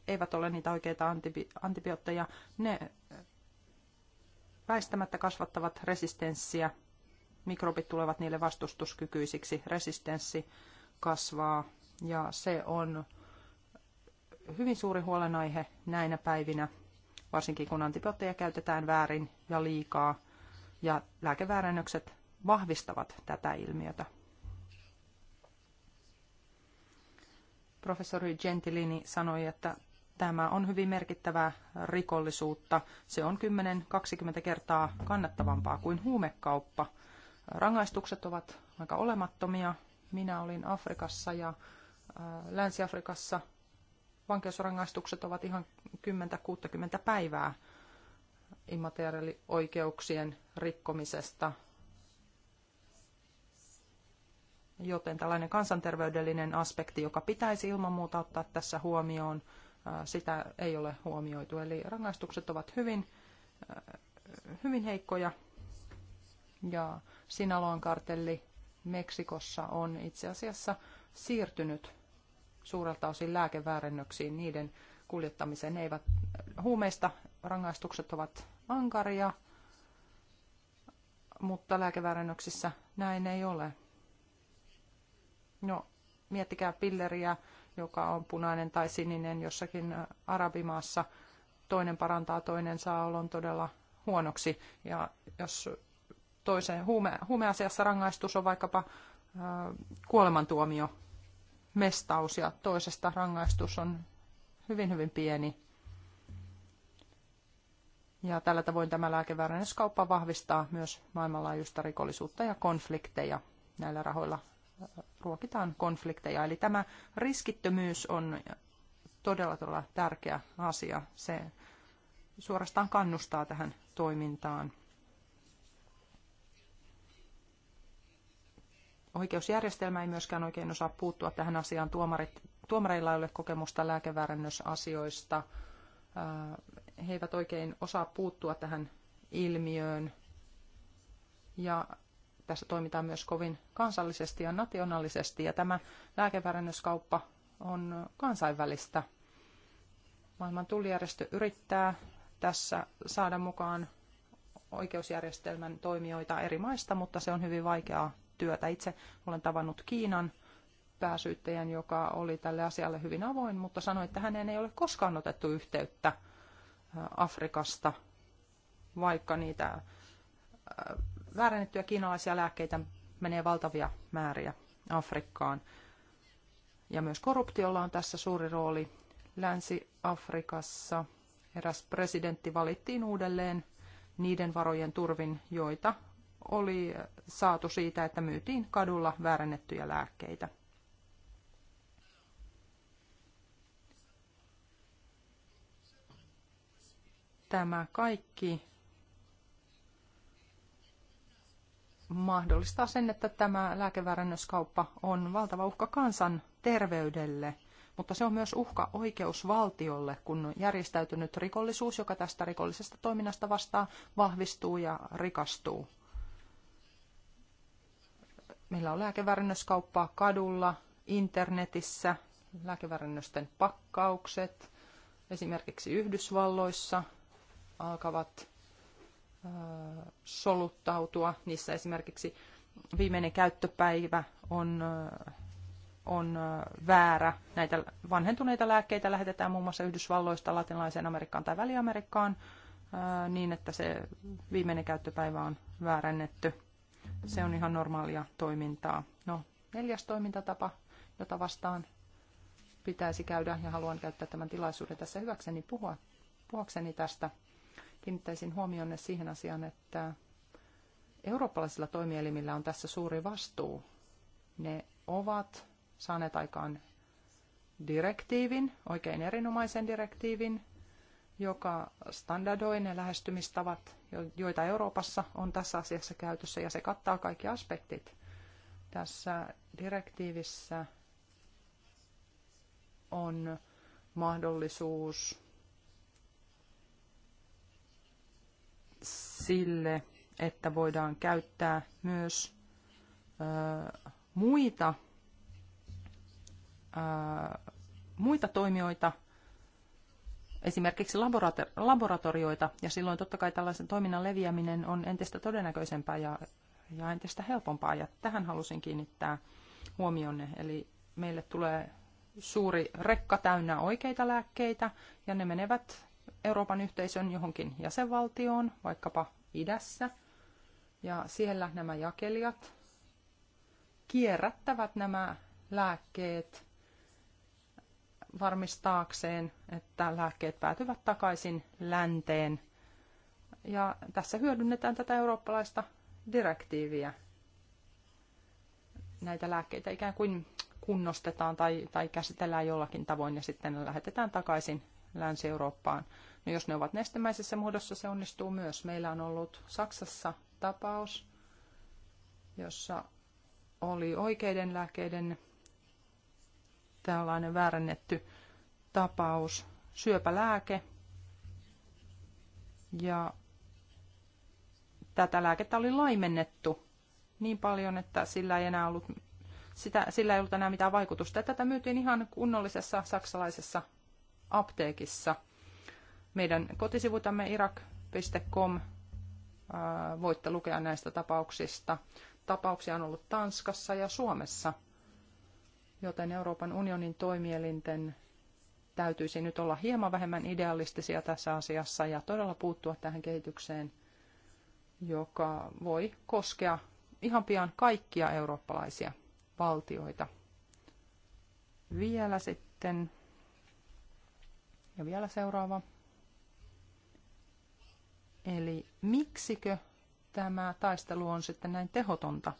eivät ole niitä oikeita antibi- antibiootteja, ne väistämättä kasvattavat resistenssiä. Mikrobit tulevat niille vastustuskykyisiksi, resistenssi kasvaa ja se on hyvin suuri huolenaihe näinä päivinä, varsinkin kun antibiootteja käytetään väärin ja liikaa, ja lääkeväärännökset vahvistavat tätä ilmiötä. Professori Gentilini sanoi, että tämä on hyvin merkittävää rikollisuutta. Se on 10-20 kertaa kannattavampaa kuin huumekauppa. Rangaistukset ovat aika olemattomia. Minä olin Afrikassa ja Länsi-Afrikassa vankeusrangaistukset ovat ihan 10-60 päivää immateriaalioikeuksien rikkomisesta. Joten tällainen kansanterveydellinen aspekti, joka pitäisi ilman muuta ottaa tässä huomioon, sitä ei ole huomioitu. Eli rangaistukset ovat hyvin, hyvin heikkoja. Ja Sinaloan kartelli Meksikossa on itse asiassa siirtynyt suurelta osin lääkeväärennöksiin, niiden kuljettamiseen. Ne eivät, huumeista rangaistukset ovat ankaria, mutta lääkeväärennöksissä näin ei ole. No, miettikää pilleriä, joka on punainen tai sininen jossakin arabimaassa. Toinen parantaa, toinen saa olon todella huonoksi. Ja jos toisen huume, huumeasiassa rangaistus on vaikkapa kuolemantuomio, mestaus ja toisesta rangaistus on hyvin hyvin pieni. Ja tällä tavoin tämä lääkeväärännyskauppa vahvistaa myös maailmanlaajuista rikollisuutta ja konflikteja. Näillä rahoilla äh, ruokitaan konflikteja. Eli tämä riskittömyys on todella, todella tärkeä asia. Se suorastaan kannustaa tähän toimintaan. oikeusjärjestelmä ei myöskään oikein osaa puuttua tähän asiaan. Tuomarit, tuomareilla ei ole kokemusta lääkeväärännösasioista. He eivät oikein osaa puuttua tähän ilmiöön. Ja tässä toimitaan myös kovin kansallisesti ja nationaalisesti. Ja tämä lääkeväärännöskauppa on kansainvälistä. Maailman tullijärjestö yrittää tässä saada mukaan oikeusjärjestelmän toimijoita eri maista, mutta se on hyvin vaikeaa työtä. Itse olen tavannut Kiinan pääsyyttäjän, joka oli tälle asialle hyvin avoin, mutta sanoi, että hänen ei ole koskaan otettu yhteyttä äh, Afrikasta, vaikka niitä äh, väärennettyjä kiinalaisia lääkkeitä menee valtavia määriä Afrikkaan. Ja myös korruptiolla on tässä suuri rooli. Länsi-Afrikassa eräs presidentti valittiin uudelleen niiden varojen turvin, joita oli saatu siitä, että myytiin kadulla väärennettyjä lääkkeitä. Tämä kaikki mahdollistaa sen, että tämä lääkeväärännöskauppa on valtava uhka kansan terveydelle, mutta se on myös uhka oikeusvaltiolle, kun järjestäytynyt rikollisuus, joka tästä rikollisesta toiminnasta vastaa, vahvistuu ja rikastuu. Meillä on lääkeväärennöskauppaa kadulla, internetissä, lääkeväärennösten pakkaukset. Esimerkiksi Yhdysvalloissa alkavat soluttautua. Niissä esimerkiksi viimeinen käyttöpäivä on, on väärä. Näitä vanhentuneita lääkkeitä lähetetään muun muassa Yhdysvalloista latinalaiseen Amerikkaan tai Väli-Amerikkaan niin, että se viimeinen käyttöpäivä on väärännetty. Se on ihan normaalia toimintaa. No, neljäs toimintatapa, jota vastaan pitäisi käydä, ja haluan käyttää tämän tilaisuuden tässä hyväkseni puhua, puhuakseni tästä. Kiinnittäisin huomionne siihen asiaan, että eurooppalaisilla toimielimillä on tässä suuri vastuu. Ne ovat saaneet aikaan direktiivin, oikein erinomaisen direktiivin, joka standardoi ne lähestymistavat, joita Euroopassa on tässä asiassa käytössä, ja se kattaa kaikki aspektit. Tässä direktiivissä on mahdollisuus sille, että voidaan käyttää myös ö, muita, ö, muita toimijoita esimerkiksi laboratorioita, ja silloin totta kai tällaisen toiminnan leviäminen on entistä todennäköisempää ja, ja entistä helpompaa, ja tähän halusin kiinnittää huomionne. Eli meille tulee suuri rekka täynnä oikeita lääkkeitä, ja ne menevät Euroopan yhteisön johonkin jäsenvaltioon, vaikkapa idässä, ja siellä nämä jakelijat kierrättävät nämä lääkkeet varmistaakseen, että lääkkeet päätyvät takaisin länteen. Ja tässä hyödynnetään tätä eurooppalaista direktiiviä. Näitä lääkkeitä ikään kuin kunnostetaan tai, tai käsitellään jollakin tavoin ja sitten ne lähetetään takaisin Länsi-Eurooppaan. No jos ne ovat nestemäisessä muodossa, se onnistuu myös. Meillä on ollut Saksassa tapaus, jossa oli oikeiden lääkkeiden tällainen väärennetty tapaus, syöpälääke. Ja tätä lääkettä oli laimennettu niin paljon, että sillä ei enää ollut, sitä, sillä ei ollut enää mitään vaikutusta. Ja tätä myytiin ihan kunnollisessa saksalaisessa apteekissa. Meidän kotisivutamme irak.com voitte lukea näistä tapauksista. Tapauksia on ollut Tanskassa ja Suomessa joten Euroopan unionin toimielinten täytyisi nyt olla hieman vähemmän idealistisia tässä asiassa ja todella puuttua tähän kehitykseen, joka voi koskea ihan pian kaikkia eurooppalaisia valtioita. Vielä sitten, ja vielä seuraava. Eli miksikö tämä taistelu on sitten näin tehotonta?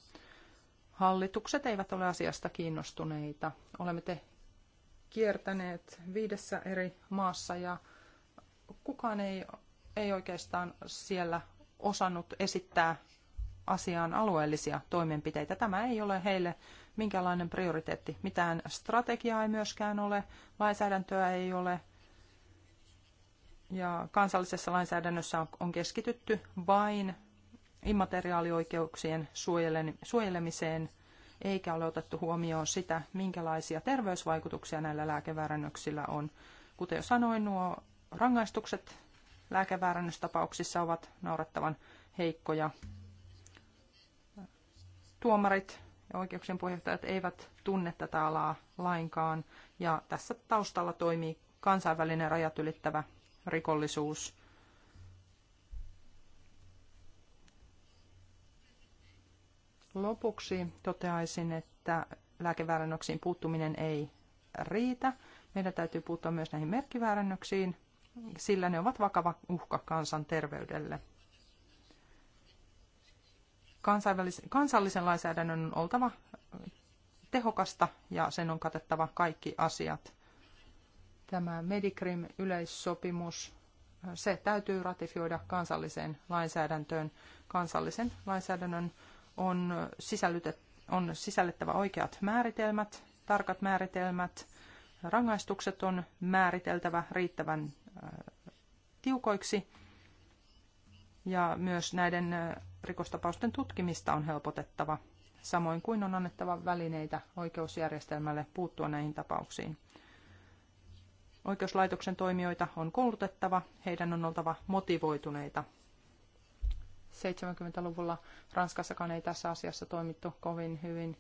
Hallitukset eivät ole asiasta kiinnostuneita. Olemme te kiertäneet viidessä eri maassa ja kukaan ei, ei oikeastaan siellä osannut esittää asiaan alueellisia toimenpiteitä. Tämä ei ole heille minkäänlainen prioriteetti. Mitään strategiaa ei myöskään ole, lainsäädäntöä ei ole. Ja kansallisessa lainsäädännössä on keskitytty vain immateriaalioikeuksien suojelemiseen, eikä ole otettu huomioon sitä, minkälaisia terveysvaikutuksia näillä lääkeväärännöksillä on. Kuten jo sanoin, nuo rangaistukset lääkeväärännöstapauksissa ovat naurettavan heikkoja. Tuomarit ja oikeuksien puheenjohtajat eivät tunne tätä alaa lainkaan, ja tässä taustalla toimii kansainvälinen rajat ylittävä rikollisuus. Lopuksi toteaisin, että lääkeväärännöksiin puuttuminen ei riitä. Meidän täytyy puuttua myös näihin merkkiväärännöksiin, sillä ne ovat vakava uhka kansan terveydelle. Kansallisen lainsäädännön on oltava tehokasta ja sen on katettava kaikki asiat. Tämä Medicrim-yleissopimus, se täytyy ratifioida kansalliseen lainsäädäntöön. Kansallisen lainsäädännön on, sisällytet, on sisällettävä oikeat määritelmät, tarkat määritelmät. Rangaistukset on määriteltävä riittävän äh, tiukoiksi ja myös näiden äh, rikostapausten tutkimista on helpotettava, samoin kuin on annettava välineitä oikeusjärjestelmälle puuttua näihin tapauksiin. Oikeuslaitoksen toimijoita on koulutettava, heidän on oltava motivoituneita 70-luvulla Ranskassakaan ei tässä asiassa toimittu kovin hyvin.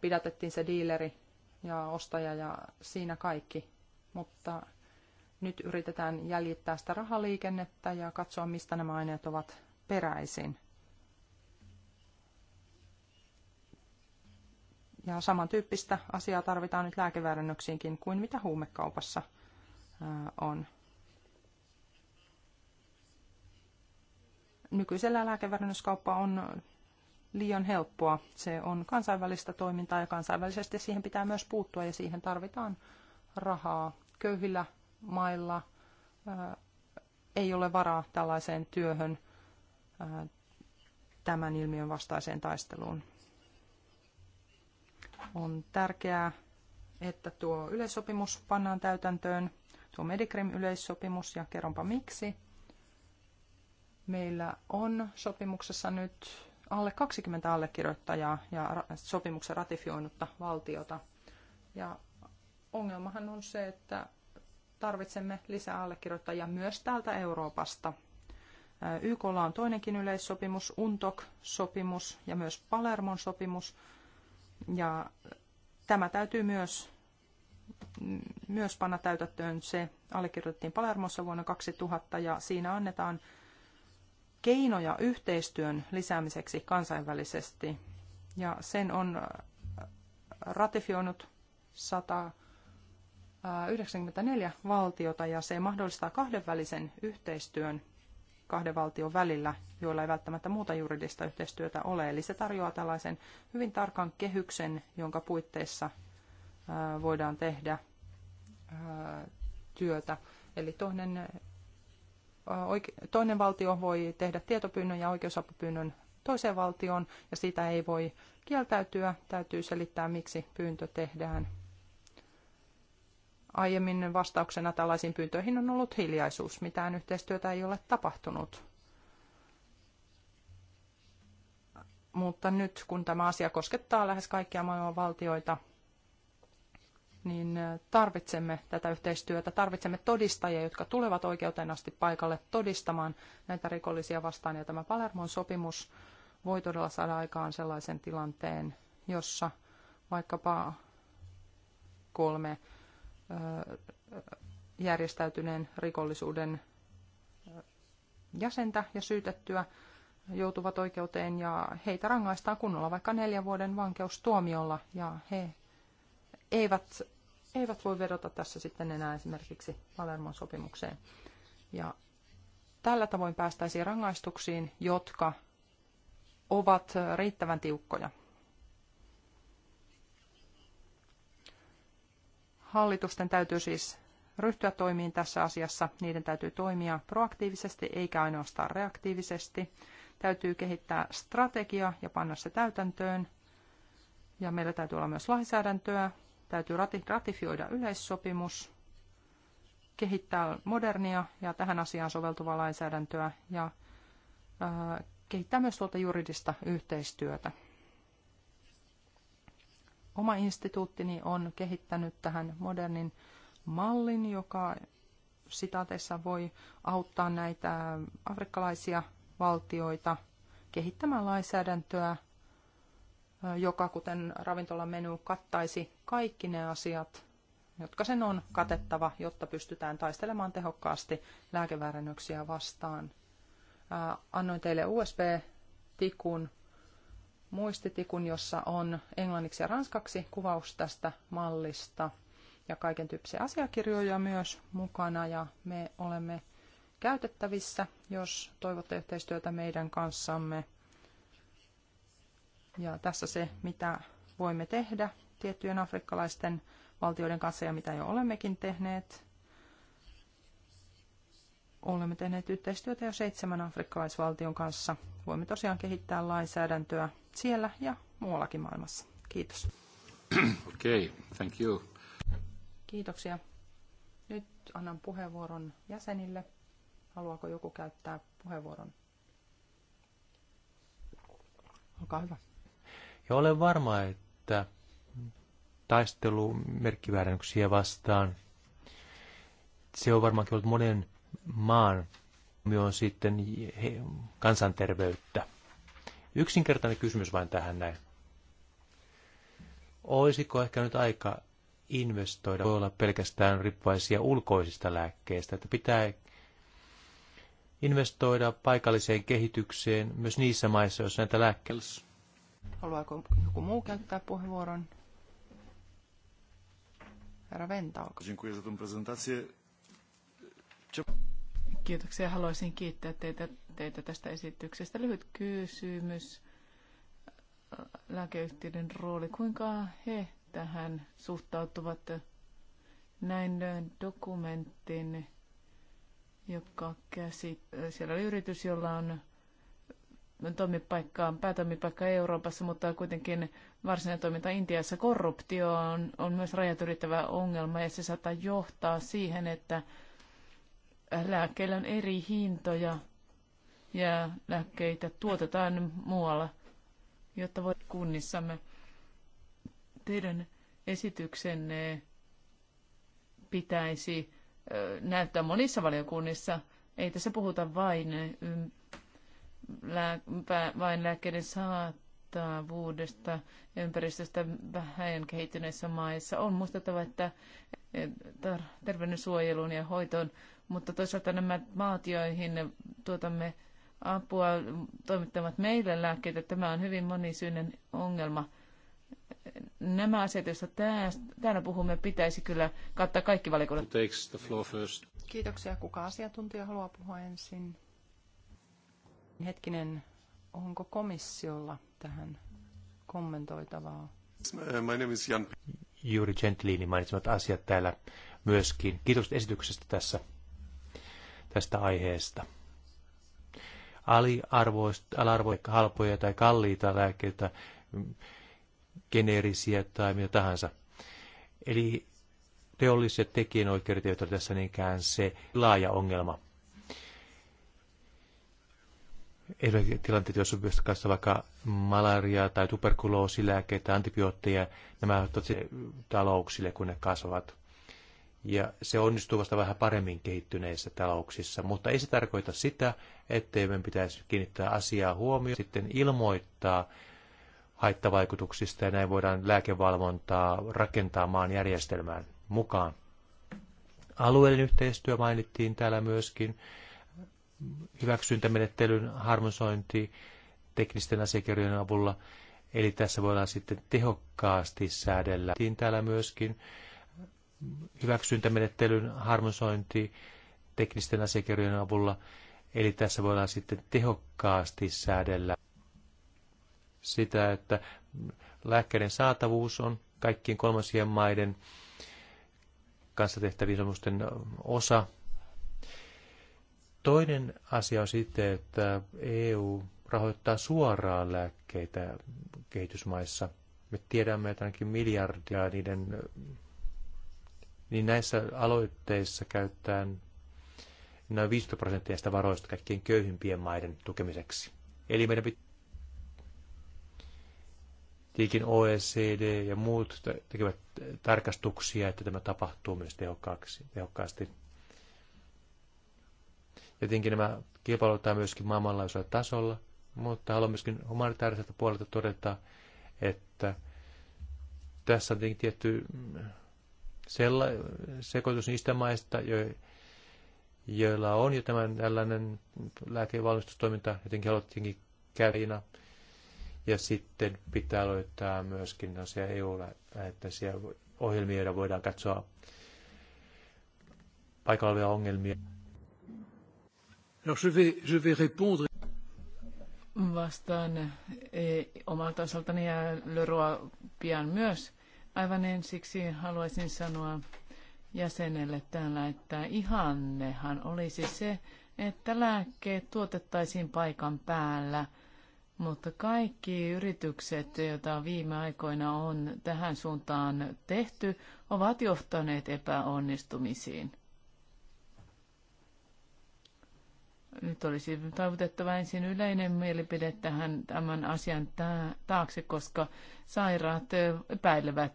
Pidätettiin se diileri ja ostaja ja siinä kaikki. Mutta nyt yritetään jäljittää sitä rahaliikennettä ja katsoa, mistä nämä aineet ovat peräisin. Ja samantyyppistä asiaa tarvitaan nyt lääkeväärennöksiinkin kuin mitä huumekaupassa on. nykyisellä lääkevärennyskauppa on liian helppoa. Se on kansainvälistä toimintaa ja kansainvälisesti siihen pitää myös puuttua ja siihen tarvitaan rahaa. Köyhillä mailla ää, äh, ei ole varaa tällaiseen työhön ää, äh, tämän ilmiön vastaiseen taisteluun. On tärkeää, että tuo yleissopimus pannaan täytäntöön, tuo Medicrim-yleissopimus, ja kerronpa miksi. Meillä on sopimuksessa nyt alle 20 allekirjoittajaa ja sopimuksen ratifioinutta valtiota. Ja ongelmahan on se, että tarvitsemme lisää allekirjoittajia myös täältä Euroopasta. YKlla on toinenkin yleissopimus, UNTOC-sopimus ja myös Palermon sopimus. Ja tämä täytyy myös, myös panna täytäntöön. Se allekirjoitettiin Palermossa vuonna 2000 ja siinä annetaan keinoja yhteistyön lisäämiseksi kansainvälisesti. Ja sen on äh, ratifioinut 194 äh, valtiota ja se mahdollistaa kahdenvälisen yhteistyön kahden valtion välillä, joilla ei välttämättä muuta juridista yhteistyötä ole. Eli se tarjoaa tällaisen hyvin tarkan kehyksen, jonka puitteissa äh, voidaan tehdä työtä. Eli toinen toinen valtio voi tehdä tietopyynnön ja oikeusapupyynnön toiseen valtioon ja siitä ei voi kieltäytyä. Täytyy selittää, miksi pyyntö tehdään. Aiemmin vastauksena tällaisiin pyyntöihin on ollut hiljaisuus. Mitään yhteistyötä ei ole tapahtunut. Mutta nyt, kun tämä asia koskettaa lähes kaikkia maailman valtioita, niin tarvitsemme tätä yhteistyötä, tarvitsemme todistajia, jotka tulevat oikeuteen asti paikalle todistamaan näitä rikollisia vastaan. Ja tämä Palermon sopimus voi todella saada aikaan sellaisen tilanteen, jossa vaikkapa kolme järjestäytyneen rikollisuuden jäsentä ja syytettyä joutuvat oikeuteen ja heitä rangaistaan kunnolla vaikka neljän vuoden vankeustuomiolla ja he eivät eivät voi vedota tässä sitten enää esimerkiksi Palermon sopimukseen. Ja tällä tavoin päästäisiin rangaistuksiin, jotka ovat riittävän tiukkoja. Hallitusten täytyy siis ryhtyä toimiin tässä asiassa. Niiden täytyy toimia proaktiivisesti eikä ainoastaan reaktiivisesti. Täytyy kehittää strategia ja panna se täytäntöön. Ja meillä täytyy olla myös lainsäädäntöä, Täytyy ratifioida yleissopimus, kehittää modernia ja tähän asiaan soveltuvaa lainsäädäntöä ja kehittää myös tuolta juridista yhteistyötä. Oma instituuttini on kehittänyt tähän modernin mallin, joka sitaateissa voi auttaa näitä afrikkalaisia valtioita kehittämään lainsäädäntöä joka, kuten ravintolamenu, kattaisi kaikki ne asiat, jotka sen on katettava, jotta pystytään taistelemaan tehokkaasti lääkeväärännyksiä vastaan. Annoin teille USB-tikun, muistitikun, jossa on englanniksi ja ranskaksi kuvaus tästä mallista ja kaiken tyyppisiä asiakirjoja myös mukana ja me olemme käytettävissä, jos toivotte yhteistyötä meidän kanssamme. Ja tässä se, mitä voimme tehdä tiettyjen afrikkalaisten valtioiden kanssa ja mitä jo olemmekin tehneet. Olemme tehneet yhteistyötä jo seitsemän afrikkalaisvaltion kanssa. Voimme tosiaan kehittää lainsäädäntöä siellä ja muuallakin maailmassa. Kiitos. Okay, thank you. Kiitoksia. Nyt annan puheenvuoron jäsenille. Haluaako joku käyttää puheenvuoron? Olkaa hyvä. Ja olen varma, että taistelu merkkiväärennyksiä vastaan, se on varmaankin ollut monen maan myös sitten kansanterveyttä. Yksinkertainen kysymys vain tähän näin. Olisiko ehkä nyt aika investoida, voi olla pelkästään riippuvaisia ulkoisista lääkkeistä, että pitää investoida paikalliseen kehitykseen myös niissä maissa, joissa näitä lääkkeitä Haluaako joku muu käyttää puheenvuoron? Herra Venta, olkaa. Kiitoksia. Haluaisin kiittää teitä, teitä tästä esityksestä. Lyhyt kysymys. Lääkeyhtiöiden rooli, kuinka he tähän suhtautuvat näin dokumentin, joka käsit... Siellä oli yritys, jolla on toimipaikka, päätoimipaikka Euroopassa, mutta kuitenkin varsinainen toiminta Intiassa. Korruptio on, on myös rajat ylittävä ongelma ja se saattaa johtaa siihen, että lääkkeillä on eri hintoja ja lääkkeitä tuotetaan muualla, jotta voi kunnissamme teidän esityksenne pitäisi näyttää monissa valiokunnissa. Ei tässä puhuta vain lää- vain lääkkeiden saatavuudesta ympäristöstä vähän kehittyneissä maissa. On muistettava, että terveydensuojeluun ja hoitoon, mutta toisaalta nämä maat, joihin tuotamme apua, toimittavat meille lääkkeitä. Tämä on hyvin monisyinen ongelma nämä asiat, joista täällä puhumme, pitäisi kyllä kattaa kaikki valikunnat. Kiitoksia. Kuka asiantuntija haluaa puhua ensin? Hetkinen, onko komissiolla tähän kommentoitavaa? My name is Jan. Juuri Gentilini mainitsemat asiat täällä myöskin. Kiitos esityksestä tässä, tästä aiheesta. Aliarvoista, halpoja tai kalliita lääkkeitä, geneerisiä tai mitä tahansa. Eli teolliset tekijänoikeudet eivät ole tässä niinkään se laaja ongelma, erilaisia tilanteita, joissa on kanssa vaikka malaria tai tuberkuloosilääkkeitä, antibiootteja, nämä ovat talouksille, kun ne kasvavat. Ja se onnistuu vasta vähän paremmin kehittyneissä talouksissa, mutta ei se tarkoita sitä, ettei meidän pitäisi kiinnittää asiaa huomioon, sitten ilmoittaa haittavaikutuksista ja näin voidaan lääkevalvontaa rakentaa maan järjestelmään mukaan. Alueellinen yhteistyö mainittiin täällä myöskin hyväksyntämenettelyn harmonisointi teknisten asiakirjojen avulla. Eli tässä voidaan sitten tehokkaasti säädellä. Täällä myöskin hyväksyntämenettelyn harmonisointi teknisten asiakirjojen avulla. Eli tässä voidaan sitten tehokkaasti säädellä sitä, että lääkkeiden saatavuus on kaikkien kolmansien maiden kanssa tehtävien sopimusten osa Toinen asia on sitten, että EU rahoittaa suoraan lääkkeitä kehitysmaissa. Me tiedämme, että ainakin miljardia niiden, niin näissä aloitteissa käytetään noin 50 prosenttia sitä varoista kaikkien köyhimpien maiden tukemiseksi. Eli meidän pitää Tietenkin OECD ja muut tekevät tarkastuksia, että tämä tapahtuu myös tehokkaasti. Tietenkin nämä kilpailutetaan myöskin maailmanlaajuisella tasolla, mutta haluan myöskin humanitaariselta puolelta todeta, että tässä on tietenkin tietty mm, sekoitus niistä maista, jo- joilla on jo tämän tällainen lääkevalmistustoiminta, jotenkin haluttiinkin käydä. Ja sitten pitää löytää myöskin asia EU-lähettäisiä ohjelmia, joilla voidaan katsoa paikalla olevia ongelmia. Alors je vais, je vais répondre. Vastaan e, omalta osaltani ja Leroa pian myös. Aivan ensiksi haluaisin sanoa jäsenelle täällä, että ihannehan olisi se, että lääkkeet tuotettaisiin paikan päällä, mutta kaikki yritykset, joita viime aikoina on tähän suuntaan tehty, ovat johtaneet epäonnistumisiin. Nyt olisi taivutettava ensin yleinen mielipide tähän tämän asian taakse, koska sairaat epäilevät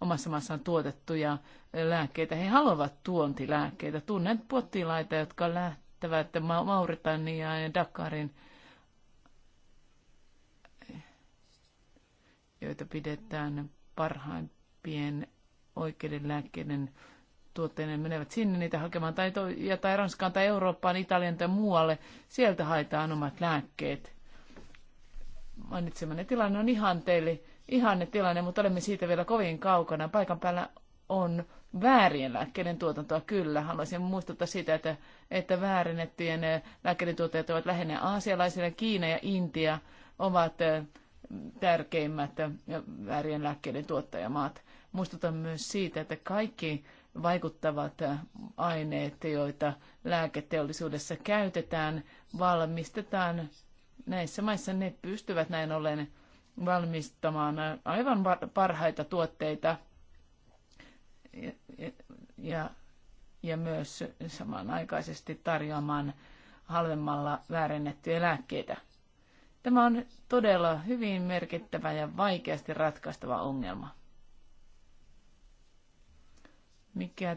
omassa maassaan tuotettuja lääkkeitä. He haluavat tuontilääkkeitä. Tunnen potilaita, jotka lähtevät Mauritaniaan ja Dakarin, joita pidetään parhaimpien oikeiden lääkkeiden tuotteinen menevät sinne niitä hakemaan, tai, to, ja, tai Ranskaan tai Eurooppaan, Italian tai muualle. Sieltä haetaan omat lääkkeet. Mainitsemanne tilanne on ihan ihanne tilanne, mutta olemme siitä vielä kovin kaukana. Paikan päällä on väärien lääkkeiden tuotantoa, kyllä. Haluaisin muistuttaa siitä, että, että väärinettyjen eh, lääkkeiden tuottajat ovat lähinnä aasialaisille. Kiina ja Intia ovat eh, tärkeimmät eh, väärien lääkkeiden tuottajamaat. Muistutan myös siitä, että kaikki vaikuttavat aineet, joita lääketeollisuudessa käytetään, valmistetaan näissä maissa. Ne pystyvät näin ollen valmistamaan aivan parhaita tuotteita ja, ja, ja myös samanaikaisesti tarjoamaan halvemmalla väärennettyjä lääkkeitä. Tämä on todella hyvin merkittävä ja vaikeasti ratkaistava ongelma mikä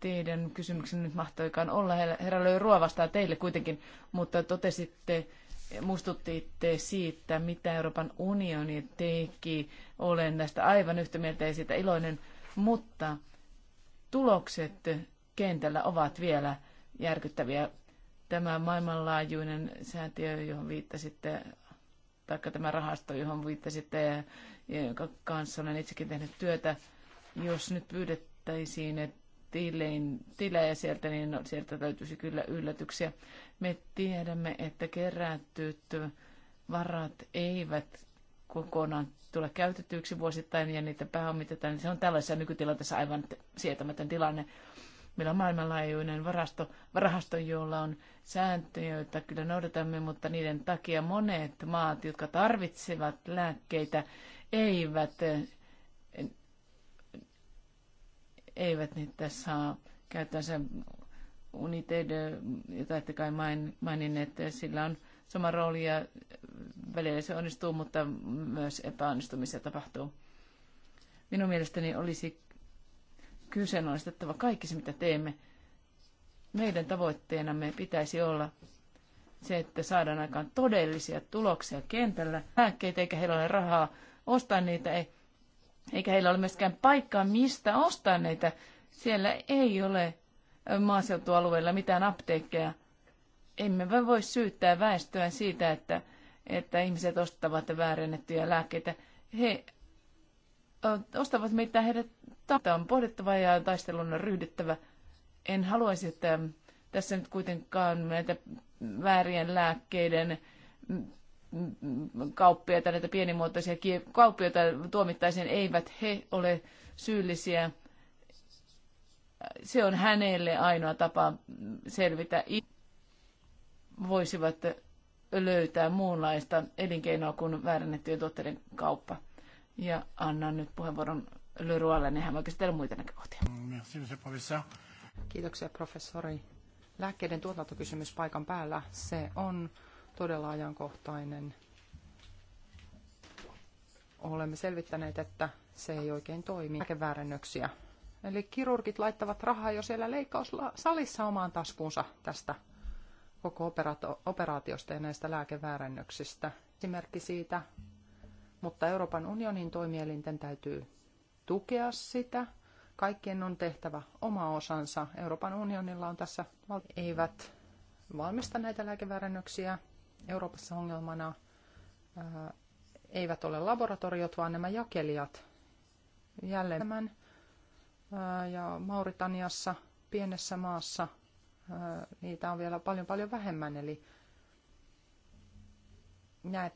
teidän kysymyksen nyt mahtoikaan olla. Herra löi Ruovastaa teille kuitenkin, mutta totesitte, muistuttiitte siitä, mitä Euroopan unioni teki. Olen näistä aivan yhtä mieltä ja siitä iloinen, mutta tulokset kentällä ovat vielä järkyttäviä. Tämä maailmanlaajuinen säätiö, johon viittasitte, tai tämä rahasto, johon viittasitte, jonka kanssa olen itsekin tehnyt työtä, jos nyt pyydettiin siirrettäisiin tilein, tilejä sieltä, niin sieltä täytyisi kyllä yllätyksiä. Me tiedämme, että kerätyt varat eivät kokonaan tule käytetyiksi vuosittain ja niitä pääomitetaan. Se on tällaisessa nykytilanteessa aivan sietämätön tilanne. Meillä on maailmanlaajuinen varasto, varasto, jolla on sääntöjä, joita kyllä noudatamme, mutta niiden takia monet maat, jotka tarvitsevat lääkkeitä, eivät eivät niitä saa käyttöönsä United, jota ette kai että sillä on sama rooli ja välillä se onnistuu, mutta myös epäonnistumisia tapahtuu. Minun mielestäni olisi kyseenalaistettava kaikki se, mitä teemme. Meidän tavoitteenamme pitäisi olla se, että saadaan aikaan todellisia tuloksia kentällä. Lääkkeitä eikä heillä ole rahaa ostaa niitä, ei eikä heillä ole myöskään paikkaa, mistä ostaa näitä. Siellä ei ole maaseutualueilla mitään apteekkeja. Emme voi syyttää väestöä siitä, että, että ihmiset ostavat väärennettyjä lääkkeitä. He ostavat mitä heidät tahto on pohdittava ja taistelun on ryhdyttävä. En haluaisi, että tässä nyt kuitenkaan näitä väärien lääkkeiden kauppiaita, näitä pienimuotoisia kauppiaita tuomittaisiin, eivät he ole syyllisiä. Se on hänelle ainoa tapa selvitä. Voisivat löytää muunlaista elinkeinoa kuin väärännettyjen tuotteiden kauppa. Ja annan nyt puheenvuoron Lyrualle, niin hän voi käsitellä muita näkökohtia. Kiitoksia professori. Lääkkeiden tuotantokysymys paikan päällä, se on todella ajankohtainen. Olemme selvittäneet, että se ei oikein toimi, väärennöksiä. Eli kirurgit laittavat rahaa jo siellä leikkaussalissa omaan taskuunsa tästä koko operaatiosta ja näistä lääkeväärännöksistä. Esimerkki siitä, mutta Euroopan unionin toimielinten täytyy tukea sitä. Kaikkien on tehtävä oma osansa. Euroopan unionilla on tässä, eivät valmista näitä lääkeväärännöksiä, Euroopassa ongelmana äh, eivät ole laboratoriot, vaan nämä jakelijat. Jälleen tämän äh, ja Mauritaniassa, pienessä maassa, äh, niitä on vielä paljon paljon vähemmän, eli näet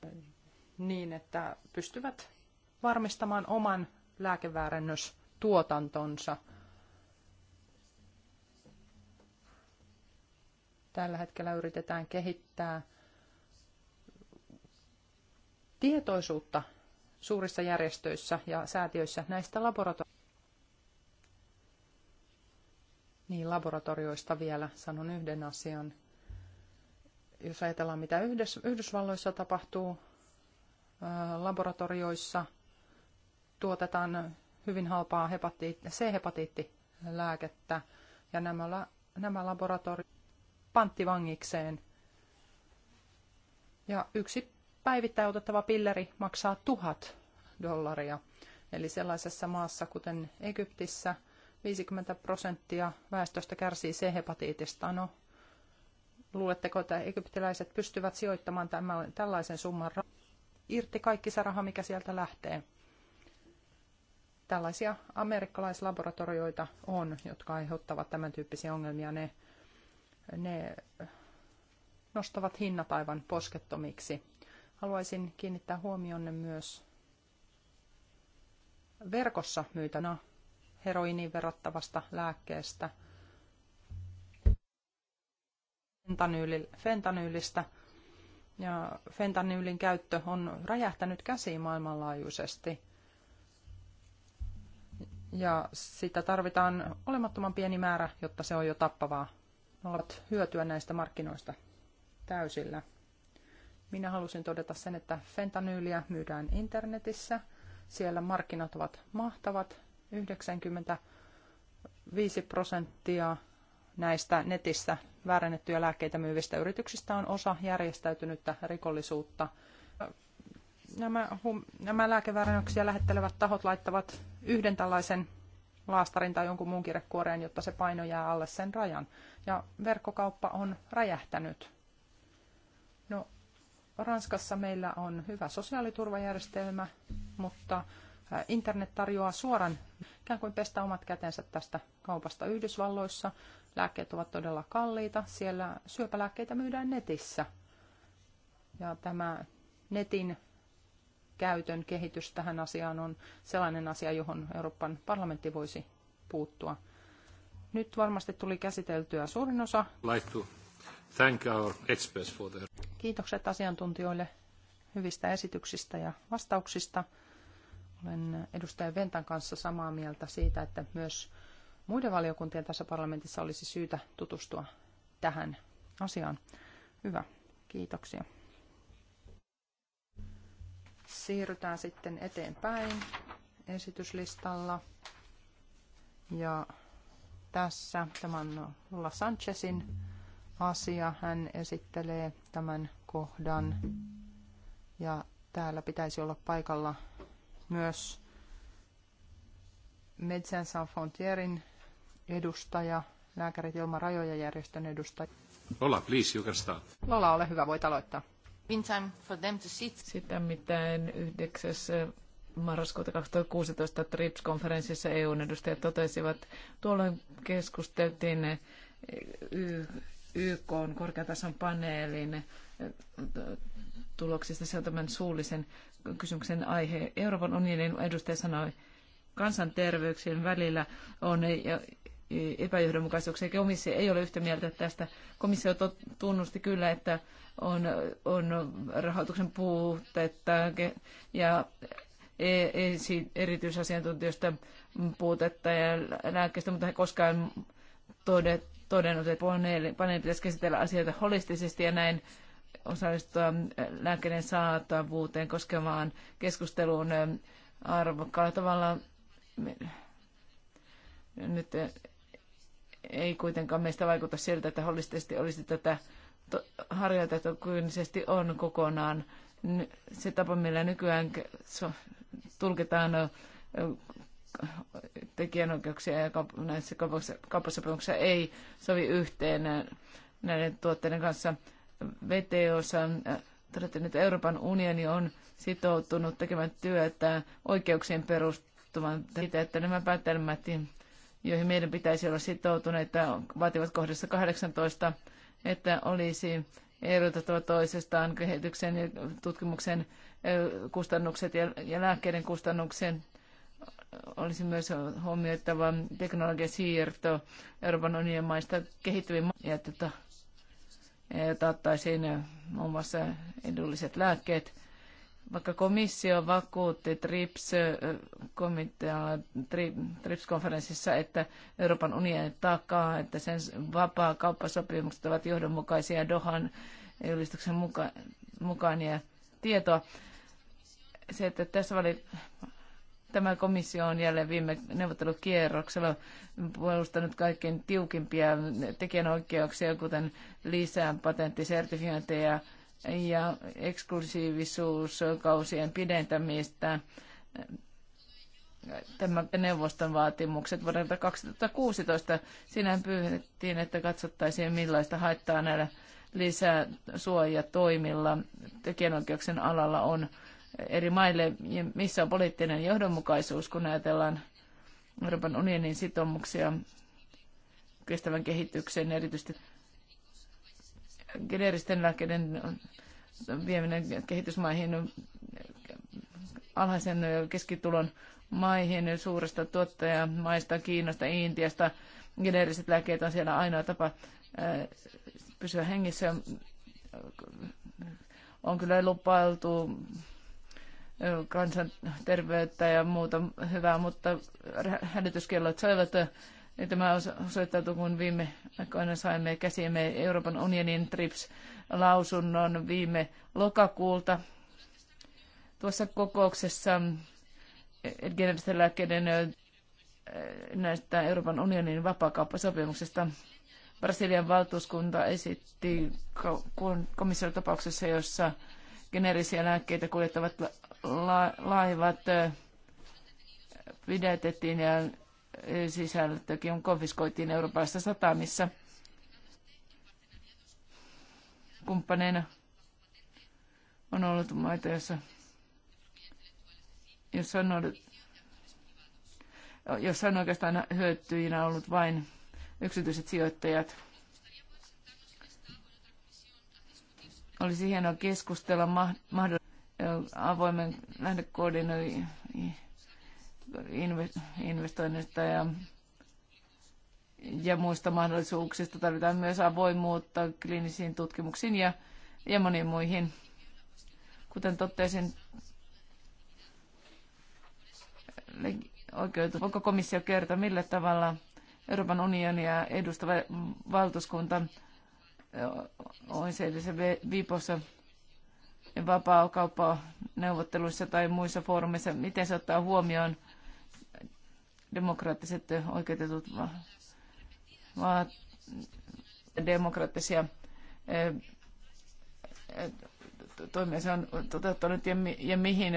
niin, että pystyvät varmistamaan oman lääkeväärennöstuotantonsa. Tällä hetkellä yritetään kehittää tietoisuutta suurissa järjestöissä ja säätiöissä näistä laboratorio- niin, laboratorioista vielä sanon yhden asian. Jos ajatellaan, mitä Yhdysvalloissa tapahtuu, laboratorioissa tuotetaan hyvin halpaa C-hepatiittilääkettä, ja nämä, nämä laboratoriot panttivangikseen. Ja yksi päivittäin otettava pilleri maksaa tuhat dollaria. Eli sellaisessa maassa kuten Egyptissä 50 prosenttia väestöstä kärsii C-hepatiitista. No, luuletteko, että egyptiläiset pystyvät sijoittamaan tämän, tällaisen summan irti kaikki se raha, mikä sieltä lähtee? Tällaisia amerikkalaislaboratorioita on, jotka aiheuttavat tämän tyyppisiä ongelmia. Ne, ne nostavat hinnat aivan poskettomiksi. Haluaisin kiinnittää huomionne myös verkossa myytänä heroiniin verrattavasta lääkkeestä, fentanyylistä. Ja fentanyylin käyttö on räjähtänyt käsiin maailmanlaajuisesti. Ja sitä tarvitaan olemattoman pieni määrä, jotta se on jo tappavaa. Ne ovat hyötyä näistä markkinoista täysillä. Minä halusin todeta sen, että fentanyyliä myydään internetissä. Siellä markkinat ovat mahtavat. 95 prosenttia näistä netissä väärennettyjä lääkkeitä myyvistä yrityksistä on osa järjestäytynyttä rikollisuutta. Nämä, hum, nämä lääkeväärennöksiä lähettelevät tahot laittavat yhden tällaisen laastarin tai jonkun muun kirjekuoreen, jotta se paino jää alle sen rajan. Ja verkkokauppa on räjähtänyt. No, Ranskassa meillä on hyvä sosiaaliturvajärjestelmä, mutta internet tarjoaa suoran ikään kuin pestä omat kätensä tästä kaupasta Yhdysvalloissa. Lääkkeet ovat todella kalliita. Siellä syöpälääkkeitä myydään netissä. Ja tämä netin käytön kehitys tähän asiaan on sellainen asia, johon Euroopan parlamentti voisi puuttua. Nyt varmasti tuli käsiteltyä suurin osa. Laittu Thank our experts for their... Kiitokset asiantuntijoille hyvistä esityksistä ja vastauksista. Olen edustaja Ventan kanssa samaa mieltä siitä, että myös muiden valiokuntien tässä parlamentissa olisi syytä tutustua tähän asiaan. Hyvä, kiitoksia. Siirrytään sitten eteenpäin esityslistalla. Ja tässä on Lula Sanchezin asia. Hän esittelee tämän kohdan ja täällä pitäisi olla paikalla myös Médecins Sans Frontierin edustaja, Lääkärit ilman rajoja järjestön edustaja. Lola, please, you can start. Lola, ole hyvä, voit aloittaa. In time for them to sit. Sitä mitään 9. marraskuuta 2016 TRIPS-konferenssissa EU edustajat totesivat. Tuolloin keskusteltiin YK on korkeatason paneelin eh, tuloksista. Se on tämän suullisen kysymyksen aihe. Euroopan unionin edustaja sanoi, kansanterveyksien välillä on e- e- epäjohdonmukaisuuksia. Komissio ei ole yhtä mieltä tästä. Komissio tunnusti kyllä, että on, on rahoituksen puutetta ja e- erityisasiantuntijoista puutetta ja lääkkeistä, mutta he koskaan todet, todennut, että paneeli pitäisi käsitellä asioita holistisesti ja näin osallistua lääkkeiden saatavuuteen koskevaan keskusteluun arvokkaalla tavalla. Nyt ei kuitenkaan meistä vaikuta siltä, että holistisesti olisi tätä harjoitettu kyynisesti on kokonaan. Se tapa, millä nykyään tulkitaan tekijänoikeuksia ja kaup- näissä kauppasopimuksissa ei sovi yhteen näiden tuotteiden kanssa. VTOssa todettu, että Euroopan unioni on sitoutunut tekemään työtä oikeuksien perustuvan siitä, että nämä päätelmät, joihin meidän pitäisi olla sitoutuneita, vaativat kohdassa 18, että olisi erotettava toisestaan kehityksen ja tutkimuksen kustannukset ja, ja lääkkeiden kustannuksen olisi myös huomioitava teknologian siirto Euroopan unionin maista kehittyviin ja tota, että taattaisiin muun muassa edulliset lääkkeet. Vaikka komissio vakuutti TRIPS-konferenssissa, TRIPS että Euroopan unioni takaa, että sen vapaa kauppasopimukset ovat johdonmukaisia Dohan julistuksen mukaan ja tietoa. Se, että tässä oli Tämä komissio on jälleen viime neuvottelukierroksella puolustanut kaikkein tiukimpia tekijänoikeuksia, kuten lisää patenttisertifiointeja ja eksklusiivisuuskausien pidentämistä. Tämä neuvoston vaatimukset vuodelta 2016. Siinä pyydettiin, että katsottaisiin millaista haittaa näillä suojatoimilla tekijänoikeuksien alalla on eri maille ja missä on poliittinen johdonmukaisuus, kun ajatellaan Euroopan unionin sitoumuksia kestävän kehityksen, erityisesti geneeristen lääkkeiden vieminen kehitysmaihin, alhaisen keskitulon maihin, suuresta tuottajamaista, Kiinasta, Intiasta. Geneeriset lääkkeet on siellä ainoa tapa äh, pysyä hengissä. On kyllä lupailtu kansanterveyttä ja muuta hyvää, mutta hälytyskellot soivat ja tämä osoittautui, kun viime aikoina saimme käsiemme Euroopan unionin TRIPS-lausunnon viime lokakuulta. Tuossa kokouksessa geneeristen lääkkeiden näistä Euroopan unionin vapaakauppasopimuksesta Brasilian valtuuskunta esitti komission tapauksessa, jossa geneerisiä lääkkeitä kuljettavat la- laivat pidätettiin ja sisältökin konfiskoitiin Euroopassa satamissa kumppaneina on ollut maita, jossa, jossa, on, ollut, jossa on oikeastaan hyötyjinä ollut vain yksityiset sijoittajat – Olisi hienoa keskustella mahdollisesti avoimen lähdekoodin investoinnista ja, ja muista mahdollisuuksista. Tarvitaan myös avoimuutta kliinisiin tutkimuksiin ja, ja moniin muihin. Kuten totesin, oikeutus. Onko komissio kertoa, millä tavalla Euroopan unionia edustava valtuuskunta OECDssä, VIPOssa, neuvotteluissa tai muissa foorumeissa, miten se ottaa huomioon demokraattiset oikeutetut vaan demokraattisia toimia se on toteuttanut ja, mi- ja mihin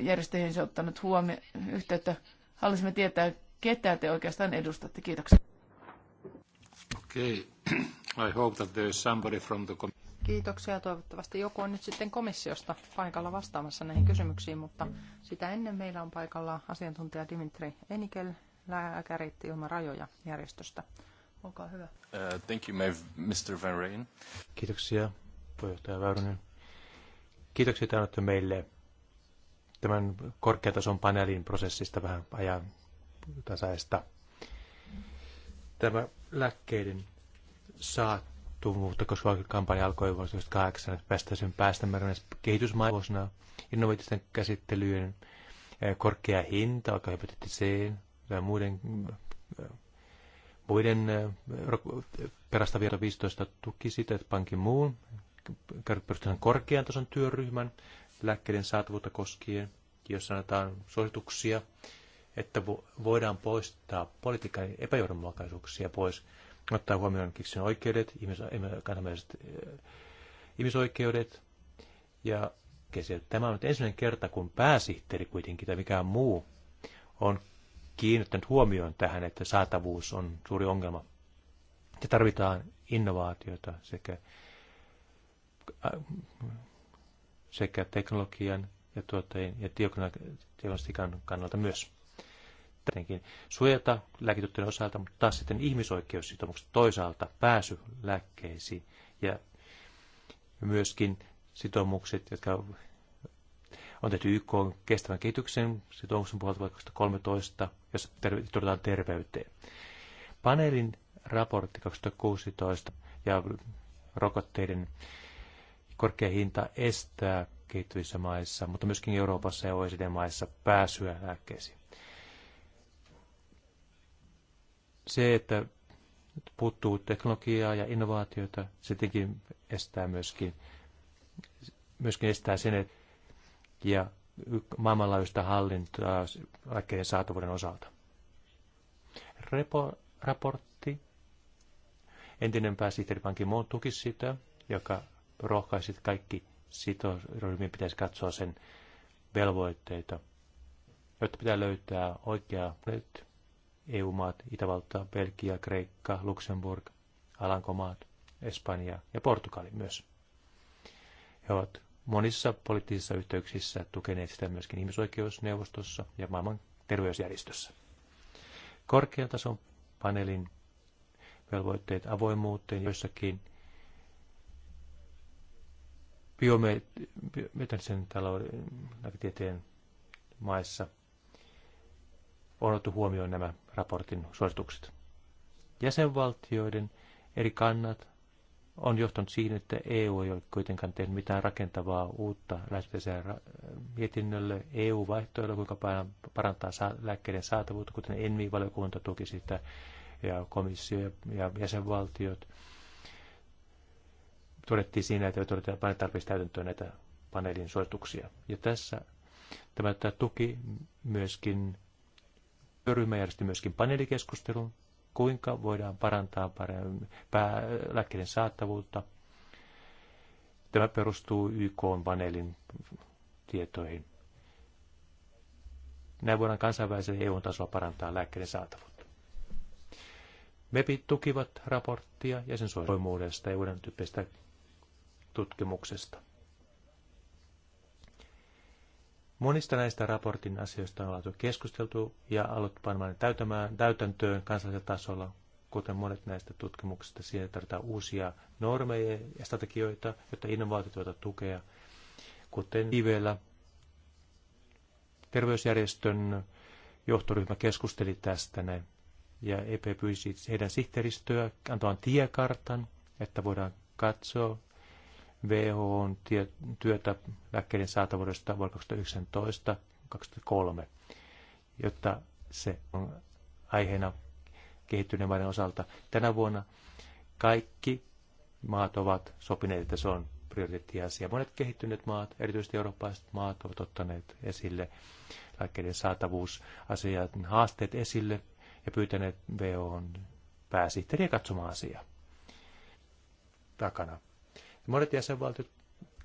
järjestöihin se on ottanut huomioon yhteyttä. Haluaisimme tietää, ketä te oikeastaan edustatte. Kiitoksia. Okei. Okay. I hope that there is somebody from the Kiitoksia. Toivottavasti joku on nyt sitten komissiosta paikalla vastaamassa näihin kysymyksiin, mutta sitä ennen meillä on paikalla asiantuntija Dimitri Enikel, lääkäri, ilman rajoja järjestöstä. Olkaa hyvä. Uh, thank you, Mr. Van Rijn. Kiitoksia, puheenjohtaja Väyrynen. Kiitoksia, että annatte meille tämän korkeatason paneelin prosessista vähän ajan tasaista. Tämä lääkkeiden saattuvuutta koskeva kampanja alkoi vuonna 1998, että päästäisiin päästä kehitysmaivuosina innovatiivisten käsittelyjen eh, korkea hinta, vaikka hepatitti C ja muiden, eh, muiden perästä vielä 15 tuki sitä, että pankin muun perustetaan korkean tason työryhmän lääkkeiden saatavuutta koskien, jossa annetaan suosituksia, että voidaan poistaa politiikan epäjohdonmukaisuuksia pois ottaa huomioon kiksen oikeudet, kansainväliset ihmisoikeudet. Ja tämä on nyt ensimmäinen kerta, kun pääsihteeri kuitenkin tai mikään muu on kiinnittänyt huomioon tähän, että saatavuus on suuri ongelma. Ja tarvitaan innovaatiota sekä, sekä teknologian ja tuottajien ja diagnostikan kannalta myös tietenkin suojata lääkityttöjen osalta, mutta taas sitten ihmisoikeussitoumukset toisaalta pääsy lääkkeisiin ja myöskin sitoumukset, jotka on tehty YK kestävän kehityksen sitoumuksen puolelta vuonna 2013, jossa turvataan terveyteen. Paneelin raportti 2016 ja rokotteiden korkea hinta estää kehittyvissä maissa, mutta myöskin Euroopassa ja OECD-maissa pääsyä lääkkeisiin. se, että puuttuu teknologiaa ja innovaatioita, se tietenkin estää myöskin, myöskin estää sen, että ja maailmanlaajuista hallintaa lääkkeiden saatavuuden osalta. Repo, raportti. Entinen pääsihteeri pankki ki tuki sitä, joka rohkaisi, että kaikki sitoryhmien pitäisi katsoa sen velvoitteita, jotta pitää löytää oikea nyt EU-maat, Itävalta, Belgia, Kreikka, Luxemburg, Alankomaat, Espanja ja Portugali myös. He ovat monissa poliittisissa yhteyksissä tukeneet sitä myöskin ihmisoikeusneuvostossa ja maailman terveysjärjestössä. Korkeatason paneelin velvoitteet avoimuuteen joissakin biometrisen talouden, lääketieteen maissa on otettu huomioon nämä raportin suositukset. Jäsenvaltioiden eri kannat on johtanut siihen, että EU ei ole kuitenkaan tehnyt mitään rakentavaa uutta lähestymiseen mietinnölle EU-vaihtoehdolla, kuinka parantaa lääkkeiden saatavuutta, kuten ENVI-valiokunta tuki sitä, ja komissio ja jäsenvaltiot. Todettiin siinä, että ei todeta tarpeeksi täytäntöön näitä paneelin suosituksia. Ja tässä tämä, tämä tuki myöskin Työryhmä järjesti myöskin paneelikeskustelun, kuinka voidaan parantaa lääkkeiden saattavuutta. Tämä perustuu YK-paneelin tietoihin. Näin voidaan kansainvälisellä EU-tasolla parantaa lääkkeiden saatavuutta. MEPit tukivat raporttia ja sen suojelmuudesta ja uuden tyyppistä tutkimuksesta. Monista näistä raportin asioista on oltu keskusteltu ja alettu panemaan täytämään, täytäntöön kansallisella tasolla, kuten monet näistä tutkimuksista. Siihen tarvitaan uusia normeja ja strategioita, jotta innovaatiot voivat tukea, kuten IVEllä Terveysjärjestön johtoryhmä keskusteli tästä näin. Ja EP pyysi heidän sihteeristöä antamaan tiekartan, että voidaan katsoa, WHO on työtä lääkkeiden saatavuudesta vuonna 2019 2003 jotta se on aiheena kehittyneen maiden osalta. Tänä vuonna kaikki maat ovat sopineet, että se on prioriteettiasia. Monet kehittyneet maat, erityisesti eurooppalaiset maat, ovat ottaneet esille lääkkeiden saatavuusasiat, haasteet esille ja pyytäneet VOn pääsihteeriä katsomaan asiaa takana. Monet jäsenvaltiot,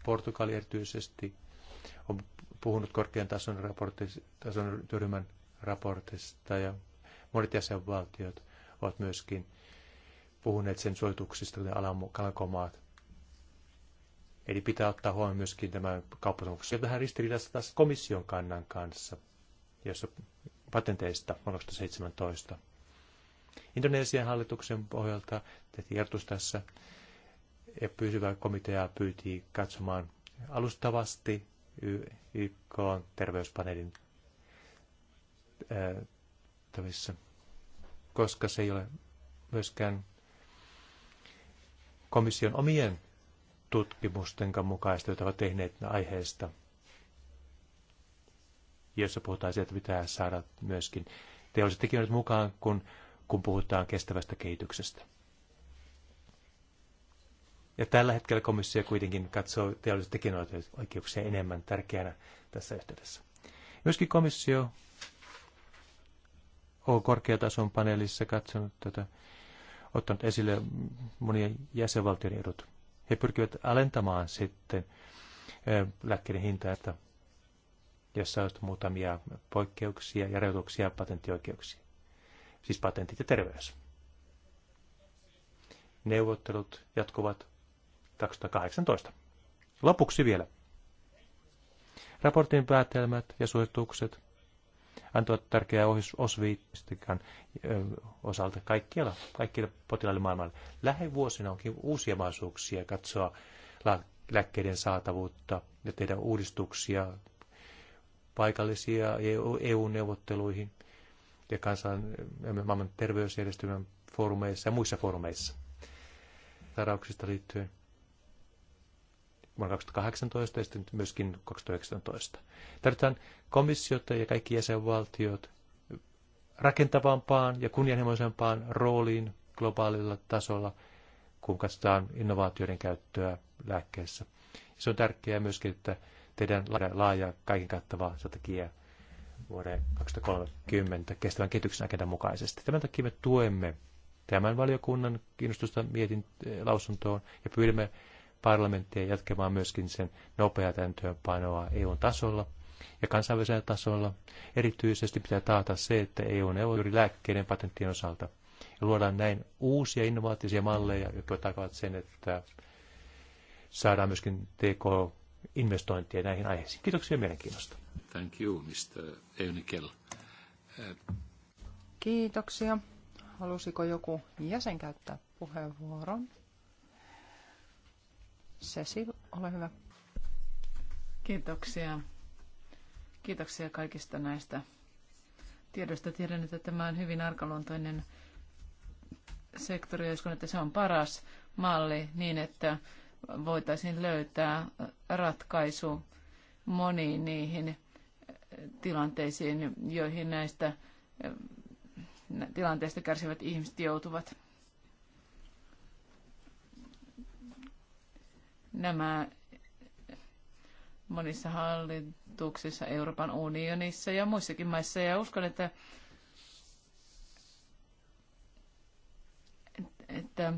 Portugali erityisesti, on puhunut korkean tason, raporti, tason työryhmän raportista ja monet jäsenvaltiot ovat myöskin puhuneet sen suosituksista, kuten Alankomaat. Eli pitää ottaa huomioon myöskin tämä on Vähän ristiriidassa taas komission kannan kanssa, jossa patenteista vuonna 2017. Indonesian hallituksen pohjalta tehtiin tässä, ja pysyvä komitea pyyti katsomaan alustavasti YK terveyspaneelin tavissa, koska se ei ole myöskään komission omien tutkimusten mukaista, joita ovat tehneet aiheesta, jossa puhutaan siitä, että pitää saada myöskin teolliset tekijät mukaan, kun, kun puhutaan kestävästä kehityksestä. Ja tällä hetkellä komissio kuitenkin katsoo teolliset oikeuksia enemmän tärkeänä tässä yhteydessä. Myöskin komissio on korkeatason paneelissa katsonut tätä, ottanut esille monia jäsenvaltioiden edut. He pyrkivät alentamaan sitten lääkkeiden hintaa, että jossa on muutamia poikkeuksia ja rajoituksia patenttioikeuksia. Siis patentit ja terveys. Neuvottelut jatkuvat 2018. Lopuksi vielä. Raportin päätelmät ja suositukset antoivat tärkeää osviistikan osalta kaikkialla, kaikille potilaille maailmalla. Lähivuosina onkin uusia mahdollisuuksia katsoa lääkkeiden saatavuutta ja tehdä uudistuksia paikallisia EU-neuvotteluihin e ja kansan, maailman terveysjärjestelmän foorumeissa ja muissa foorumeissa. Tarauksista liittyen vuonna 2018 ja sitten myöskin 2019. Tarvitaan komissiota ja kaikki jäsenvaltiot rakentavampaan ja kunnianhimoisempaan rooliin globaalilla tasolla, kun katsotaan innovaatioiden käyttöä lääkkeissä. Se on tärkeää myöskin, että tehdään laaja, kaiken kattava strategia vuoden 2030 kestävän kehityksen agendan mukaisesti. Tämän takia me tuemme tämän valiokunnan kiinnostusta mietin lausuntoon ja pyydämme parlamenttien jatkemaan myöskin sen nopeaa täntöönpanoa EUn tasolla ja kansainvälisellä tasolla. Erityisesti pitää taata se, että e EU on juuri lääkkeiden patenttien osalta. Ja luodaan näin uusia innovaatisia malleja, jotka takavat sen, että saadaan myöskin TK-investointia näihin aiheisiin. Kiitoksia mielenkiinnosta. Thank you, Mr. Eunikel. Kiitoksia. Halusiko joku jäsen käyttää puheenvuoron? Cecil, ole hyvä. Kiitoksia. Kiitoksia kaikista näistä tiedosta. Tiedän, että tämä on hyvin arkaluontoinen sektori, ja uskon, että se on paras malli niin, että voitaisiin löytää ratkaisu moniin niihin tilanteisiin, joihin näistä tilanteista kärsivät ihmiset joutuvat. Nämä monissa hallituksissa Euroopan unionissa ja muissakin maissa. Ja uskon, että, että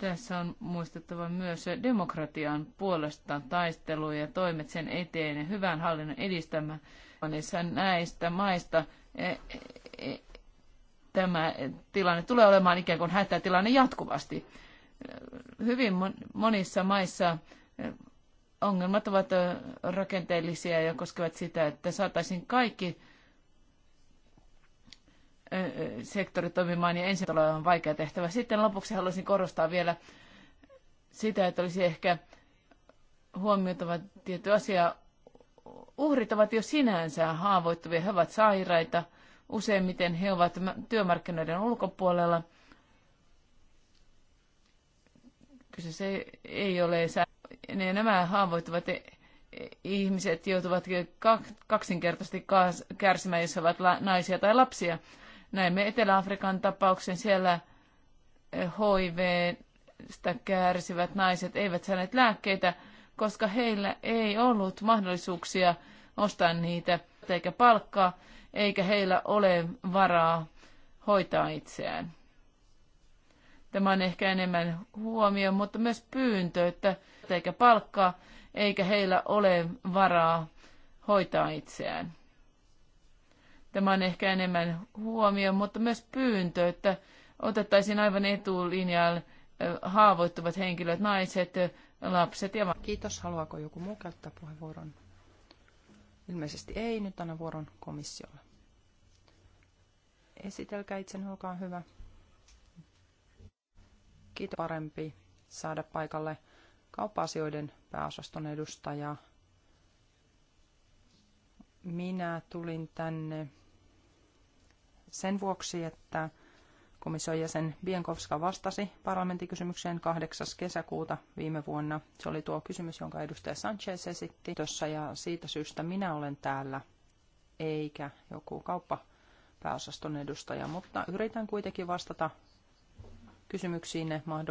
tässä on muistettava myös demokratian puolesta taistelu ja toimet sen eteen ja hyvän hallinnon edistämä. Monissa näistä maista e, e, e, tämä tilanne tulee olemaan ikään kuin hätätilanne jatkuvasti hyvin monissa maissa eh, ongelmat ovat eh, rakenteellisia ja koskevat sitä, että saataisiin kaikki eh, sektori toimimaan ja ensin on vaikea tehtävä. Sitten lopuksi haluaisin korostaa vielä sitä, että olisi ehkä huomioitava tietty asia. Uhrit ovat jo sinänsä haavoittuvia, he ovat sairaita, useimmiten he ovat työmarkkinoiden ulkopuolella Kyseessä ei, ei ole sää. Ne, nämä haavoittuvat e- ihmiset joutuvat kaksinkertaisesti kärsimään, jos ovat naisia tai lapsia. Näemme Etelä-Afrikan tapauksen siellä HIV kärsivät naiset eivät saaneet lääkkeitä, koska heillä ei ollut mahdollisuuksia ostaa niitä eikä palkkaa, eikä heillä ole varaa hoitaa itseään. Tämä on ehkä enemmän huomio, mutta myös pyyntö, että eikä palkkaa, eikä heillä ole varaa hoitaa itseään. Tämä on ehkä enemmän huomio, mutta myös pyyntö, että otettaisiin aivan etulinjalle haavoittuvat henkilöt, naiset, lapset ja... Kiitos. Haluaako joku muu käyttää puheenvuoron? Ilmeisesti ei. Nyt annan vuoron komissiolle. Esitelkää itse, olkaa hyvä. Kiitos parempi saada paikalle kauppa-asioiden pääosaston edustaja. Minä tulin tänne sen vuoksi, että komission jäsen Bienkovska vastasi parlamenttikysymykseen 8. kesäkuuta viime vuonna. Se oli tuo kysymys, jonka edustaja Sanchez esitti tuossa ja siitä syystä minä olen täällä eikä joku kauppa pääosaston edustaja, mutta yritän kuitenkin vastata kysymyksiinne mahdollisimman